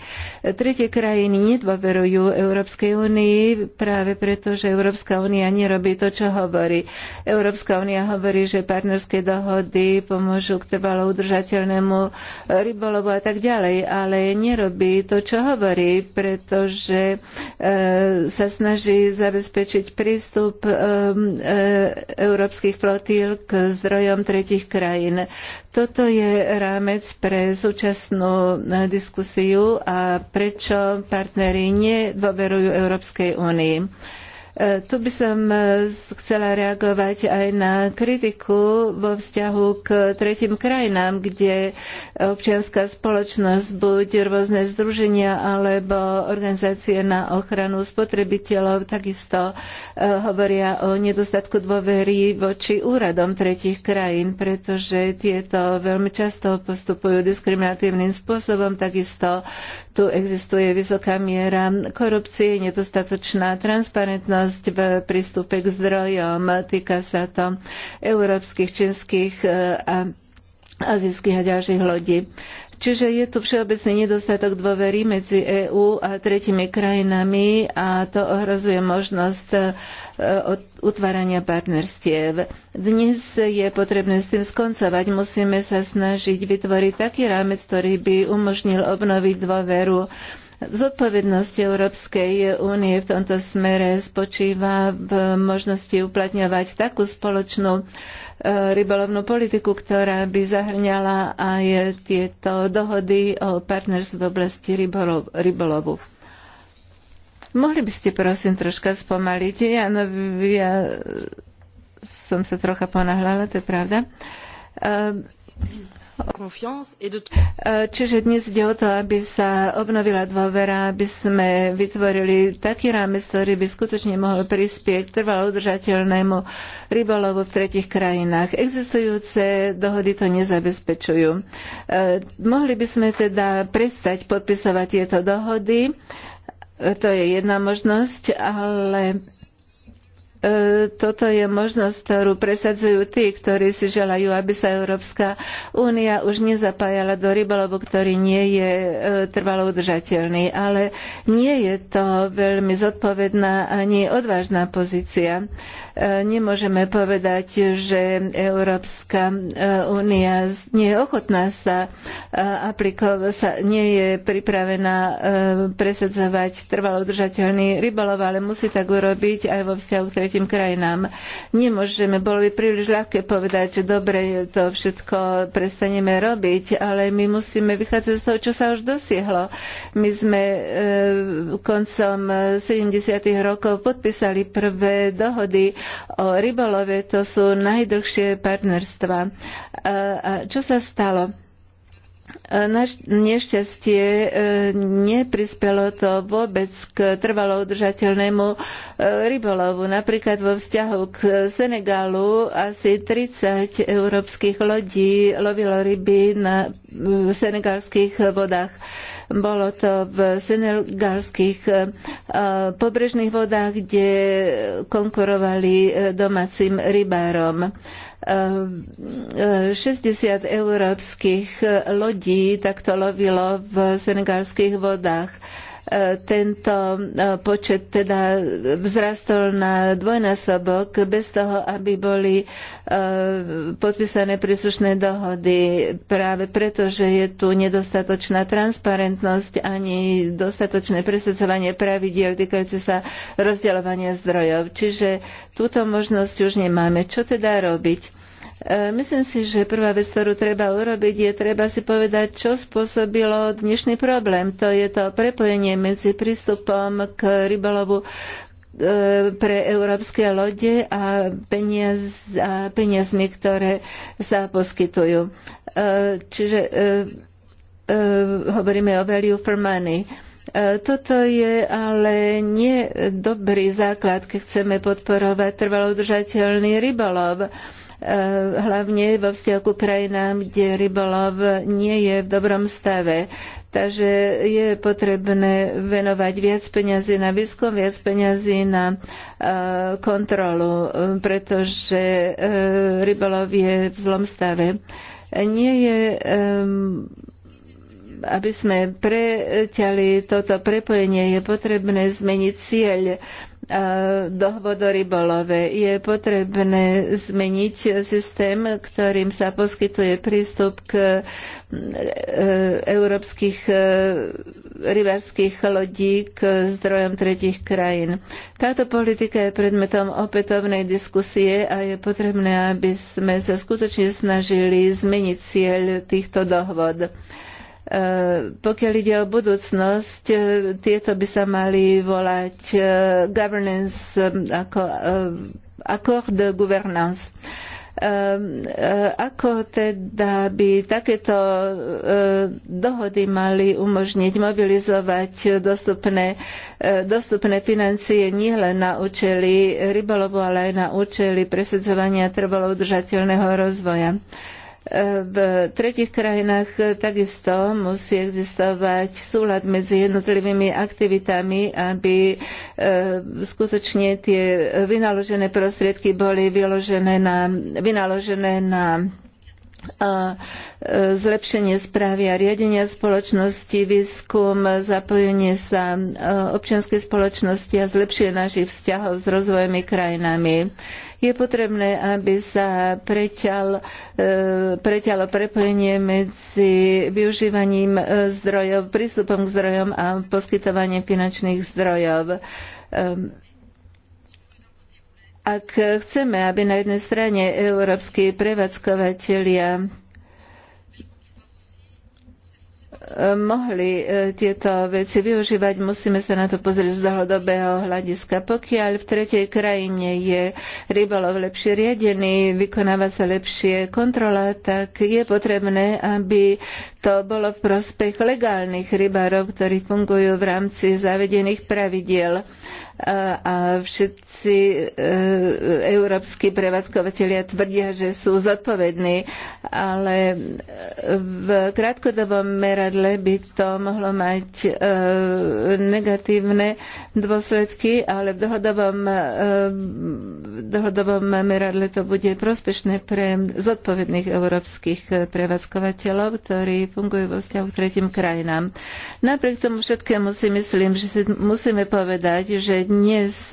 Tretie krajiny nedôverujú Európskej únii práve preto, že Európska únia nerobí to, čo hovorí. Európska únia hovorí, že partnerské dohody pomôžu k trvalo udržateľnému rybolovu a tak ďalej, ale nerobí to, čo hovorí, pretože e, sa snaží zabezpečiť prístup e, e, európskych flotíl k zdrojom tretich krajín. Toto je rámec pre súčasnú eh, diskusiu a prečo partneri nedôverujú Európskej únii. E, tu by som e, chcela reagovať aj na kritiku vo vzťahu k tretím krajinám, kde občianská spoločnosť, buď rôzne združenia alebo organizácie na ochranu spotrebiteľov, takisto e, hovoria o nedostatku dôvery voči úradom tretich krajín, pretože tieto veľmi často postupujú diskriminatívnym spôsobom, takisto tu existuje vysoká miera korupcie, nedostatočná transparentnosť v prístupe k zdrojom. Týka sa to európskych, čínskych eh, a azijských a ďalších lodí. Čiže je tu všeobecný nedostatok dôvery medzi EÚ a tretimi krajinami a to ohrozuje možnosť e, utvárania partnerstiev. Dnes je potrebné s tým skoncovať. Musíme sa snažiť vytvoriť taký rámec, ktorý by umožnil obnoviť dôveru Zodpovednosť Európskej únie v tomto smere spočíva v možnosti uplatňovať takú spoločnú e, rybolovnú politiku, ktorá by zahrňala aj tieto dohody o partnerstve v oblasti rybolovu. Mohli by ste prosím troška spomaliť? Ja, no, ja som sa trocha ponahlala, to je pravda. Uh, E, čiže dnes ide o to, aby sa obnovila dôvera, aby sme vytvorili taký rámec, ktorý by skutočne mohol prispieť k trvalo udržateľnému rybolovu v tretich krajinách. Existujúce dohody to nezabezpečujú. E, mohli by sme teda prestať podpisovať tieto dohody, e, to je jedna možnosť, ale E, toto je možnosť, ktorú presadzujú tí, ktorí si želajú, aby sa Európska únia už nezapájala do rybolovu, ktorý nie je e, trvalo udržateľný. Ale nie je to veľmi zodpovedná ani odvážna pozícia. Nemôžeme povedať, že Európska únia e, nie je ochotná sa e, aplikovať, sa nie je pripravená e, presadzovať trvalo udržateľný rybolov, ale musí tak urobiť aj vo vzťahu k tretím krajinám. Nemôžeme, bolo by príliš ľahké povedať, že dobre, to všetko prestaneme robiť, ale my musíme vychádzať z toho, čo sa už dosiahlo. My sme koncom 70. rokov podpísali prvé dohody o rybolove. To sú najdlhšie partnerstva. Čo sa stalo? Na nešťastie e, neprispelo to vôbec k trvalo udržateľnému e, rybolovu. Napríklad vo vzťahu k Senegalu asi 30 európskych lodí lovilo ryby na senegalských vodách. Bolo to v senegalských eh, eh, pobrežných vodách, kde konkurovali eh, domácim rybárom. 60 európskych lodí takto lovilo v senegalských vodách tento e, počet teda vzrastol na dvojnásobok bez toho, aby boli e, podpísané príslušné dohody práve preto, že je tu nedostatočná transparentnosť ani dostatočné presadzovanie pravidiel týkajúce sa rozdeľovania zdrojov. Čiže túto možnosť už nemáme. Čo teda robiť? E, myslím si, že prvá vec, ktorú treba urobiť, je treba si povedať, čo spôsobilo dnešný problém. To je to prepojenie medzi prístupom k rybolovu e, pre európske lode a, peniaz, a peniazmi, ktoré sa poskytujú. E, čiže hovoríme o value for money. Toto je ale nie dobrý základ, keď chceme podporovať trvalo udržateľný rybolov. Eh, hlavne vo vzťahu k krajinám, kde rybolov nie je v dobrom stave. Takže je potrebné venovať viac peňazí na výskum, viac peňazí na eh, kontrolu, eh, pretože rybolov je v zlom stave. Nie je aby sme preťali toto prepojenie, je potrebné zmeniť cieľ dohovodu rybolove. Je potrebné zmeniť systém, ktorým sa poskytuje prístup k e, európskych e, rybárskych lodí k zdrojom tretich krajín. Táto politika je predmetom opätovnej diskusie a je potrebné, aby sme sa skutočne snažili zmeniť cieľ týchto dohod. E, pokiaľ ide o budúcnosť, e, tieto by sa mali volať e, governance ako accord de gouvernance ako teda by takéto dohody mali umožniť mobilizovať dostupné, dostupné financie nielen na účely rybolovu, ale aj na účely presedzovania trvalo udržateľného rozvoja. V tretich krajinách takisto musí existovať súlad medzi jednotlivými aktivitami, aby e, skutočne tie vynaložené prostriedky boli vyložené na, vynaložené na a e, e, zlepšenie správy a riadenia spoločnosti, výskum, zapojenie sa občianskej spoločnosti a zlepšenie našich vzťahov s rozvojmi krajinami. Je potrebné, aby sa preťal, e, preťalo prepojenie medzi využívaním e, zdrojov, prístupom k zdrojom a poskytovaním finančných zdrojov ehm, ak chceme, aby na jednej strane európsky prevádzkovateľia mohli e, tieto veci využívať, musíme sa na to pozrieť z dlhodobého hľadiska. Pokiaľ v tretej krajine je rybolov lepšie riadený, vykonáva sa lepšie kontrola, tak je potrebné, aby to bolo v prospech legálnych rybárov, ktorí fungujú v rámci zavedených pravidiel a všetci e, európsky prevádzkovateľia tvrdia, že sú zodpovední, ale v krátkodobom meradle by to mohlo mať e, negatívne dôsledky, ale v dlhodobom, e, dlhodobom meradle to bude prospešné pre zodpovedných európskych prevádzkovateľov, ktorí fungujú vo vzťahu k tretím krajinám. Napriek tomu všetkému si myslím, že si musíme povedať, že dnes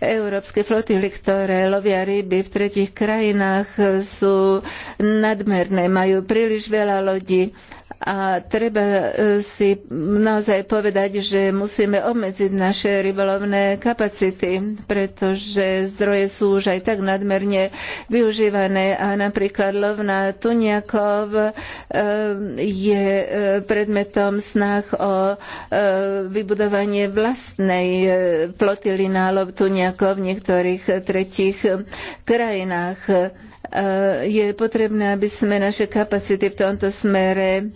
európske flotily, ktoré lovia ryby v tretich krajinách, sú nadmerné, majú príliš veľa lodí a treba e, si naozaj povedať, že musíme obmedziť naše rybolovné kapacity, pretože zdroje sú už aj tak nadmerne využívané a napríklad lovna tuniakov e, je e, predmetom snah o vybudovanie vlastnej plotily na lov tuniakov v niektorých tretích krajinách. Je potrebné, aby sme naše kapacity v tomto smere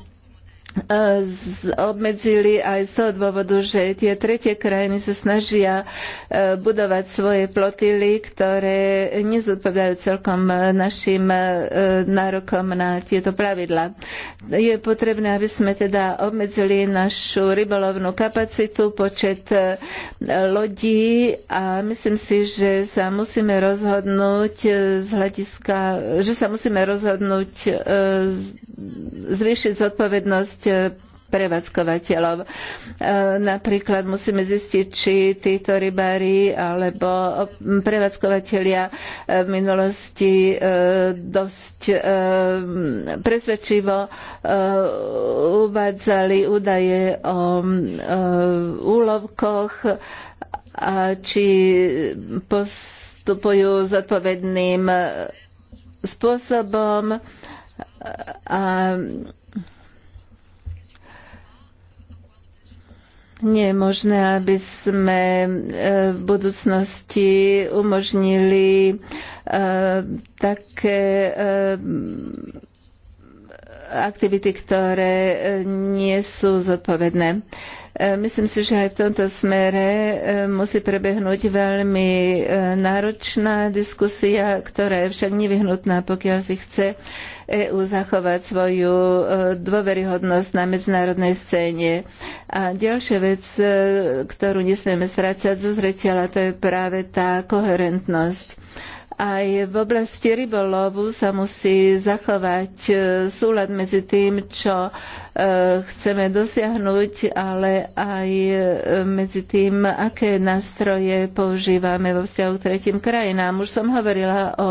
obmedzili aj z toho dôvodu, že tie tretie krajiny sa snažia e, budovať svoje flotily, ktoré nezodpovedajú celkom našim e, nárokom na tieto plavidla. Je potrebné, aby sme teda obmedzili našu rybolovnú kapacitu, počet e, lodí a myslím si, že sa musíme rozhodnúť z hľadiska, že sa musíme rozhodnúť zvýšiť zodpovednosť E, prevádzkovateľov. E, napríklad musíme zistiť, či títo rybári alebo prevádzkovateľia e, v minulosti dosť presvedčivo uvádzali údaje o úlovkoch a či postupujú zodpovedným spôsobom a Nie je možné, aby sme e, v budúcnosti umožnili e, také e, aktivity, ktoré nie sú zodpovedné. Myslím si, že aj v tomto smere musí prebehnúť veľmi náročná diskusia, ktorá je však nevyhnutná, pokiaľ si chce EÚ zachovať svoju e, dôveryhodnosť na medzinárodnej scéne. A ďalšia vec, e, ktorú nesmieme strácať zo zreteľa, to je práve tá koherentnosť. Aj v oblasti rybolovu sa musí zachovať e, súlad medzi tým, čo chceme dosiahnuť, ale aj medzi tým, aké nástroje používame vo vzťahu k tretím krajinám. Už som hovorila o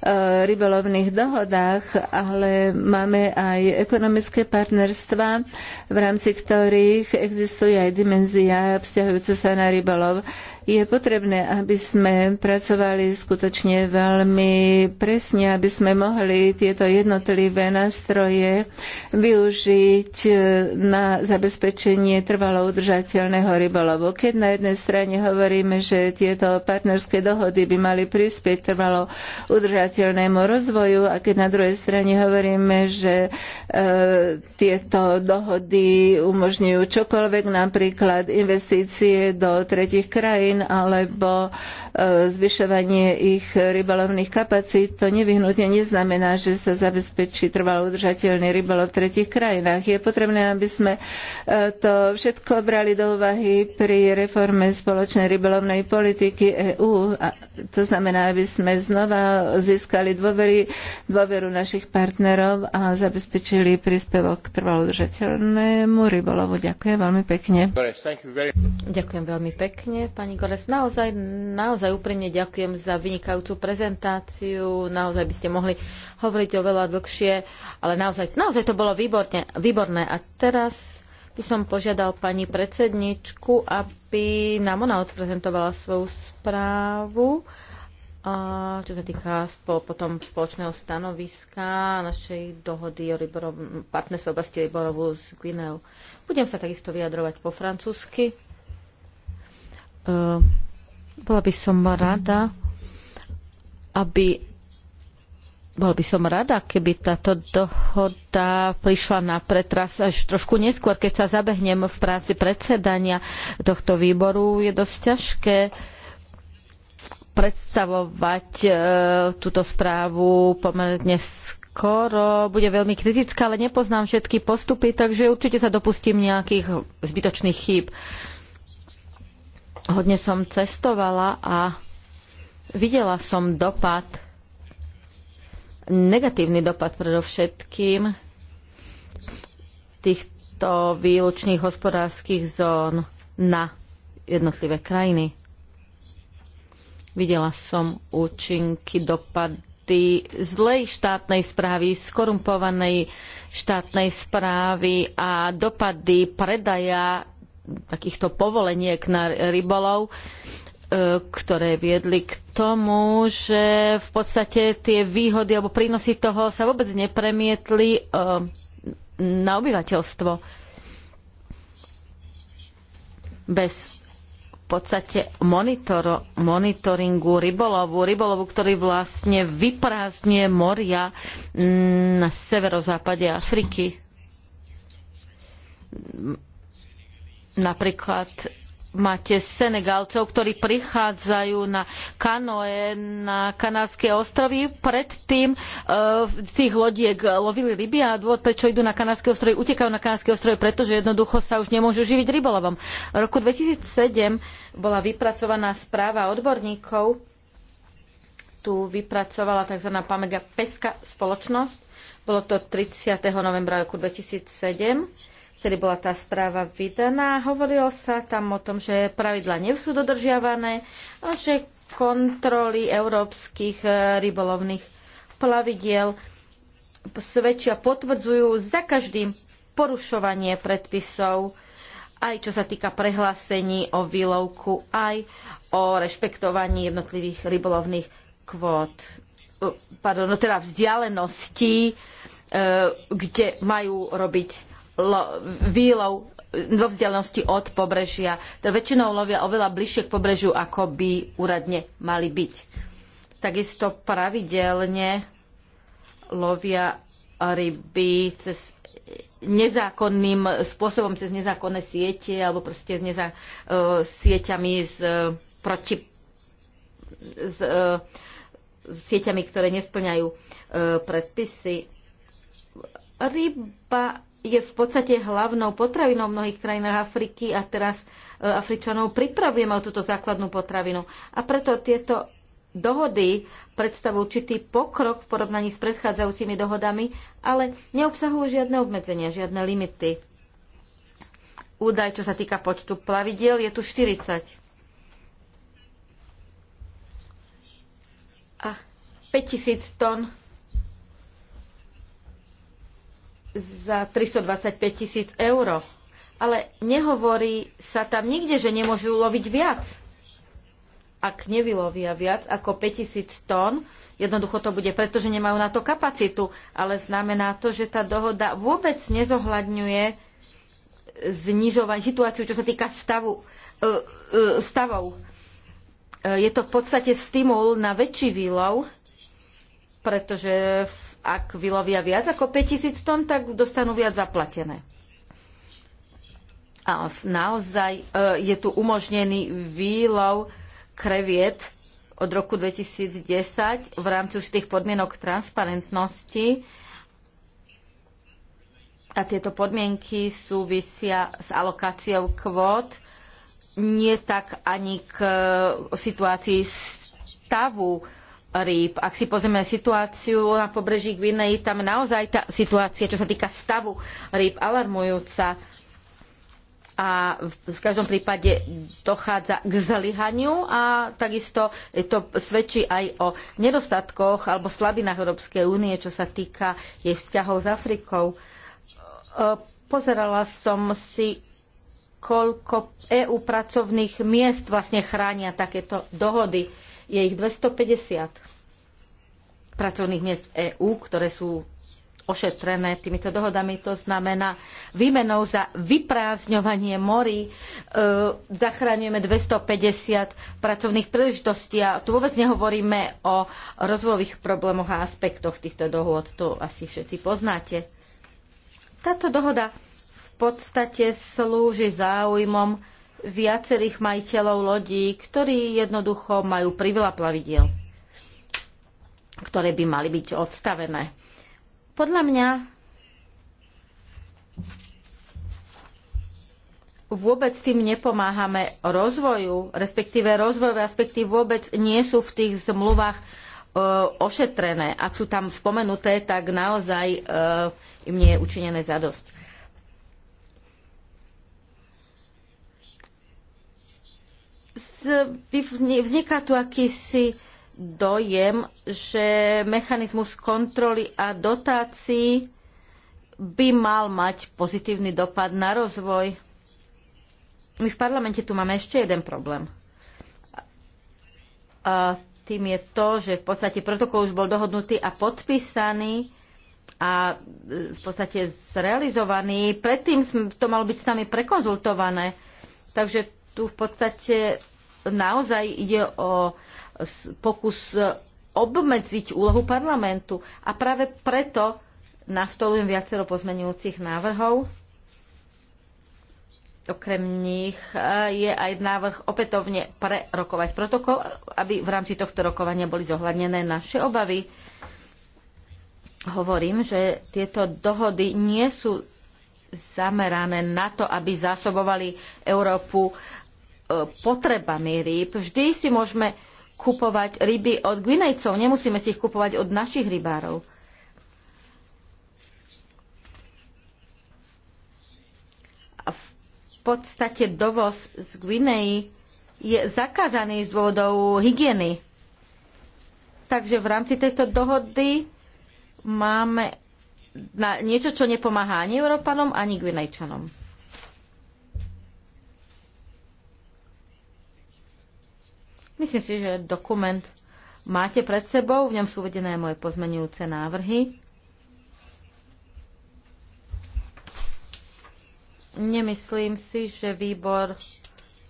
E, rybolovných dohodách, ale máme aj ekonomické partnerstva, v rámci ktorých existuje aj dimenzia vzťahujúca sa na rybolov. Je potrebné, aby sme pracovali skutočne veľmi presne, aby sme mohli tieto jednotlivé nástroje využiť e, na zabezpečenie trvalo udržateľného rybolovu. Keď na jednej strane hovoríme, že tieto partnerské dohody by mali prispieť trvalo udržateľnému rozvoju a keď na druhej strane hovoríme, že e, tieto dohody umožňujú čokoľvek, napríklad investície do tretich krajín, potravín alebo e, zvyšovanie ich rybolovných kapacít, to nevyhnutne neznamená, že sa zabezpečí trvalo udržateľný rybolov v tretich krajinách. Je potrebné, aby sme e, to všetko brali do úvahy pri reforme spoločnej rybolovnej politiky EÚ. To znamená, aby sme znova získali dôvery, dôveru našich partnerov a zabezpečili príspevok k trvalo udržateľnému rybolovu. Ďakujem veľmi pekne. Ďakujem veľmi pekne, pani Gor- Perez, naozaj, naozaj úprimne ďakujem za vynikajúcu prezentáciu. Naozaj by ste mohli hovoriť oveľa dlhšie, ale naozaj, naozaj to bolo výborne, výborné. A teraz by som požiadal pani predsedničku, aby nám ona odprezentovala svoju správu. A čo sa týka potom spoločného stanoviska našej dohody o partnerstve oblasti ryborovu s Guineou. Budem sa takisto vyjadrovať po francúzsky. Eh, bola by som rada, aby bol by som rada, keby táto dohoda prišla na pretras až trošku neskôr, keď sa zabehnem v práci predsedania tohto výboru. Je dosť ťažké predstavovať e, túto správu pomerne skoro. Bude veľmi kritická, ale nepoznám všetky postupy, takže určite sa dopustím nejakých zbytočných chýb. E, hodne som cestovala a videla som dopad, negatívny dopad predovšetkým týchto výlučných hospodárskych zón na jednotlivé krajiny. Videla som účinky dopad zlej štátnej správy, skorumpovanej štátnej správy a dopady predaja takýchto povoleniek na rybolov, e, ktoré viedli k tomu, že v podstate tie výhody alebo prínosy toho sa vôbec nepremietli e, na obyvateľstvo. Bez v podstate monitor, monitoringu rybolovu, rybolovu, ktorý vlastne vyprázdne moria mm, na severozápade Afriky Napríklad máte Senegalcov, ktorí prichádzajú na kanoe na Kanárske ostrovy. Predtým e, tých lodiek lovili ryby a dôvod, prečo idú na Kanárske ostrovy, utekajú na Kanárske ostrovy, pretože jednoducho sa už nemôžu živiť rybolovom. V roku 2007 bola vypracovaná správa odborníkov, tu vypracovala tzv. Pamega Peska spoločnosť. Bolo to 30. novembra roku 2007 kedy bola tá správa vydaná. Hovorilo sa tam o tom, že pravidla nie sú dodržiavané a že kontroly európskych e, rybolovných plavidiel svedčia, potvrdzujú za každým porušovanie predpisov, aj čo sa týka prehlásení o výlovku, aj o rešpektovaní jednotlivých rybolovných kvót, e, pardon, no teda vzdialenosti, e, kde majú robiť výlov vo vzdialenosti od pobrežia. Teda väčšinou lovia oveľa bližšie k pobrežiu, ako by úradne mali byť. Takisto pravidelne lovia ryby cez nezákonným spôsobom, cez nezákonné siete alebo proste s neza, uh, sieťami z, uh, proti, z, uh, sieťami, ktoré nesplňajú uh, predpisy Ryba je v podstate hlavnou potravinou v mnohých krajinách Afriky a teraz e, Afričanov pripravujeme o túto základnú potravinu. A preto tieto dohody predstavujú určitý pokrok v porovnaní s predchádzajúcimi dohodami, ale neobsahujú žiadne obmedzenia, žiadne limity. Údaj, čo sa týka počtu plavidiel, je tu 40. A 5000 tón za 325 tisíc eur. Ale nehovorí sa tam nikde, že nemôžu loviť viac. Ak nevylovia viac ako 5000 tón, jednoducho to bude, pretože nemajú na to kapacitu. Ale znamená to, že tá dohoda vôbec nezohľadňuje znižovať situáciu, čo sa týka stavu, e, e, stavov. E, je to v podstate stimul na väčší výlov, pretože v ak vylovia viac ako 5000 tón, tak dostanú viac zaplatené. A naozaj e, je tu umožnený výlov kreviet od roku 2010 v rámci už tých podmienok transparentnosti. A tieto podmienky súvisia s alokáciou kvót, nie tak ani k e, situácii stavu rýb. Ak si pozrieme situáciu na pobreží Gvinei, tam naozaj tá situácia, čo sa týka stavu rýb, alarmujúca a v každom prípade dochádza k zlyhaniu a takisto to svedčí aj o nedostatkoch alebo slabinách Európskej únie, čo sa týka jej vzťahov s Afrikou. E, pozerala som si koľko EU pracovných miest vlastne chránia takéto dohody je ich 250 pracovných miest v EÚ, ktoré sú ošetrené týmito dohodami. To znamená, výmenou za vyprázdňovanie morí e, zachraňujeme 250 pracovných príležitostí a tu vôbec nehovoríme o rozvojových problémoch a aspektoch týchto dohôd. To asi všetci poznáte. Táto dohoda v podstate slúži záujmom viacerých majiteľov lodí, ktorí jednoducho majú priveľa plavidiel, ktoré by mali byť odstavené. Podľa mňa vôbec tým nepomáhame rozvoju, respektíve rozvojové aspekty vôbec nie sú v tých zmluvách e, ošetrené. Ak sú tam spomenuté, tak naozaj e, im nie je učinené zadosť. vzniká tu akýsi dojem, že mechanizmus kontroly a dotácií by mal mať pozitívny dopad na rozvoj. My v parlamente tu máme ešte jeden problém. A tým je to, že v podstate protokol už bol dohodnutý a podpísaný a e, v podstate zrealizovaný. Predtým to malo byť s nami prekonzultované. Takže tu v podstate naozaj ide o pokus e, obmedziť úlohu parlamentu. A práve preto nastolujem viacero pozmenujúcich návrhov. Okrem nich e, je aj návrh opätovne prerokovať protokol, aby v rámci tohto rokovania boli zohľadnené naše obavy. Hovorím, že tieto dohody nie sú zamerané na to, aby zásobovali Európu potrebami rýb. Vždy si môžeme kupovať ryby od Gvinejcov, nemusíme si ich kupovať od našich rybárov. A v podstate dovoz z Gvineji je zakázaný z dôvodov hygieny. Takže v rámci tejto dohody máme na niečo, čo nepomáha ani Európanom, ani Gvinejčanom. Myslím si, že dokument máte pred sebou, v ňom sú uvedené moje pozmenujúce návrhy. Nemyslím si, že výbor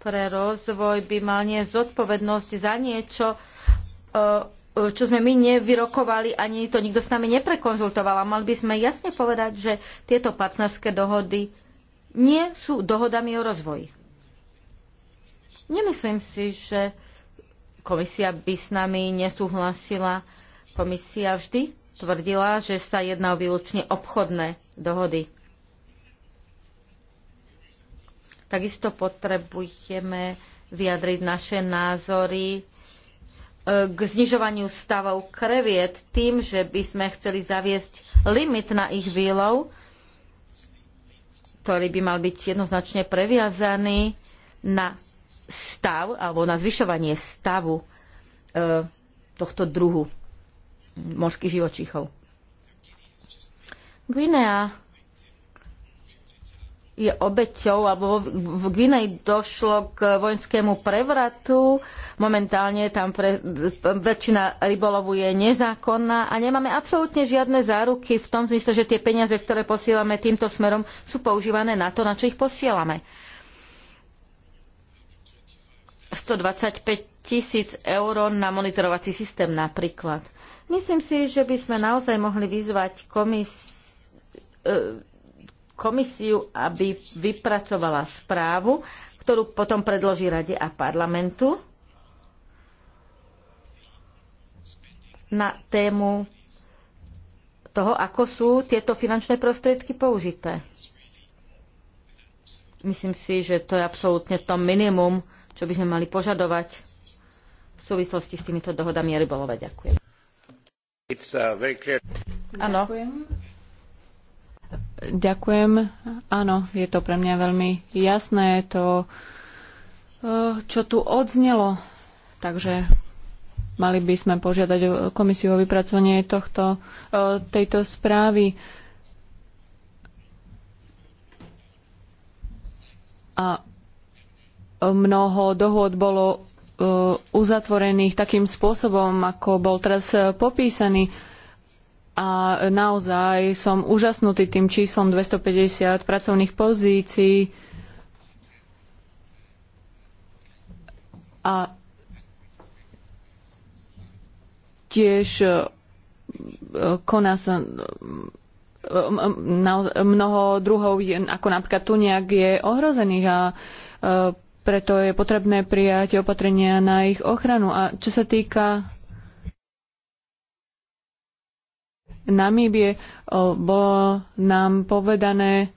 pre rozvoj by mal nie zodpovednosť za niečo, e, e, čo sme my nevyrokovali, ani to nikto s nami neprekonzultoval. A mal by sme jasne povedať, že tieto partnerské dohody nie sú dohodami o rozvoji. Nemyslím si, že komisia by s nami nesúhlasila. Komisia vždy tvrdila, že sa jedná o výlučne obchodné dohody. Takisto potrebujeme vyjadriť naše názory e, k znižovaniu stavov kreviet tým, že by sme chceli zaviesť limit na ich výlov, ktorý by mal byť jednoznačne previazaný na stav alebo na zvyšovanie stavu e, tohto druhu morských živočíchov. Guinea je obeťou, alebo v Gvinej došlo k vojenskému prevratu. Momentálne tam pre, väčšina rybolovu je nezákonná a nemáme absolútne žiadne záruky v tom zmysle, že tie peniaze, ktoré posielame týmto smerom, sú používané na to, na čo ich posielame. Uh, 125 tisíc eur na monitorovací systém napríklad. Myslím si, že by sme naozaj mohli vyzvať komis, e, komisiu, aby vypracovala správu, ktorú potom predloží Rade a parlamentu na tému toho, ako sú tieto finančné prostriedky použité. Myslím si, že to je absolútne to minimum, čo by sme mali požadovať v súvislosti s týmito dohodami a rybolove. Ďakujem. Uh, Áno. Ďakujem. Áno, je to pre mňa veľmi jasné, to, e, čo tu odznelo. Takže mali by sme požiadať komisiu o vypracovanie tohto, e, tejto správy. A mnoho dohôd bolo e, uzatvorených takým spôsobom, ako bol teraz e, popísaný. A naozaj som úžasnutý tým číslom 250 pracovných pozícií. A tiež e, koná sa mnoho druhov, ako napríklad tuniak, je ohrozených a preto je potrebné prijať opatrenia na ich ochranu. A čo sa týka Namíbie, bolo nám povedané,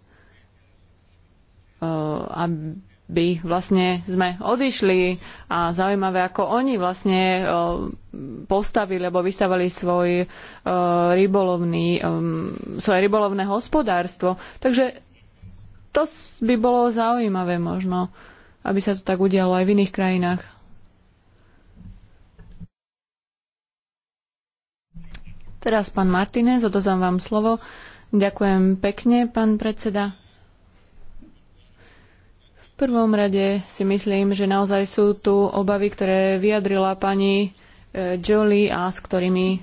aby vlastne sme odišli a zaujímavé, ako oni vlastne postavili alebo vystavali svoj rybolovný, svoje rybolovné hospodárstvo. Takže to by bolo zaujímavé možno aby sa to tak udialo aj v iných krajinách. Teraz pán Martinez, odozám vám slovo. Ďakujem pekne, pán predseda. V prvom rade si myslím, že naozaj sú tu obavy, ktoré vyjadrila pani e, Jolie a s ktorými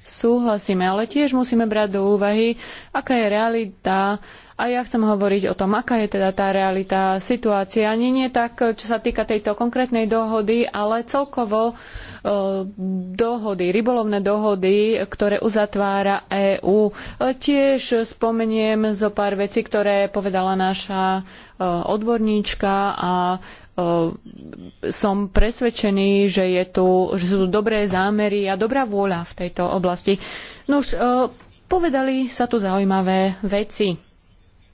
súhlasíme, ale tiež musíme brať do úvahy, aká je realita a ja chcem hovoriť o tom, aká je teda tá realita, situácia. Nie, nie tak, čo sa týka tejto konkrétnej dohody, ale celkovo e, dohody, rybolovné dohody, ktoré uzatvára EÚ. E, tiež spomeniem zo pár vecí, ktoré povedala naša e, odborníčka a som presvedčený, že, je tu, že sú tu dobré zámery a dobrá vôľa v tejto oblasti. No už povedali sa tu zaujímavé veci.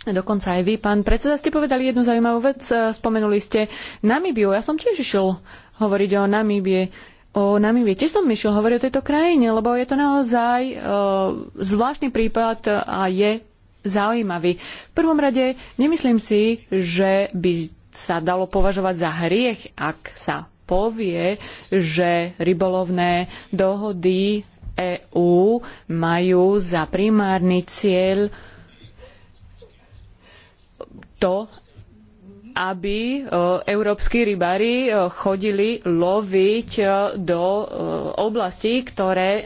Dokonca aj vy, pán predseda, ste povedali jednu zaujímavú vec. E, spomenuli ste Namibiu. Ja som tiež išiel hovoriť o Namibie, O Namibie, tiež som išiel hovoriť o tejto krajine, lebo je to naozaj uh, zvláštny prípad a je zaujímavý. V prvom rade nemyslím si, že by sa dalo považovať za hriech, ak sa povie, že rybolovné dohody EÚ majú za primárny cieľ to, aby e, európski rybári e, chodili loviť e, do oblastí, ktoré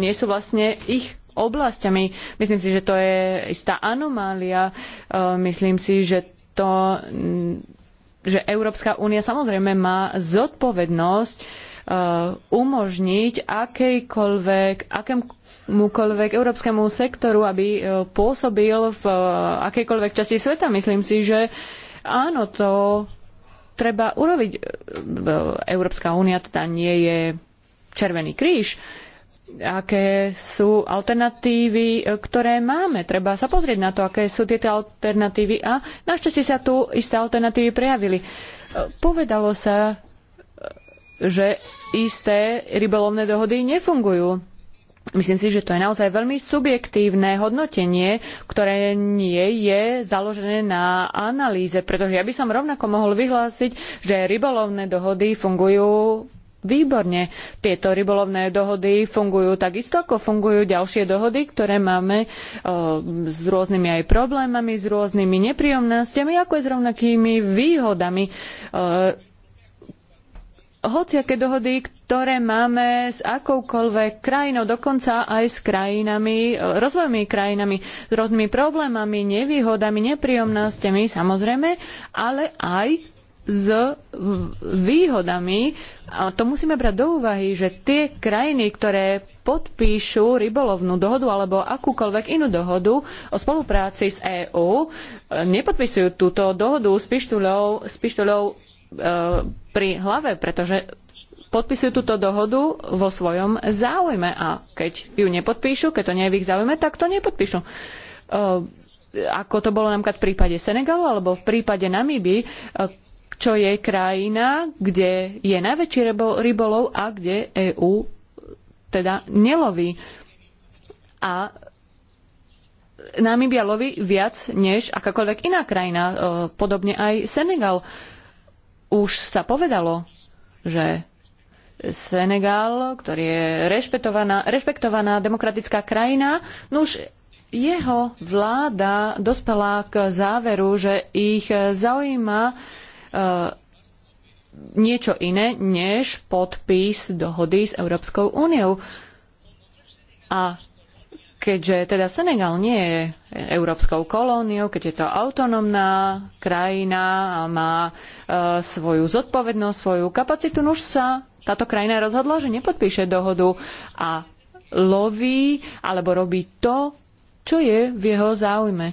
nie sú vlastne ich oblastiami. Myslím si, že to je istá anomália. Myslím si, že to že Európska únia samozrejme má zodpovednosť Uh, umožniť akejkoľvek, akémukoľvek európskemu sektoru, aby uh, pôsobil v uh, akejkoľvek časti sveta. Myslím si, že áno, to treba urobiť. Európska únia teda nie je Červený kríž aké sú alternatívy, ktoré máme. Treba sa pozrieť na to, aké sú tieto alternatívy a našťastie sa tu isté alternatívy prejavili. Povedalo sa, že isté rybolovné dohody nefungujú. Myslím si, že to je naozaj veľmi subjektívne hodnotenie, ktoré nie je založené na analýze, pretože ja by som rovnako mohol vyhlásiť, že rybolovné dohody fungujú výborne. Tieto rybolovné dohody fungujú takisto, ako fungujú ďalšie dohody, ktoré máme o, e, s rôznymi aj problémami, s rôznymi nepríjemnostiami, ako aj s rovnakými výhodami. O, e, hociaké dohody, ktoré máme s akoukoľvek krajinou, dokonca aj s krajinami, rozvojovými krajinami, s rôznymi problémami, nevýhodami, nepríjemnosťami, samozrejme, ale aj s výhodami. A to musíme brať do úvahy, že tie krajiny, ktoré podpíšu rybolovnú dohodu alebo akúkoľvek inú dohodu o spolupráci s EÚ, nepodpisujú túto dohodu s pištuľou, s pištuľou E, pri hlave, pretože podpisujú túto dohodu vo svojom záujme a keď ju nepodpíšu, keď to nie je v ich záujme, tak to nepodpíšu. E, ako to bolo napríklad v prípade Senegalu alebo v prípade Namíby, e, čo je krajina, kde je najväčší rybolov a kde EÚ teda neloví. A Namíbia loví viac než akákoľvek iná krajina, podobne aj Senegal už sa povedalo, že Senegal, ktorý je rešpektovaná, rešpektovaná demokratická krajina, no už jeho vláda dospela k záveru, že ich zaujíma e, niečo iné než podpis dohody s Európskou úniou. A keďže teda Senegal nie je európskou kolóniou, keďže je to autonómna krajina a má svoju zodpovednosť, svoju kapacitu, už sa táto krajina rozhodla, že nepodpíše dohodu a loví alebo robí to, čo je v jeho záujme.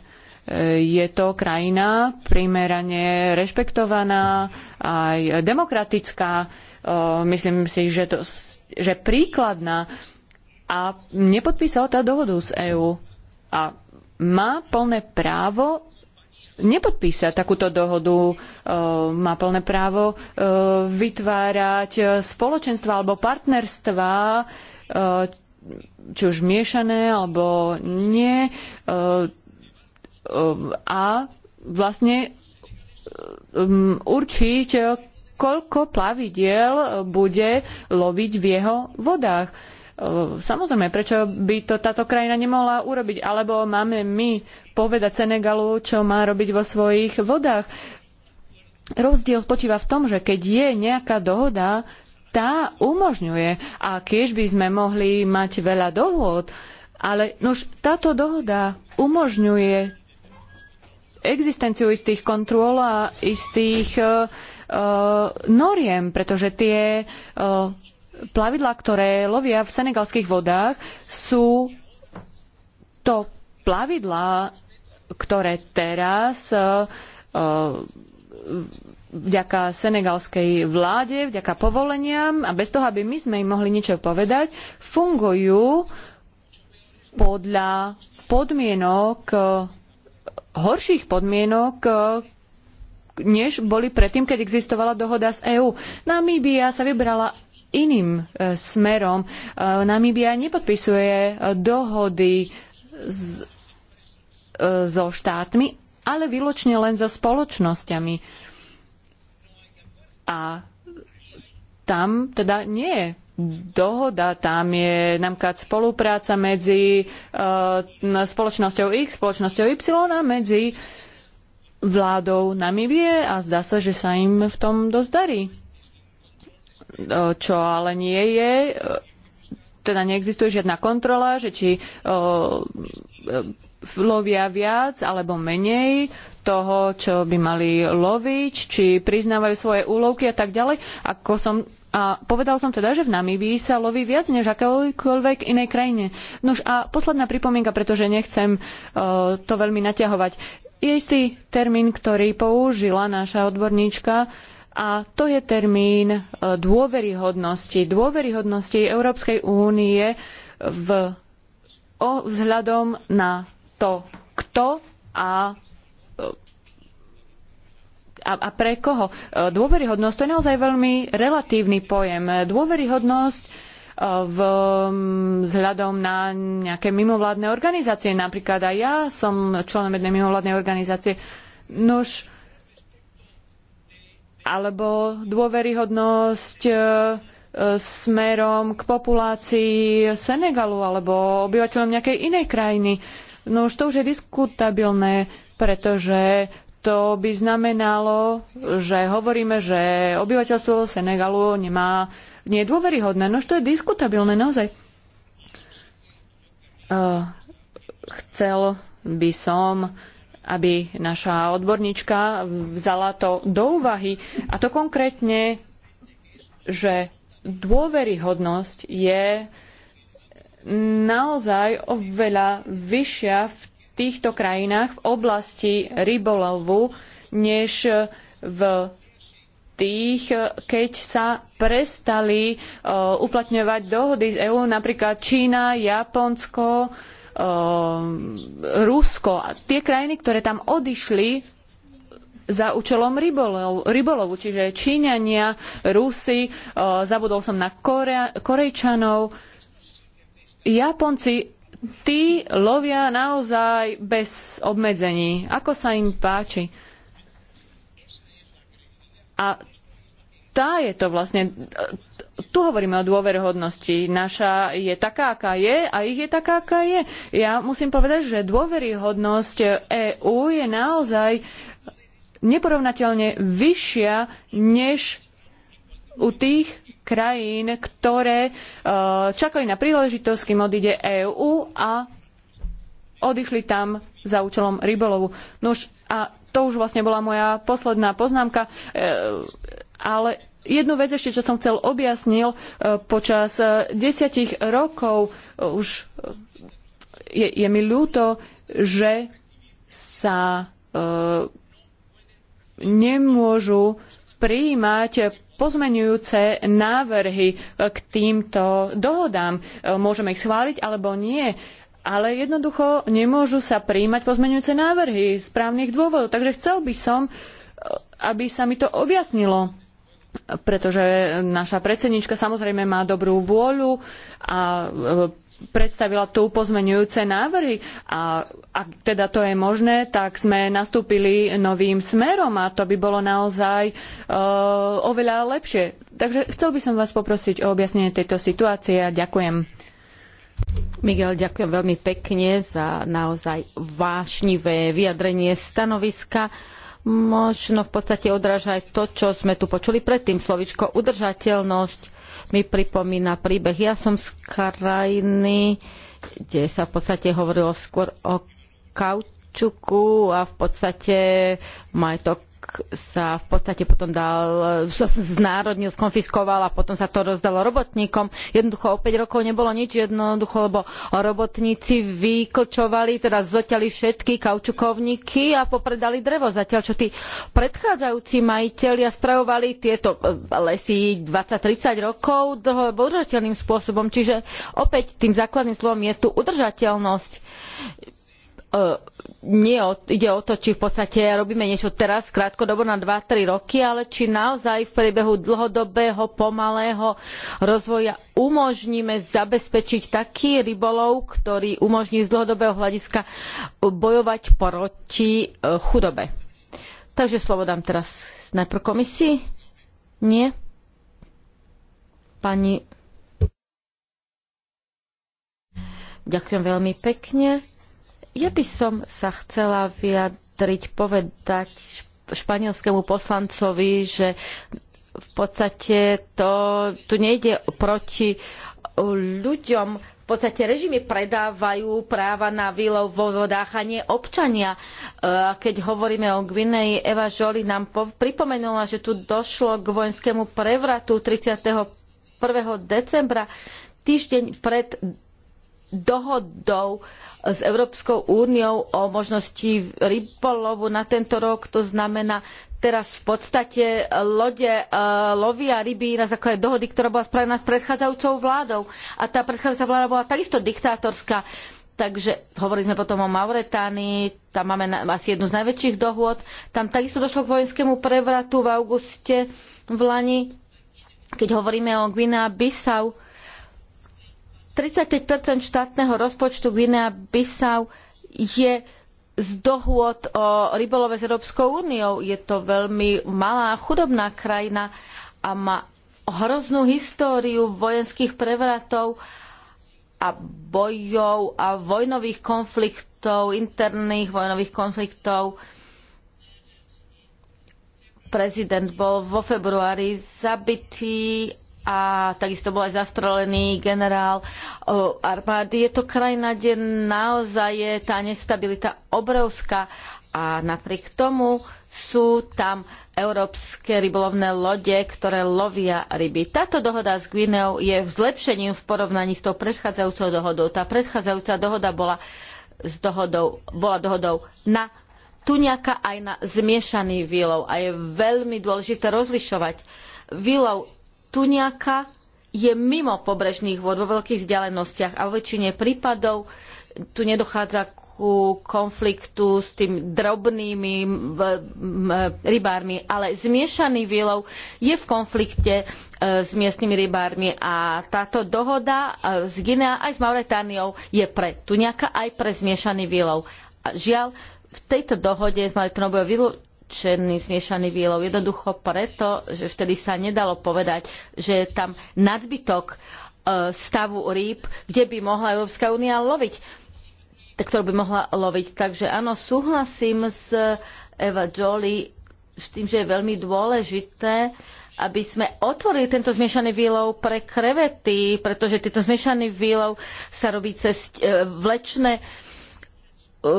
Je to krajina primerane rešpektovaná, aj demokratická, myslím si, že, to, že príkladná a nepodpísala tá dohodu z EÚ a má plné právo nepodpísať takúto dohodu, e, má plné právo e, vytvárať e, spoločenstva alebo partnerstva, či už miešané alebo nie. A vlastne určiť, koľko plavidiel bude loviť v jeho vodách Ehm, samozrejme, prečo by to táto krajina nemohla urobiť? Alebo máme my povedať Senegalu, čo má robiť vo svojich vodách? Rozdiel spočíva v tom, že keď je nejaká dohoda, tá umožňuje. A kiež by sme mohli mať veľa dohôd, ale nož táto dohoda umožňuje existenciu istých kontrol a istých uh, noriem, pretože tie uh, plavidlá, ktoré lovia v senegalských vodách, sú to plavidlá, ktoré teraz e, e, vďaka senegalskej vláde, vďaka povoleniam a bez toho, aby my sme im mohli niečo povedať, fungujú podľa podmienok, e, horších podmienok, než boli predtým, keď existovala dohoda s EÚ. Namíbia sa vybrala iným e, smerom. E, Namíbia nepodpisuje e, dohody s, so štátmi, ale výločne len so spoločnosťami. A tam teda nie je dohoda, tam je napríklad spolupráca medzi spoločnosťou X, spoločnosťou Y a medzi vládou Namibie a zdá sa, že sa im v tom dosť darí čo ale nie je, e, teda neexistuje žiadna kontrola, že či e, lovia viac alebo menej toho, čo by mali loviť, či priznávajú svoje úlovky a tak ďalej. Ako som, a povedal som teda, že v Namíbii sa loví viac než akékoľvek inej krajine. Nož a posledná pripomienka, pretože nechcem uh, to veľmi naťahovať. Je istý termín, ktorý použila naša odborníčka, uh, a to je termín e, dôveryhodnosti. Dôveryhodnosti Európskej únie v, vzhľadom na to, kto a e, a, a pre koho? E, dôveryhodnosť to je naozaj veľmi relatívny pojem. Dôveryhodnosť v, vzhľadom na nejaké mimovládne organizácie. Napríklad aj ja som členom jednej mimovládnej organizácie. Nož, alebo dôveryhodnosť e, smerom k populácii Senegalu alebo obyvateľom nejakej inej krajiny. No už to už je diskutabilné, pretože to by znamenalo, že hovoríme, že obyvateľstvo Senegalu nemá, nie je dôveryhodné. No už to je diskutabilné naozaj. Uh, chcel by som aby naša odborníčka vzala to do úvahy. A to konkrétne, že dôveryhodnosť je naozaj oveľa vyššia v týchto krajinách v oblasti rybolovu, než v tých, keď sa prestali uh, uplatňovať dohody z EÚ, napríklad Čína, Japonsko, uh, Um, Rusko a tie krajiny, ktoré tam odišli, za účelom rybolov, rybolovu, čiže Číňania, Rusy, uh, zabudol som na Korea, Korejčanov, Japonci, tí lovia naozaj bez obmedzení, ako sa im páči. A tá je to vlastne, tu hovoríme o dôveryhodnosti. Naša je taká, aká je a ich je taká, aká je. Ja musím povedať, že dôveryhodnosť EÚ je naozaj neporovnateľne vyššia než u tých krajín, ktoré e, čakali na príležitosť, kým odíde EÚ a odišli tam za účelom rybolovu. Nož a to už vlastne bola moja posledná poznámka, e, ale jednu vec ešte, čo som chcel objasnil, e, počas e, desiatich rokov e, už je, je mi ľúto, že sa nemôžu prijímať pozmenujúce návrhy k týmto dohodám. Môžeme ich schváliť alebo nie, ale jednoducho nemôžu sa príjmať pozmenujúce návrhy z právnych dôvodov. Takže chcel by som, aby sa mi to objasnilo pretože naša predsednička samozrejme má dobrú vôľu a e, predstavila tu pozmeňujúce návrhy a ak teda to je možné, tak sme nastúpili novým smerom a to by bolo naozaj e, oveľa lepšie. Takže chcel by som vás poprosiť o objasnenie tejto situácie a ďakujem. Miguel, ďakujem veľmi pekne za naozaj vášnivé vyjadrenie stanoviska možno v podstate odráža aj to, čo sme tu počuli predtým. Slovičko udržateľnosť mi pripomína príbeh. Ja som z krajiny, kde sa v podstate hovorilo skôr o kaučuku a v podstate majetok sa v podstate potom dal, sa znárodnil, skonfiskoval a potom sa to rozdalo robotníkom. Jednoducho o 5 rokov nebolo nič jednoducho, lebo robotníci vyklčovali, teda zoťali všetky kaučukovníky a popredali drevo. Zatiaľ, čo tí predchádzajúci majiteľia spravovali tieto e, lesy 20-30 rokov dlhodobo udržateľným spôsobom. Čiže opäť tým základným slovom je tu udržateľnosť E, nie o, ide o to, či v podstate robíme niečo teraz krátkodobo na 2-3 roky, ale či naozaj v priebehu dlhodobého, pomalého rozvoja umožníme zabezpečiť taký rybolov, ktorý umožní z dlhodobého hľadiska bojovať proti e, chudobe. Takže slovo dám teraz najprv komisii. Nie? Pani. Ďakujem veľmi pekne. Ja by som sa chcela vyjadriť, povedať španielskému poslancovi, že v podstate to tu nejde proti ľuďom. V podstate režimy predávajú práva na výlov vo vodách a nie občania. E, keď hovoríme o Gvineji, Eva Žoli nám pripomenula, že tu došlo k vojenskému prevratu 31. decembra, týždeň pred dohodou e, s Európskou úniou o možnosti rybolovu na tento rok. To znamená, teraz v podstate lode e, lovia ryby na základe dohody, ktorá bola spravená s predchádzajúcou vládou. A tá predchádzajúca vláda bola takisto diktátorská. Takže hovorili sme potom o Mauretánii, tam máme asi jednu z najväčších dohôd. Tam takisto došlo k vojenskému prevratu v auguste v Lani. Keď hovoríme o Guinea Bissau, 35 štátneho rozpočtu Guinea Bissau je z dohôd o rybolove s Európskou úniou. Je to veľmi malá chudobná krajina a má hroznú históriu vojenských prevratov a bojov a vojnových konfliktov, interných vojnových konfliktov. Prezident bol vo februári zabitý a takisto bol aj zastrelený generál armády. Je to krajina, kde naozaj je tá nestabilita obrovská a napriek tomu sú tam európske rybolovné lode, ktoré lovia ryby. Táto dohoda s Guineou je v zlepšení v porovnaní s tou predchádzajúcou dohodou. Tá predchádzajúca dohoda bola, s dohodou, bola dohodou na tuňaka aj na zmiešaný výlov a je veľmi dôležité rozlišovať výlov tuniaka je mimo pobrežných vôd vo veľkých vzdialenostiach a vo väčšine prípadov tu nedochádza ku konfliktu s tým drobnými rybármi, ale zmiešaný výlov je v konflikte e, s miestnymi rybármi a táto dohoda z e, Guinea aj s Mauretániou je pre tuňaka aj pre zmiešaný výlov. A žiaľ, v tejto dohode s Mauritániou černý zmiešaný výlov. Jednoducho preto, že vtedy sa nedalo povedať, že je tam nadbytok e, stavu rýb, kde by mohla Európska únia loviť, ktorú by mohla loviť. Takže áno, súhlasím s Eva Jolie s tým, že je veľmi dôležité, aby sme otvorili tento zmiešaný výlov pre krevety, pretože tento zmiešaný výlov sa robí cez e, vlečné E,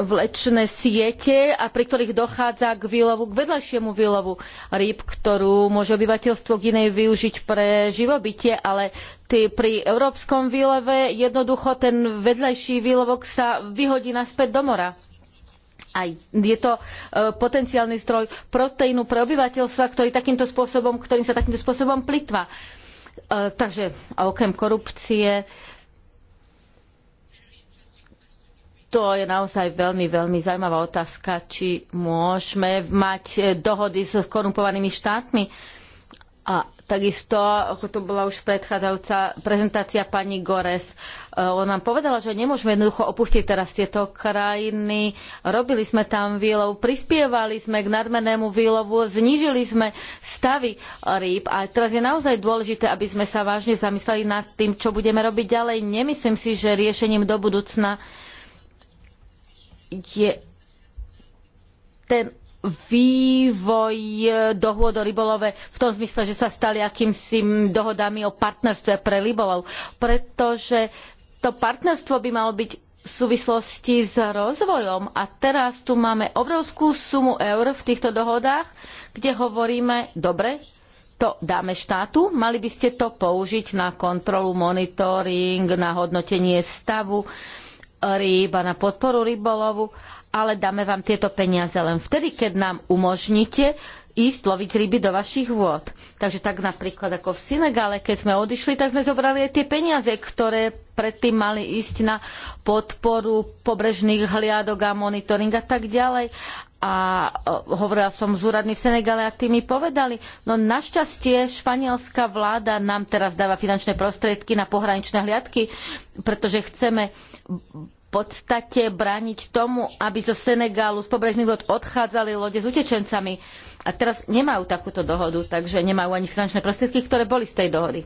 vlečné siete a pri ktorých dochádza k výlovu, k vedľajšiemu výlovu rýb, ktorú môže obyvateľstvo Ginej využiť pre živobytie, ale ty, pri európskom výlove jednoducho ten vedľajší výlovok sa vyhodí naspäť do mora. Aj je to e, potenciálny zdroj proteínu pre obyvateľstva, ktorý takýmto spôsobom, ktorým sa takýmto spôsobom plitva. E, takže okrem korupcie e, to je naozaj veľmi, veľmi zaujímavá otázka, či môžeme mať eh, dohody s korumpovanými štátmi. A takisto, ako to bola už predchádzajúca prezentácia pani Gores, eh, ona nám povedala, že nemôžeme jednoducho opustiť teraz tieto krajiny. Robili sme tam výlov, prispievali sme k nadmenému výlovu, znížili sme stavy rýb a teraz je naozaj dôležité, aby sme sa vážne zamysleli nad tým, čo budeme robiť ďalej. Nemyslím si, že riešením do budúcna je ten vývoj dohôd o rybolove v tom zmysle, že sa stali akýmsi dohodami o partnerstve pre rybolov, pretože to partnerstvo by malo byť v súvislosti s rozvojom a teraz tu máme obrovskú sumu eur v týchto dohodách, kde hovoríme, dobre, to dáme štátu, mali by ste to použiť na kontrolu, monitoring, na hodnotenie stavu. Uh, rýb a na podporu rybolovu, ale dáme vám tieto peniaze len vtedy, keď nám umožníte ísť loviť ryby do vašich vôd. Takže tak napríklad ako v Senegále, keď sme odišli, tak sme zobrali aj tie peniaze, ktoré predtým mali ísť na podporu pobrežných hliadok a monitoring a tak ďalej a e, hovorila som s úradmi v Senegale a tí mi povedali, no našťastie španielská vláda nám teraz dáva finančné prostriedky na pohraničné hliadky, pretože chceme v podstate brániť tomu, aby zo Senegálu, z pobrežných vod odchádzali lode s utečencami. A teraz nemajú takúto dohodu, takže nemajú ani finančné prostriedky, ktoré boli z tej dohody.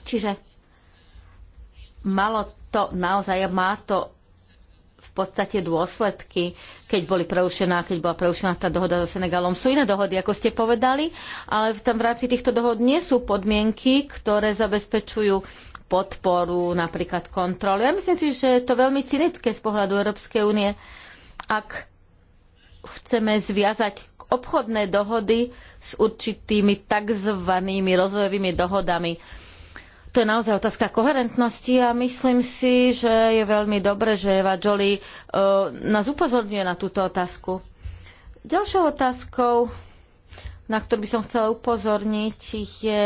Čiže malo to naozaj, má to v podstate dôsledky, keď boli preušená, keď bola preušená tá dohoda so Senegalom. Sú iné dohody, ako ste povedali, ale tam v rámci týchto dohod nie sú podmienky, ktoré zabezpečujú podporu, napríklad kontrolu. Ja myslím si, že je to veľmi cynické z pohľadu Európskej únie, ak chceme zviazať obchodné dohody s určitými tzv. rozvojovými dohodami to je naozaj otázka koherentnosti a myslím si, že je veľmi dobré, že Eva Jolie e, nás upozorňuje na túto otázku. Ďalšou otázkou, na ktorú by som chcela upozorniť, je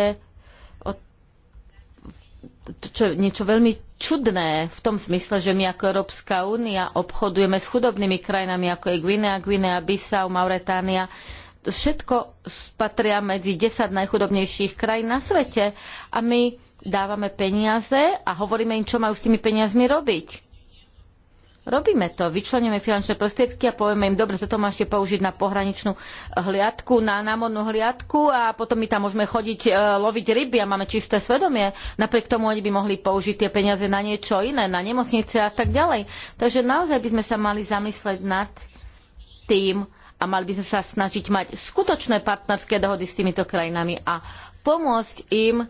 čo, niečo veľmi čudné v tom zmysle, že my ako Európska únia obchodujeme s chudobnými krajinami ako je Guinea, Guinea, Bissau, Mauretánia. Všetko patria medzi 10 najchudobnejších krajín na svete a my dávame peniaze a hovoríme im, čo majú s tými peniazmi robiť. Robíme to, vyčleníme finančné prostriedky a povieme im, dobre, toto máte použiť na pohraničnú hliadku, na námornú hliadku a potom my tam môžeme chodiť e, loviť ryby a máme čisté svedomie. Napriek tomu oni by mohli použiť tie peniaze na niečo iné, na nemocnice a tak ďalej. Takže naozaj by sme sa mali zamyslieť nad tým a mali by sme sa snažiť mať skutočné partnerské dohody s týmito krajinami a pomôcť im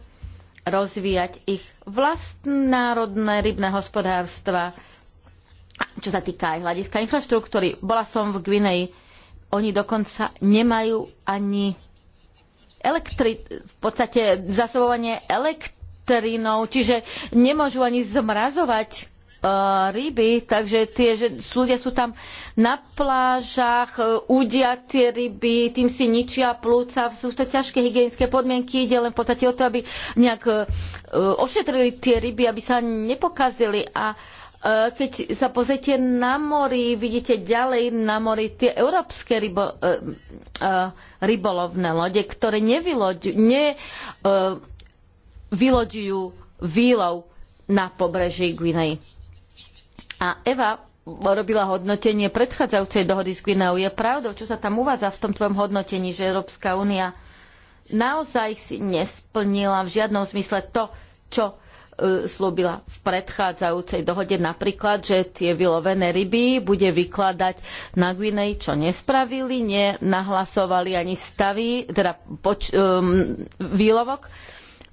rozvíjať ich vlastnárodné rybné hospodárstva, čo sa týka aj hľadiska infraštruktúry. Bola som v Gvineji, oni dokonca nemajú ani elektri- v podstate zasobovanie elektrínou, čiže nemôžu ani zmrazovať E, ryby, takže tie že ľudia sú tam na plážach, e, udia tie ryby, tým si ničia plúca, sú to ťažké hygienické podmienky, ide len v podstate o to, aby nejak e, ošetrili tie ryby, aby sa nepokazili a keď sa pozrite na mori, vidíte ďalej na mori tie európske rybo, rybolovné lode, ktoré nevyloďujú, ne, výlov na pobreží Guinei. A Eva robila hodnotenie predchádzajúcej dohody s Gvineou. Je pravdou, čo sa tam uvádza v tom tvojom hodnotení, že Európska únia naozaj si nesplnila v žiadnom zmysle to, čo e, slúbila v predchádzajúcej dohode. Napríklad, že tie vylovené ryby bude vykladať na Gvinej, čo nespravili, nenahlasovali ani stavy, teda poč, um, výlovok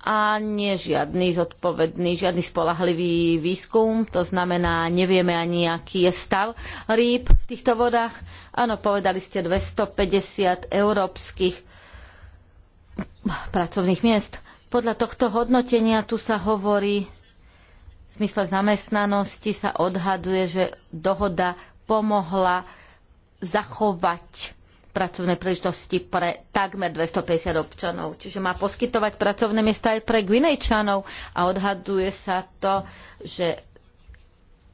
a nie žiadny zodpovedný, žiadny spolahlivý výskum. To znamená, nevieme ani, aký je stav rýb v týchto vodách. Áno, povedali ste 250 európskych pracovných miest. Podľa tohto hodnotenia tu sa hovorí, v zmysle zamestnanosti sa odhaduje, že dohoda pomohla zachovať pracovné príležitosti pre takmer 250 občanov. Čiže má poskytovať pracovné miesta aj pre Gvinejčanov a odhaduje sa to, že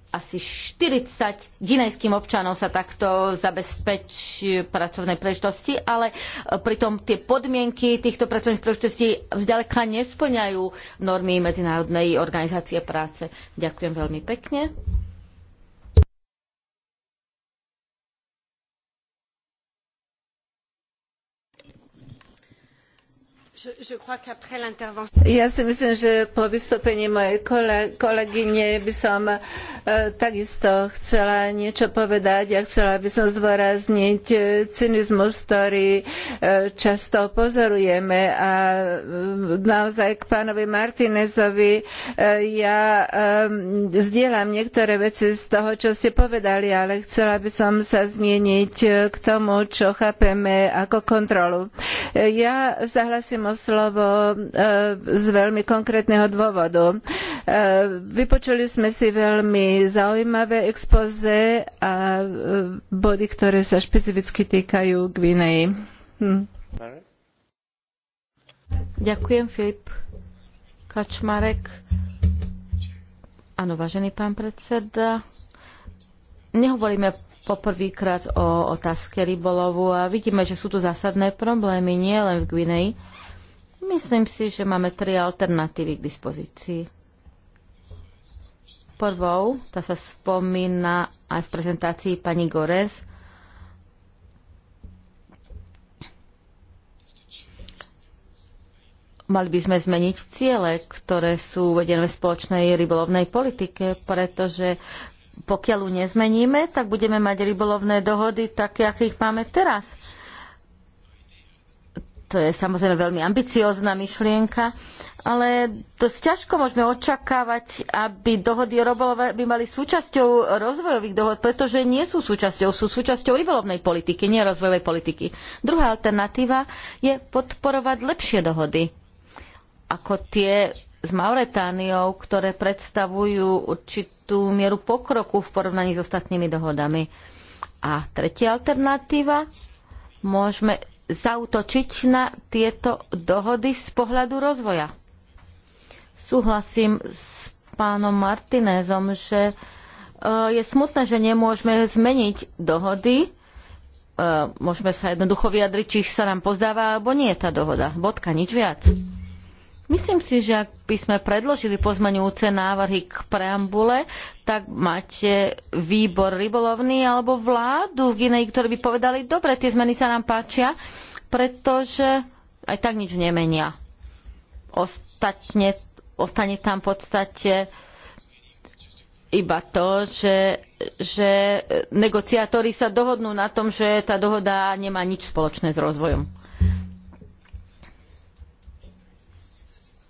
asi 40 ginejským občanom sa takto zabezpečí pracovné príležitosti, ale e, pritom tie podmienky týchto pracovných príležitostí vzďaleka nesplňajú normy Medzinárodnej organizácie práce. Ďakujem veľmi pekne. Ja si myslím, že po vystúpení mojej kolegyne by som e, takisto chcela niečo povedať a ja chcela by som zdôrazniť e, cynizmus, ktorý e, často pozorujeme a naozaj k pánovi Martinezovi ja zdieľam niektoré veci z toho, čo ste povedali, ale chcela by som sa zmieniť k tomu, čo chápeme ako kontrolu. Ja zahlasím vám o slovo e, z veľmi konkrétneho dôvodu. E, vypočuli sme si veľmi zaujímavé expoze a e, body, ktoré sa špecificky týkajú Guinei. Hm. Ďakujem, Filip Kačmarek. Áno, vážený pán predseda. Nehovoríme poprvýkrát o otázke rybolovu a vidíme, že sú tu zásadné problémy nielen v Gvineji, Myslím si, že máme tri alternatívy k dispozícii. Prvou, tá sa spomína aj v prezentácii pani Gores, mali by sme zmeniť ciele, ktoré sú uvedené v spoločnej rybolovnej politike, pretože pokiaľ ju nezmeníme, tak budeme mať rybolovné dohody také, akých máme teraz. To je samozrejme veľmi ambiciózna myšlienka, ale dosť ťažko môžeme očakávať, aby dohody o by mali súčasťou rozvojových dohod, pretože nie sú súčasťou, sú súčasťou rybolovnej politiky, nie rozvojovej politiky. Druhá alternatíva je podporovať lepšie dohody, ako tie s Mauretániou, ktoré predstavujú určitú mieru pokroku v porovnaní s ostatnými dohodami. A tretia alternatíva, môžeme zautočiť na tieto dohody z pohľadu rozvoja. Súhlasím s pánom Martinezom, že e, je smutné, že nemôžeme zmeniť dohody. E, môžeme sa jednoducho vyjadriť, či ich sa nám pozdáva, alebo nie je tá dohoda. Bodka, nič viac. Myslím si, že ak by sme predložili pozmeňujúce návrhy k preambule, tak máte výbor rybolovný alebo vládu v Guinei, ktorí by povedali, dobre, tie zmeny sa nám páčia, pretože aj tak nič nemenia. Ostatne, ostane tam v podstate iba to, že, že negociátori sa dohodnú na tom, že tá dohoda nemá nič spoločné s rozvojom.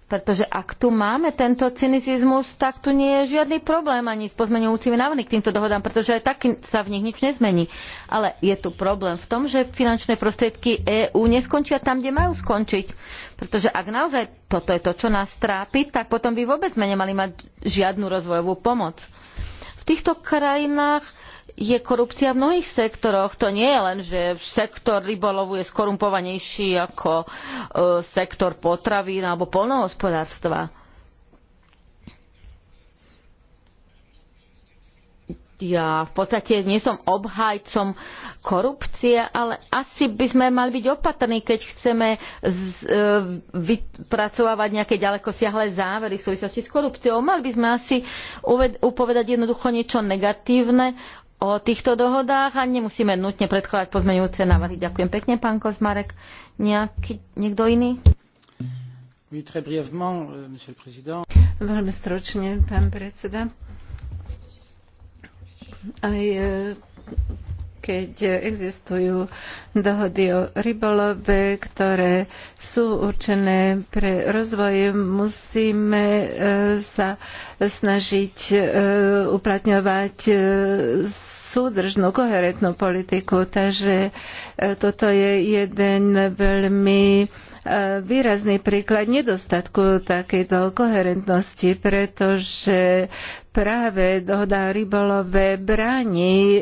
Pretože ak tu máme tento cynizizmus, tak tu nie je žiadny problém ani s pozmeňujúcimi návrhmi k týmto dohodám, pretože aj tak sa v nich nič nezmení. Ale je tu problém v tom, že finančné prostriedky EÚ neskončia tam, kde majú skončiť. Pretože ak naozaj toto je to, čo nás trápi, tak potom by vôbec sme nemali mať žiadnu rozvojovú pomoc. V týchto krajinách je korupcia v mnohých sektoroch. To nie je len, že sektor rybolovu je skorumpovanejší ako e, sektor potravín alebo poľnohospodárstva. Ja v podstate nie som obhajcom korupcie, ale asi by sme mali byť opatrní, keď chceme z, e, vypracovávať nejaké ďalekosiahle závery v súvislosti s korupciou. Mali by sme asi uved, upovedať jednoducho niečo negatívne o týchto dohodách a nemusíme nutne predkladať pozmeňujúce návrhy. Ďakujem pekne, pán Kozmarek. Nejaký, niekto iný? Euh, Veľmi stručne, pán predseda. Aj e, keď existujú dohody o rybolove, ktoré sú určené pre rozvoj, musíme e, sa snažiť e, uplatňovať e, súdržnú, koherentnú politiku. Takže toto je jeden veľmi výrazný príklad nedostatku takejto koherentnosti, pretože práve dohoda o rybolove bráni e,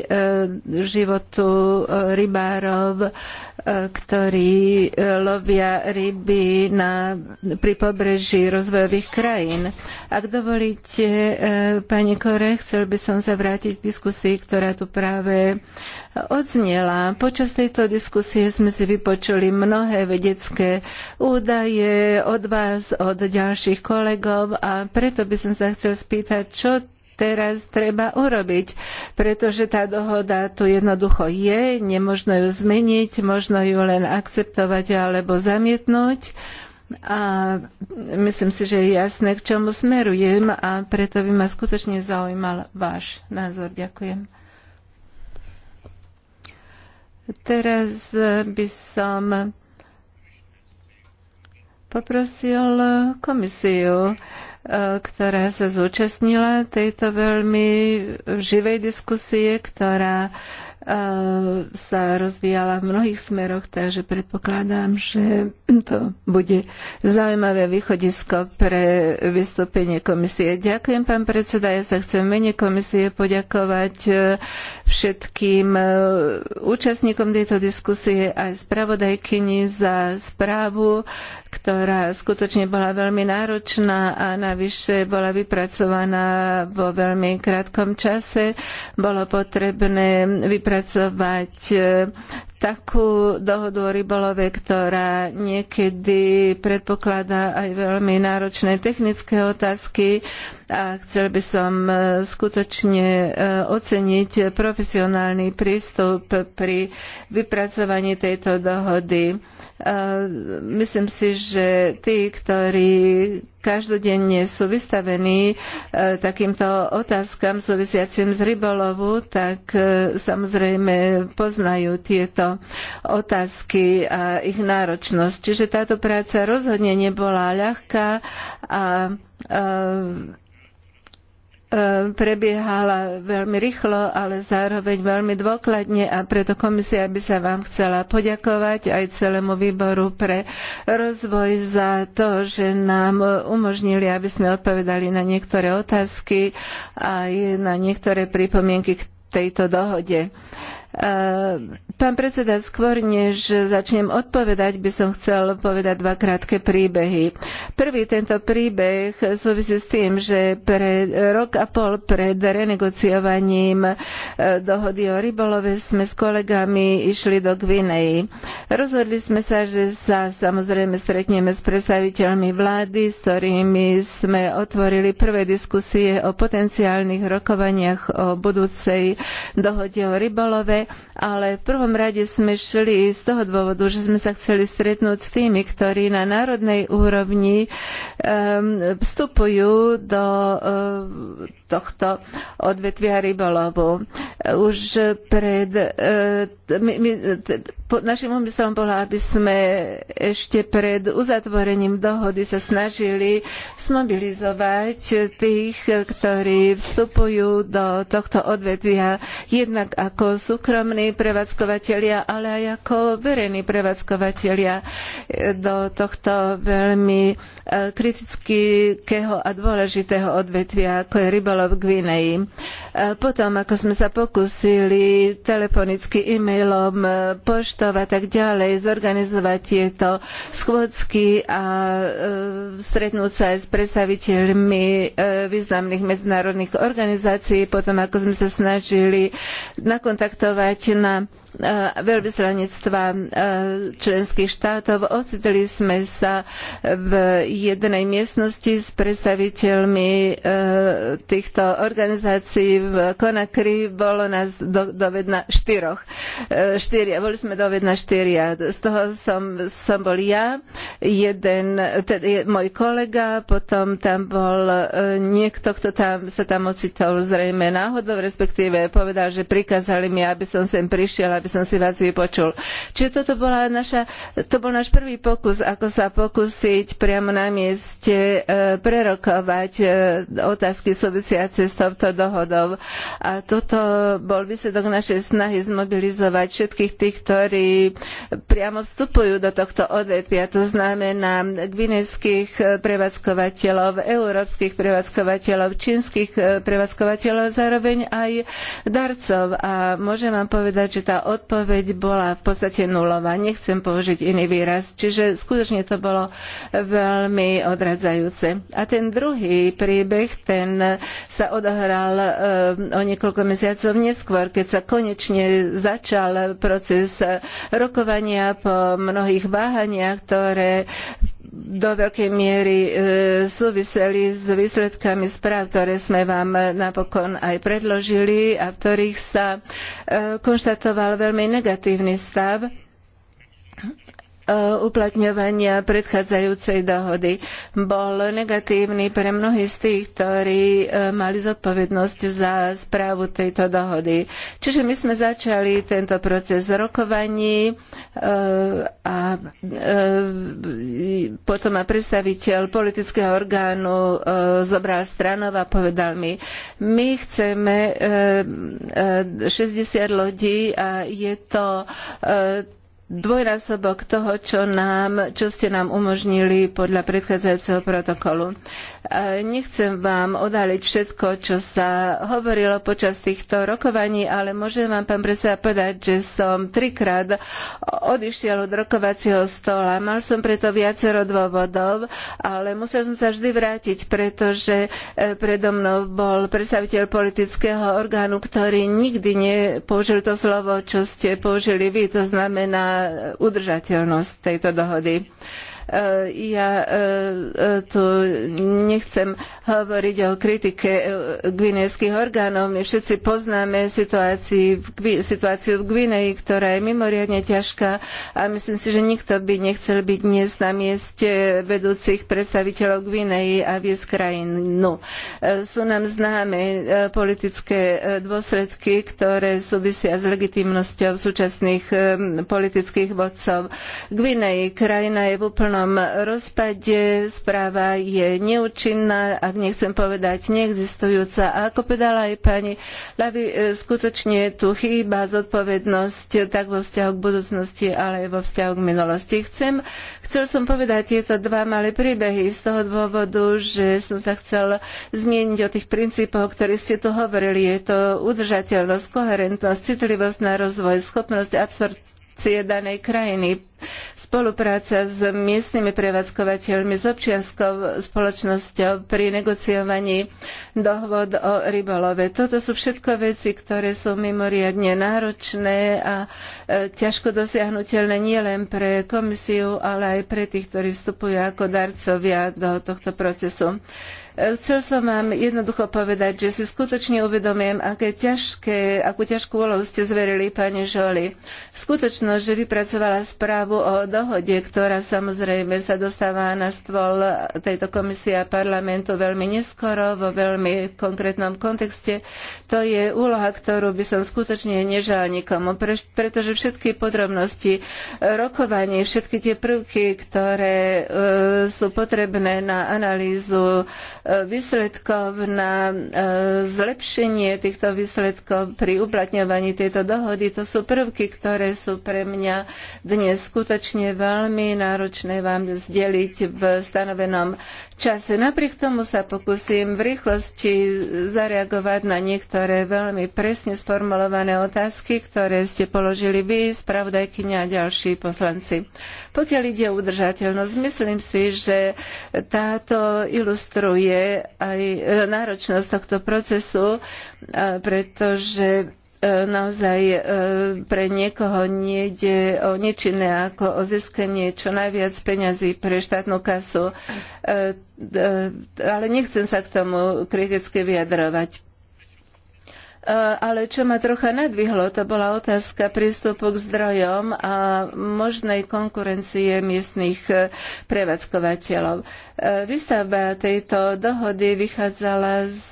životu e, rybárov, e, ktorí lovia ryby na, pri pobreží rozvojových krajín. Ak dovolíte, pani Kore, chcel by som sa vrátiť k diskusii, ktorá tu práve odznela. Počas tejto diskusie sme si vypočuli mnohé vedecké údaje od vás, od ďalších kolegov a preto by som sa chcel spýtať, čo teraz treba urobiť, pretože tá dohoda tu jednoducho je, nemožno ju zmeniť, možno ju len akceptovať alebo zamietnúť. A myslím si, že je jasné, k čomu smerujem a preto by ma skutočne zaujímal váš názor. Ďakujem. Teraz by som poprosil komisiu, Eh, ktorá sa zúčastnila tejto veľmi živej diskusie, ktorá E, sa rozvíjala v mnohých smeroch, takže predpokladám, že to bude zaujímavé východisko pre vystúpenie komisie. Ďakujem, pán predseda. Ja sa chcem mene komisie poďakovať e, všetkým e, účastníkom tejto diskusie aj spravodajkyni za správu, ktorá skutočne bola veľmi náročná a navyše bola vypracovaná vo veľmi krátkom čase. Bolo potrebné vypracovať pracovať takú dohodu o rybolove, ktorá niekedy predpokladá aj veľmi náročné technické otázky a chcel by som e, skutočne e, oceniť profesionálny prístup pri vypracovaní tejto dohody. E, myslím si, že tí, ktorí každodenne sú vystavení takýmto otázkam súvisiacim z rybolovu, tak samozrejme poznajú tieto otázky a ich náročnosť. Čiže táto práca rozhodne nebola ľahká a, a prebiehala veľmi rýchlo, ale zároveň veľmi dôkladne a preto komisia by sa vám chcela poďakovať aj celému výboru pre rozvoj za to, že nám umožnili, aby sme odpovedali na niektoré otázky a aj na niektoré pripomienky k tejto dohode. Uh, Pán predseda, skôr než začnem odpovedať, by som chcel povedať dva krátke príbehy. Prvý tento príbeh súvisí s tým, že pre rok a pol pred renegociovaním e, dohody o rybolove sme s kolegami išli do Gvineji. Rozhodli sme sa, že sa samozrejme stretneme s predstaviteľmi vlády, s ktorými sme otvorili prvé diskusie o potenciálnych rokovaniach o budúcej dohode o rybolove, ale v prvom prvom rade sme šli z toho dôvodu, že sme sa chceli stretnúť s tými, ktorí na národnej úrovni um, vstupujú do eh, tohto odvetvia rybolovu. Už pred Uh, my, my, Našim úmyslom bolo, aby sme ešte pred uzatvorením dohody sa snažili zmobilizovať tých, ktorí vstupujú do tohto odvetvia jednak ako súkromní prevádzkovateľia, ale aj ako verejní prevádzkovateľia do tohto veľmi e, kritického a dôležitého odvetvia, ako je rybolov v Gvineji. E, potom, ako sme sa pokúsili telefonicky, e-mailom, e, poštou, účtov a tak ďalej, zorganizovať tieto schôdzky a e, stretnúť sa aj s predstaviteľmi e, významných medzinárodných organizácií, potom ako sme sa snažili nakontaktovať na E, veľvyslanectva e, členských štátov. Ocitli sme sa v jednej miestnosti s predstaviteľmi e, týchto organizácií v Konakry. Bolo nás do, dovedna štyroch. Štyria, boli sme dovedna štyria. Z toho som, som bol ja, jeden, teda je, môj kolega, potom tam bol niekto, kto tam, sa tam ocitol zrejme náhodou, respektíve povedal, že prikázali mi, aby som sem prišiel, aby aby som si vás vypočul. Čiže toto bola naša, to bol náš prvý pokus, ako sa pokúsiť priamo na mieste e, prerokovať e, otázky súvisiace s touto dohodou. A toto bol výsledok našej snahy zmobilizovať všetkých tých, ktorí priamo vstupujú do tohto odvetvia, to znamená gvinejských prevádzkovateľov, európskych prevádzkovateľov, čínskych prevádzkovateľov, zároveň aj darcov. A môžem vám povedať, že tá odpoveď bola v podstate nulová. Nechcem použiť iný výraz. Čiže skutočne to bolo veľmi odradzajúce. A ten druhý príbeh, ten sa odohral e, o niekoľko mesiacov neskôr, keď sa konečne začal proces rokovania po mnohých váhaniach, ktoré v do veľkej miery e, súviseli s výsledkami správ, ktoré sme vám napokon aj predložili a v ktorých sa e, konštatoval veľmi negatívny stav uplatňovania predchádzajúcej dohody. Bol negatívny pre mnohých z tých, ktorí e, mali zodpovednosť za správu tejto dohody. Čiže my sme začali tento proces rokovaní e, a e, potom ma predstaviteľ politického orgánu zobral stranov a povedal mi, my chceme 60 lodí a je to dvojnásobok toho, čo, nám, čo ste nám umožnili podľa predchádzajúceho protokolu. Nechcem vám odhaliť všetko, čo sa hovorilo počas týchto rokovaní, ale môžem vám, pán predseda, povedať, že som trikrát odišiel od rokovacieho stola. Mal som preto viacero dôvodov, ale musel som sa vždy vrátiť, pretože e, predo mnou bol predstaviteľ politického orgánu, ktorý nikdy nepoužil to slovo, čo ste použili vy. To znamená udržateľnosť tejto dohody. E, ja e, e, tu nechcem hovoriť o kritike gvinejských orgánov. My všetci poznáme situáciu, v Gvineji, ktorá je mimoriadne ťažká a myslím si, že nikto by nechcel byť dnes na mieste vedúcich predstaviteľov Gvineji a viesť krajinu. Sú nám známe politické dôsledky, ktoré súvisia s legitimnosťou súčasných politických vodcov. Gvineji krajina je v úplnom zákonom rozpade, správa je neúčinná, ak nechcem povedať neexistujúca. A ako povedala aj pani Lavi, e, skutočne tu chýba zodpovednosť e, tak vo vzťahu k budúcnosti, ale aj vo vzťahu k minulosti. Chcem, chcel som povedať tieto dva malé príbehy z toho dôvodu, že som sa chcel zmieniť o tých princípoch, o ktorých ste tu hovorili. Je to udržateľnosť, koherentnosť, citlivosť na rozvoj, schopnosť absorpcie jurisdikcie danej krajiny. Spolupráca s miestnymi prevádzkovateľmi, s občianskou spoločnosťou pri negociovaní dohod o rybolove. Toto sú všetko veci, ktoré sú mimoriadne náročné a e, ťažko dosiahnuteľné nielen pre komisiu, ale aj pre tých, ktorí vstupujú ako darcovia do tohto procesu. Chcel som vám jednoducho povedať, že si skutočne uvedomujem, aké ťažké, akú ťažkú úlohu ste zverili pani Žoli. Skutočnosť, že vypracovala správu o dohode, ktorá samozrejme sa dostáva na stôl tejto komisie a parlamentu veľmi neskoro, vo veľmi konkrétnom kontexte, to je úloha, ktorú by som skutočne nežal nikomu, pretože všetky podrobnosti rokovanie, všetky tie prvky, ktoré e, sú potrebné na analýzu výsledkov na e, zlepšenie týchto výsledkov pri uplatňovaní tejto dohody. To sú prvky, ktoré sú pre mňa dnes skutočne veľmi náročné vám zdeliť v stanovenom čase. Napriek tomu sa pokúsim v rýchlosti zareagovať na niektoré veľmi presne sformulované otázky, ktoré ste položili vy, spravodajkyňa a ďalší poslanci. Pokiaľ ide o udržateľnosť, myslím si, že táto ilustruje je aj e, náročnosť tohto procesu, e, pretože e, naozaj pre niekoho nejde o nečinné ako o získanie čo najviac peňazí pre štátnu kasu. Ale nechcem sa k tomu kriticky vyjadrovať. Ale čo ma trocha nadvihlo, to bola otázka prístupu k zdrojom a možnej konkurencie miestnych prevádzkovateľov. E, výstavba tejto dohody vychádzala z,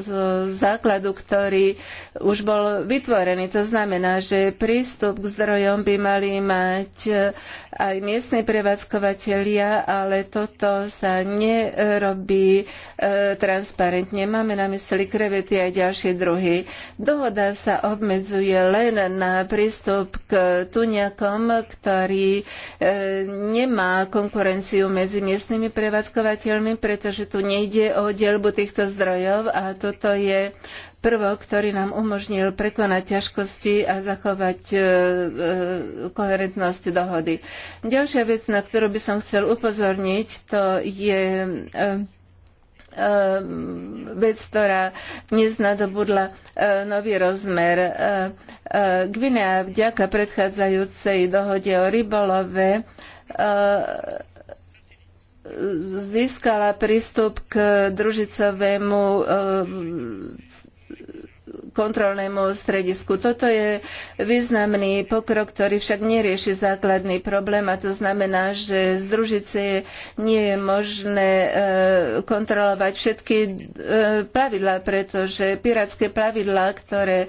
z základu, ktorý už bol vytvorený. To znamená, že prístup k zdrojom by mali mať aj miestne prevádzkovateľia, ale toto sa nerobí e, transparentne. Máme na mysli krevety a ďalšie druhy. Dohoda sa obmedzuje len na prístup k tuňakom, ktorý e, nemá konkurenciu medzi miestnymi súkromnými prevádzkovateľmi, pretože tu nejde o dielbu týchto zdrojov a toto je prvok, ktorý nám umožnil prekonať ťažkosti a zachovať e, e, koherentnosť dohody. Ďalšia vec, na ktorú by som chcel upozorniť, to je e, e vec, ktorá dnes nadobudla e, nový rozmer. E, Gvinea vďaka predchádzajúcej dohode o rybolove získala prístup k družicovému kontrolnému stredisku. Toto je významný pokrok, ktorý však nerieši základný problém a to znamená, že z družice nie je možné e, kontrolovať všetky e, plavidla, pretože pirátske plavidla, ktoré e,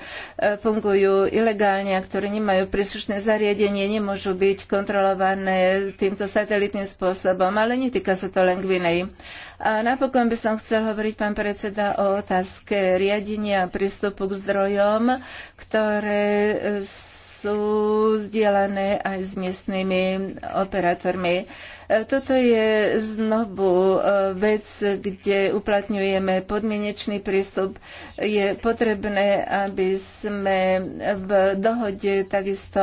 fungujú ilegálne a ktoré nemajú príslušné zariadenie, nemôžu byť kontrolované týmto satelitným spôsobom, ale netýka sa to len Gvinej. A napokon by som chcel hovoriť, pán predseda, o otázke riadenia prístupu k zdrojom, ktoré e, sú zdieľané aj s miestnymi operátormi. E, toto je znovu e, vec, kde uplatňujeme podmienečný prístup. Je potrebné, aby sme v dohode takisto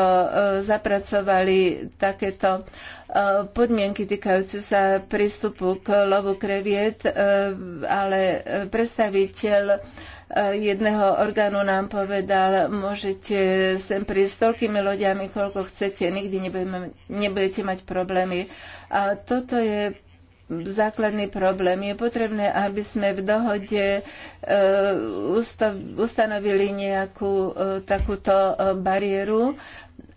zapracovali takéto E, podmienky týkajúce sa prístupu k lovu kreviet, e, ale e, predstaviteľ jedného orgánu nám povedal, môžete sem prísť toľkými loďami, koľko chcete, nikdy nebudeme, nebudete mať problémy. A toto je základný problém. Je potrebné, aby sme v dohode e, ustav, ustanovili nejakú e, takúto bariéru,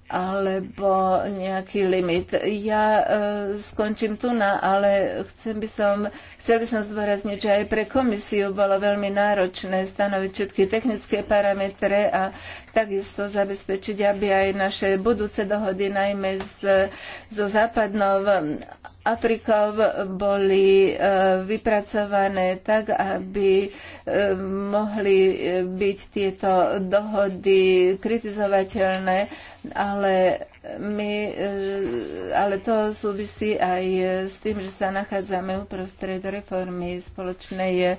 alebo nejaký limit. Ja e, skončím tu na, ale chcem by som, chcel by som zdôrazniť, že aj pre komisiu bolo veľmi náročné stanoviť všetky technické parametre a takisto zabezpečiť, aby aj naše budúce dohody, najmä z, zo západnou Afrikov boli eh, vypracované tak, aby eh, mohli eh, byť tieto dohody kritizovateľné, ale, my, ale to súvisí aj s tým, že sa nachádzame uprostred reformy spoločnej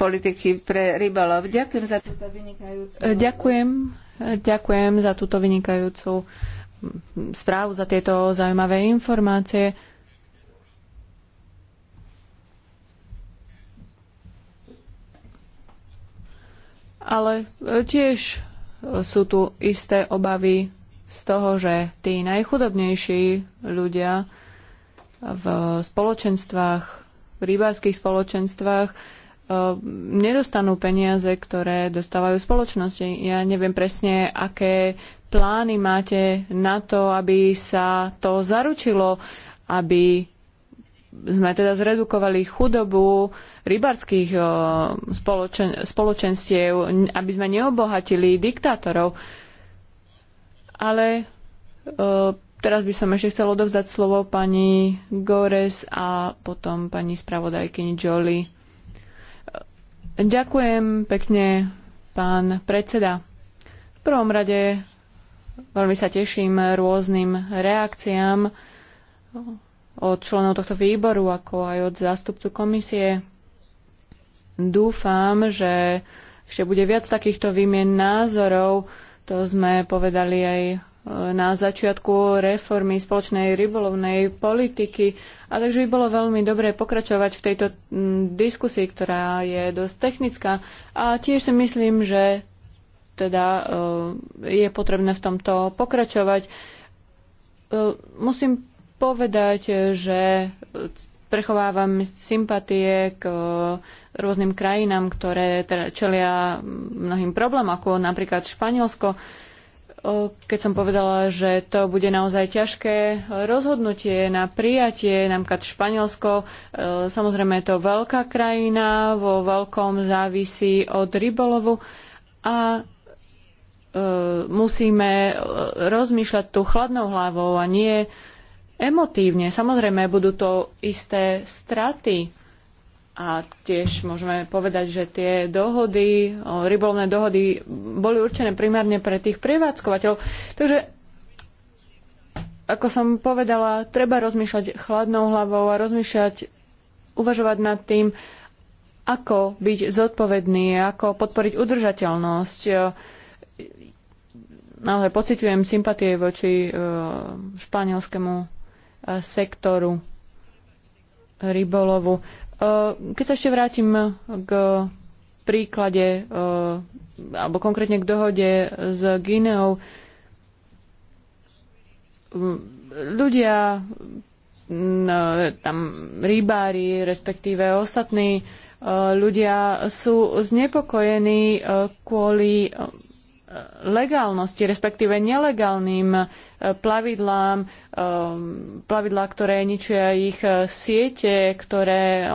politiky pre rybolov. Ďakujem za túto vynikajúcu. Ďakujem, ďakujem za túto vynikajúcu správu, za tieto zaujímavé informácie. Ale e, tiež sú tu isté obavy z toho, že tí najchudobnejší ľudia v spoločenstvách, v rybárskych spoločenstvách, e, nedostanú peniaze, ktoré dostávajú spoločnosti. Ja neviem presne, aké plány máte na to, aby sa to zaručilo, aby sme teda zredukovali chudobu rybarských spoločen spoločenstiev, aby sme neobohatili diktátorov. Ale teraz by som ešte chcel odovzdať slovo pani Gores a potom pani spravodajkyni Jolie. Ďakujem pekne, pán predseda. V prvom rade Veľmi sa teším rôznym reakciám od členov tohto výboru, ako aj od zástupcu komisie. Dúfam, že ešte bude viac takýchto výmien názorov. To sme povedali aj e, na začiatku reformy spoločnej rybolovnej politiky. A takže by bolo veľmi dobré pokračovať v tejto diskusii, ktorá je dosť technická. A tiež si myslím, že teda eh, je potrebné v tomto pokračovať. Eh, musím povedať, že prechovávam sympatie k eh, rôznym krajinám, ktoré teda čelia mnohým problémom, ako napríklad Španielsko. Keď som povedala, že to bude naozaj ťažké rozhodnutie na prijatie, napríklad Španielsko, samozrejme je to veľká krajina, vo veľkom závisí od rybolovu a E, musíme e, rozmýšľať tú chladnou hlavou a nie emotívne. Samozrejme, budú to isté straty. A tiež môžeme povedať, že tie dohody, rybolovné dohody boli určené primárne pre tých prevádzkovateľov. Takže, ako som povedala, treba rozmýšľať chladnou hlavou a rozmýšľať, uvažovať nad tým, ako byť zodpovedný, ako podporiť udržateľnosť naozaj pociťujem sympatie voči e, španielskému e, sektoru rybolovu. E, keď sa ešte vrátim k príklade, alebo konkrétne k dohode s Gineou, ľudia, tam rybári, respektíve ostatní ľudia sú znepokojení kvôli legálnosti, respektíve nelegálnym eh, plavidlám, eh, plavidlá, ktoré ničia ich eh, siete, ktoré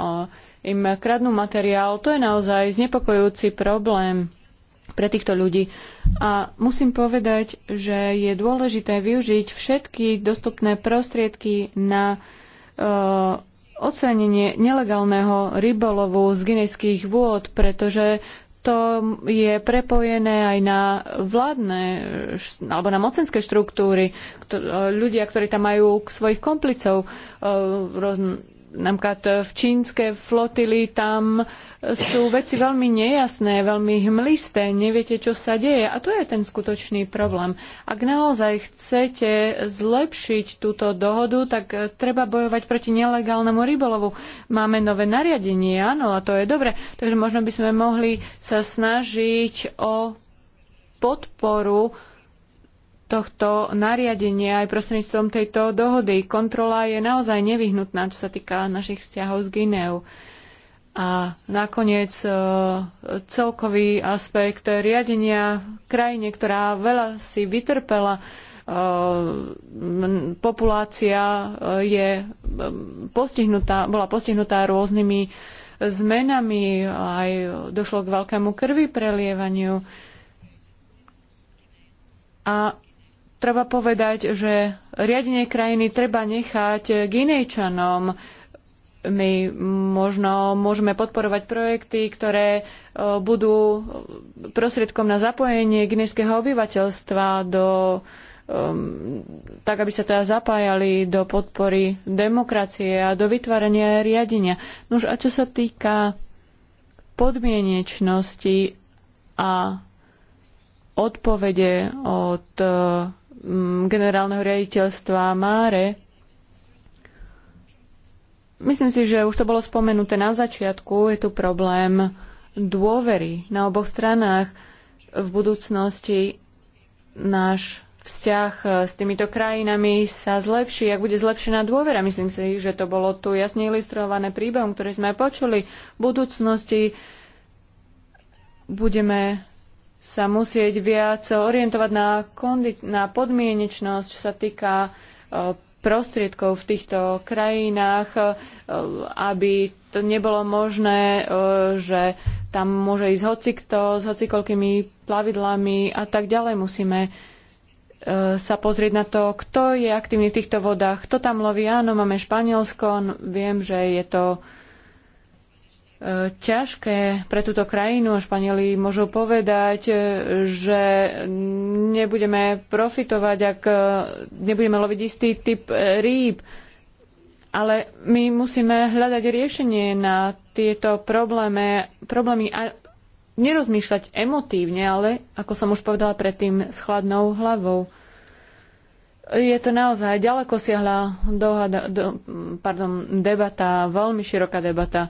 im kradnú materiál. To je naozaj znepokojujúci problém pre týchto ľudí. A musím povedať, že je dôležité využiť všetky dostupné prostriedky na ocenenie nelegálneho rybolovu z ginejských vôd, pretože to je prepojené aj na vládne alebo na mocenské štruktúry. Ľudia, ktorí tam majú svojich komplicov, e, napríklad v čínskej flotily tam sú veci veľmi nejasné, veľmi hmlisté, neviete, čo sa deje. A to je ten skutočný problém. Ak naozaj chcete zlepšiť túto dohodu, tak eh, treba bojovať proti nelegálnemu rybolovu. Máme nové nariadenie, áno, a to je dobre. Takže možno by sme mohli sa snažiť o podporu tohto nariadenia aj prostredníctvom tejto dohody. Kontrola je naozaj nevyhnutná, čo sa týka našich vzťahov s Gineou. A nakoniec e, celkový aspekt riadenia krajine, ktorá veľa si vytrpela, e, populácia e, je postihnutá, bola postihnutá rôznymi zmenami, aj došlo k veľkému krvi prelievaniu. A treba povedať, že riadenie krajiny treba nechať Ginejčanom, my možno môžeme podporovať projekty, ktoré e, budú prostriedkom na zapojenie guinejského obyvateľstva do um, tak, aby sa teda zapájali do podpory demokracie a do vytvárania riadenia. Nož a čo sa týka podmienečnosti a odpovede od um, generálneho riaditeľstva Máre, Myslím si, že už to bolo spomenuté na začiatku, je tu problém dôvery na oboch stranách v budúcnosti náš vzťah s týmito krajinami sa zlepší, ak bude zlepšená dôvera. Myslím si, že to bolo tu jasne ilustrované príbehom, ktoré sme počuli. V budúcnosti budeme sa musieť viac orientovať na, kondi- na podmienečnosť, čo sa týka e, prostriedkov v týchto krajinách, e, aby to nebolo možné, e, že tam môže ísť hocikto s hocikoľkými plavidlami a tak ďalej. Musíme e, sa pozrieť na to, kto je aktívny v týchto vodách, kto tam loví. Áno, máme Španielsko, no, viem, že je to ťažké pre túto krajinu a Španieli môžu povedať, e, že nebudeme profitovať, ak e, nebudeme loviť istý typ e, rýb. Ale my musíme hľadať riešenie na tieto problémy, problémy a nerozmýšľať emotívne, ale ako som už povedala predtým, s chladnou hlavou. Je to naozaj ďaleko siahla dohada, do, pardon, debata, veľmi široká debata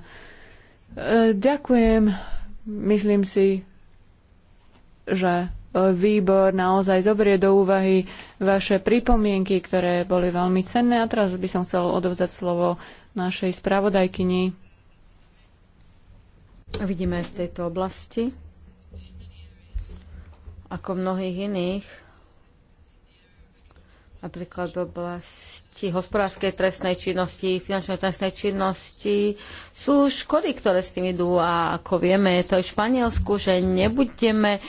E, ďakujem. Myslím si, že e, výbor naozaj zobrie do úvahy vaše pripomienky, ktoré boli veľmi cenné. A teraz by som chcel odovzdať slovo našej spravodajkyni. Vidíme v tejto oblasti, ako v mnohých iných, napríklad v oblasti hospodárskej trestnej činnosti, finančnej trestnej činnosti. Sú škody, ktoré s tým idú a ako vieme, je to aj v Španielsku, že nebudeme e,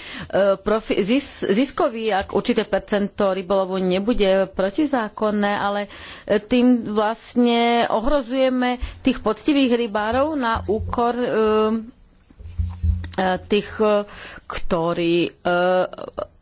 profi- zis- ziskoví, ak určité percento rybolovu nebude protizákonné, ale e, tým vlastne ohrozujeme tých poctivých rybárov na úkor uh, tých, ktorí uh,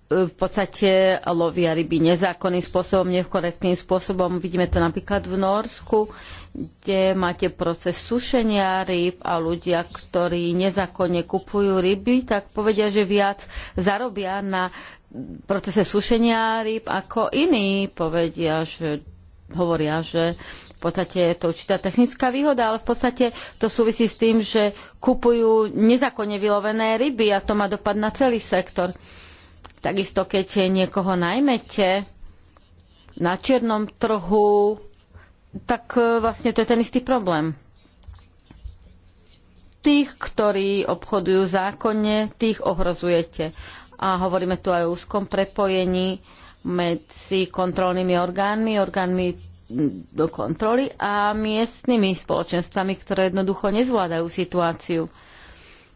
E, v podstate lovia ryby nezákonným spôsobom, nekorektným spôsobom. Vidíme to napríklad v Norsku, kde máte proces sušenia ryb a ľudia, ktorí nezákonne kupujú ryby, tak povedia, že viac zarobia na procese sušenia ryb ako iní. Povedia, že hovoria, že v podstate je to určitá technická výhoda, ale v podstate to súvisí s tým, že kupujú nezákonne vylovené ryby a to má dopad na celý sektor. Takisto, keď niekoho najmete na čiernom trhu, tak e, vlastne to je ten istý problém. Tých, ktorí obchodujú zákonne, tých ohrozujete. A hovoríme tu aj o úzkom prepojení medzi kontrolnými orgánmi, orgánmi do kontroly a miestnymi spoločenstvami, ktoré jednoducho nezvládajú situáciu.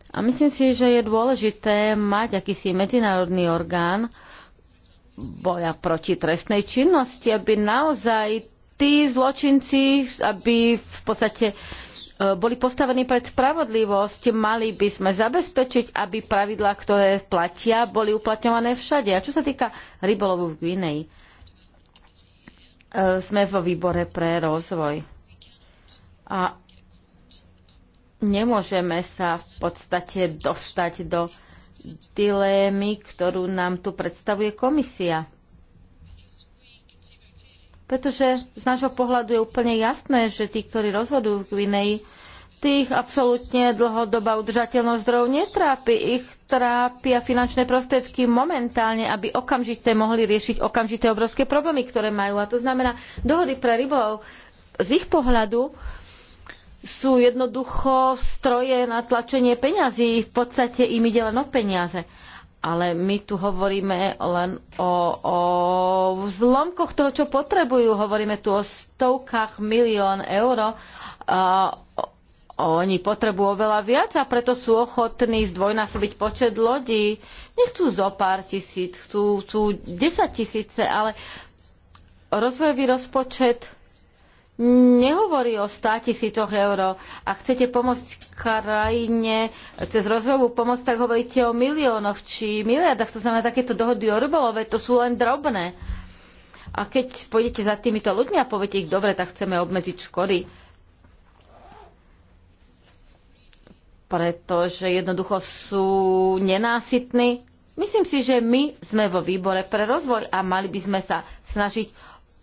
A myslím si, že je dôležité mať akýsi medzinárodný orgán boja proti trestnej činnosti, aby naozaj tí zločinci, aby v podstate e, boli postavení pred spravodlivosť, mali by sme zabezpečiť, aby pravidlá, ktoré platia, boli uplatňované všade. A čo sa týka rybolovu v Gvineji, e, sme vo výbore pre rozvoj. A nemôžeme sa v podstate dostať do dilémy, ktorú nám tu predstavuje komisia. Pretože z nášho pohľadu je úplne jasné, že tí, ktorí rozhodujú v Gvineji, tých absolútne dlhodobá udržateľnosť zdrojov netrápi. Ich trápia finančné prostriedky momentálne, aby okamžite mohli riešiť okamžité obrovské problémy, ktoré majú. A to znamená, dohody pre rybov z ich pohľadu sú jednoducho stroje na tlačenie peňazí. V podstate im ide len o peniaze. Ale my tu hovoríme len o, o zlomkoch toho, čo potrebujú. Hovoríme tu o stovkách milión eur. oni potrebujú oveľa viac a preto sú ochotní zdvojnásobiť počet lodí. Nechcú zo pár tisíc, chcú, chcú 10 tisíce, ale rozvojový rozpočet nehovorí o státisítoch eur. Ak chcete pomôcť krajine cez rozvojovú pomoc, tak hovoríte o miliónoch či miliardách. To znamená, takéto dohody o rybolove, to sú len drobné. A keď pôjdete za týmito ľuďmi a poviete ich, dobre, tak chceme obmedziť škody, pretože jednoducho sú nenásytní. Myslím si, že my sme vo výbore pre rozvoj a mali by sme sa snažiť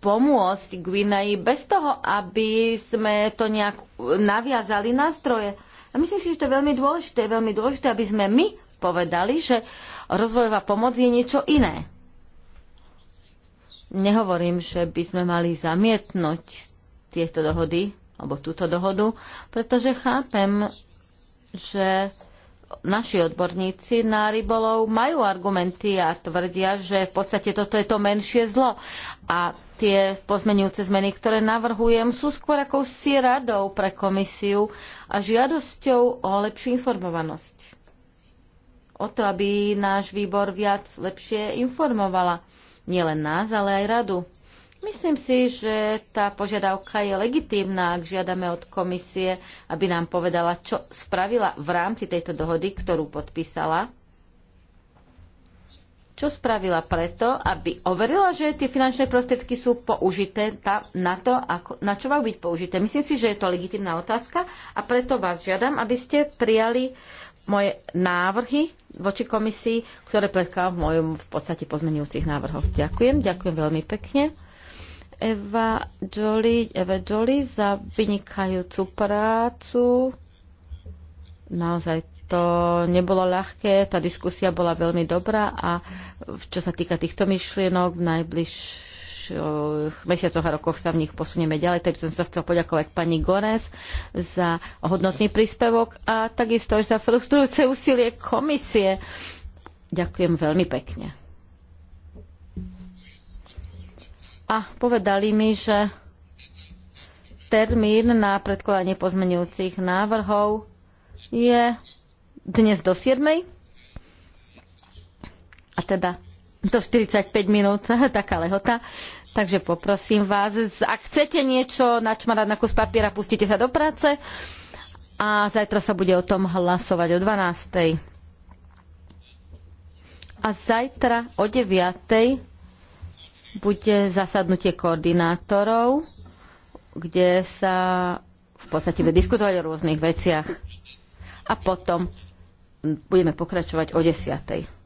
pomôcť Guineji bez toho, aby sme to nejak naviazali nástroje. A myslím si, že to je veľmi dôležité. Je veľmi dôležité, aby sme my povedali, že rozvojová pomoc je niečo iné. Nehovorím, že by sme mali zamietnúť tieto dohody, alebo túto dohodu, pretože chápem, že naši odborníci na rybolov majú argumenty a tvrdia, že v podstate toto je to menšie zlo. A tie pozmenujúce zmeny, ktoré navrhujem, sú skôr ako si radou pre komisiu a žiadosťou o lepšiu informovanosť. O to, aby náš výbor viac lepšie informovala. Nielen nás, ale aj radu. Myslím si, že tá požiadavka je legitímna, ak žiadame od komisie, aby nám povedala, čo spravila v rámci tejto dohody, ktorú podpísala. Čo spravila preto, aby overila, že tie finančné prostriedky sú použité na to, ako, na čo majú byť použité. Myslím si, že je to legitímna otázka a preto vás žiadam, aby ste prijali moje návrhy voči komisii, ktoré predkladám v mojom v podstate pozmenujúcich návrhoch. Ďakujem, ďakujem veľmi pekne. Eva Jolie, Jolie za vynikajúcu prácu. Naozaj to nebolo ľahké, tá diskusia bola veľmi dobrá a čo sa týka týchto myšlienok, v najbližších mesiacoch a rokoch sa v nich posunieme ďalej. Takže som sa chcel poďakovať pani Gores za hodnotný príspevok a takisto aj za frustrujúce úsilie komisie. Ďakujem veľmi pekne. a povedali mi, že termín na predkladanie pozmenujúcich návrhov je dnes do 7. A teda do 45 minút, taká lehota. Takže poprosím vás, ak chcete niečo načmarať na kus papiera, pustite sa do práce a zajtra sa bude o tom hlasovať o 12. A zajtra o 9 bude zasadnutie koordinátorov, kde sa v podstate bude diskutovať o rôznych veciach. A potom budeme pokračovať o desiatej.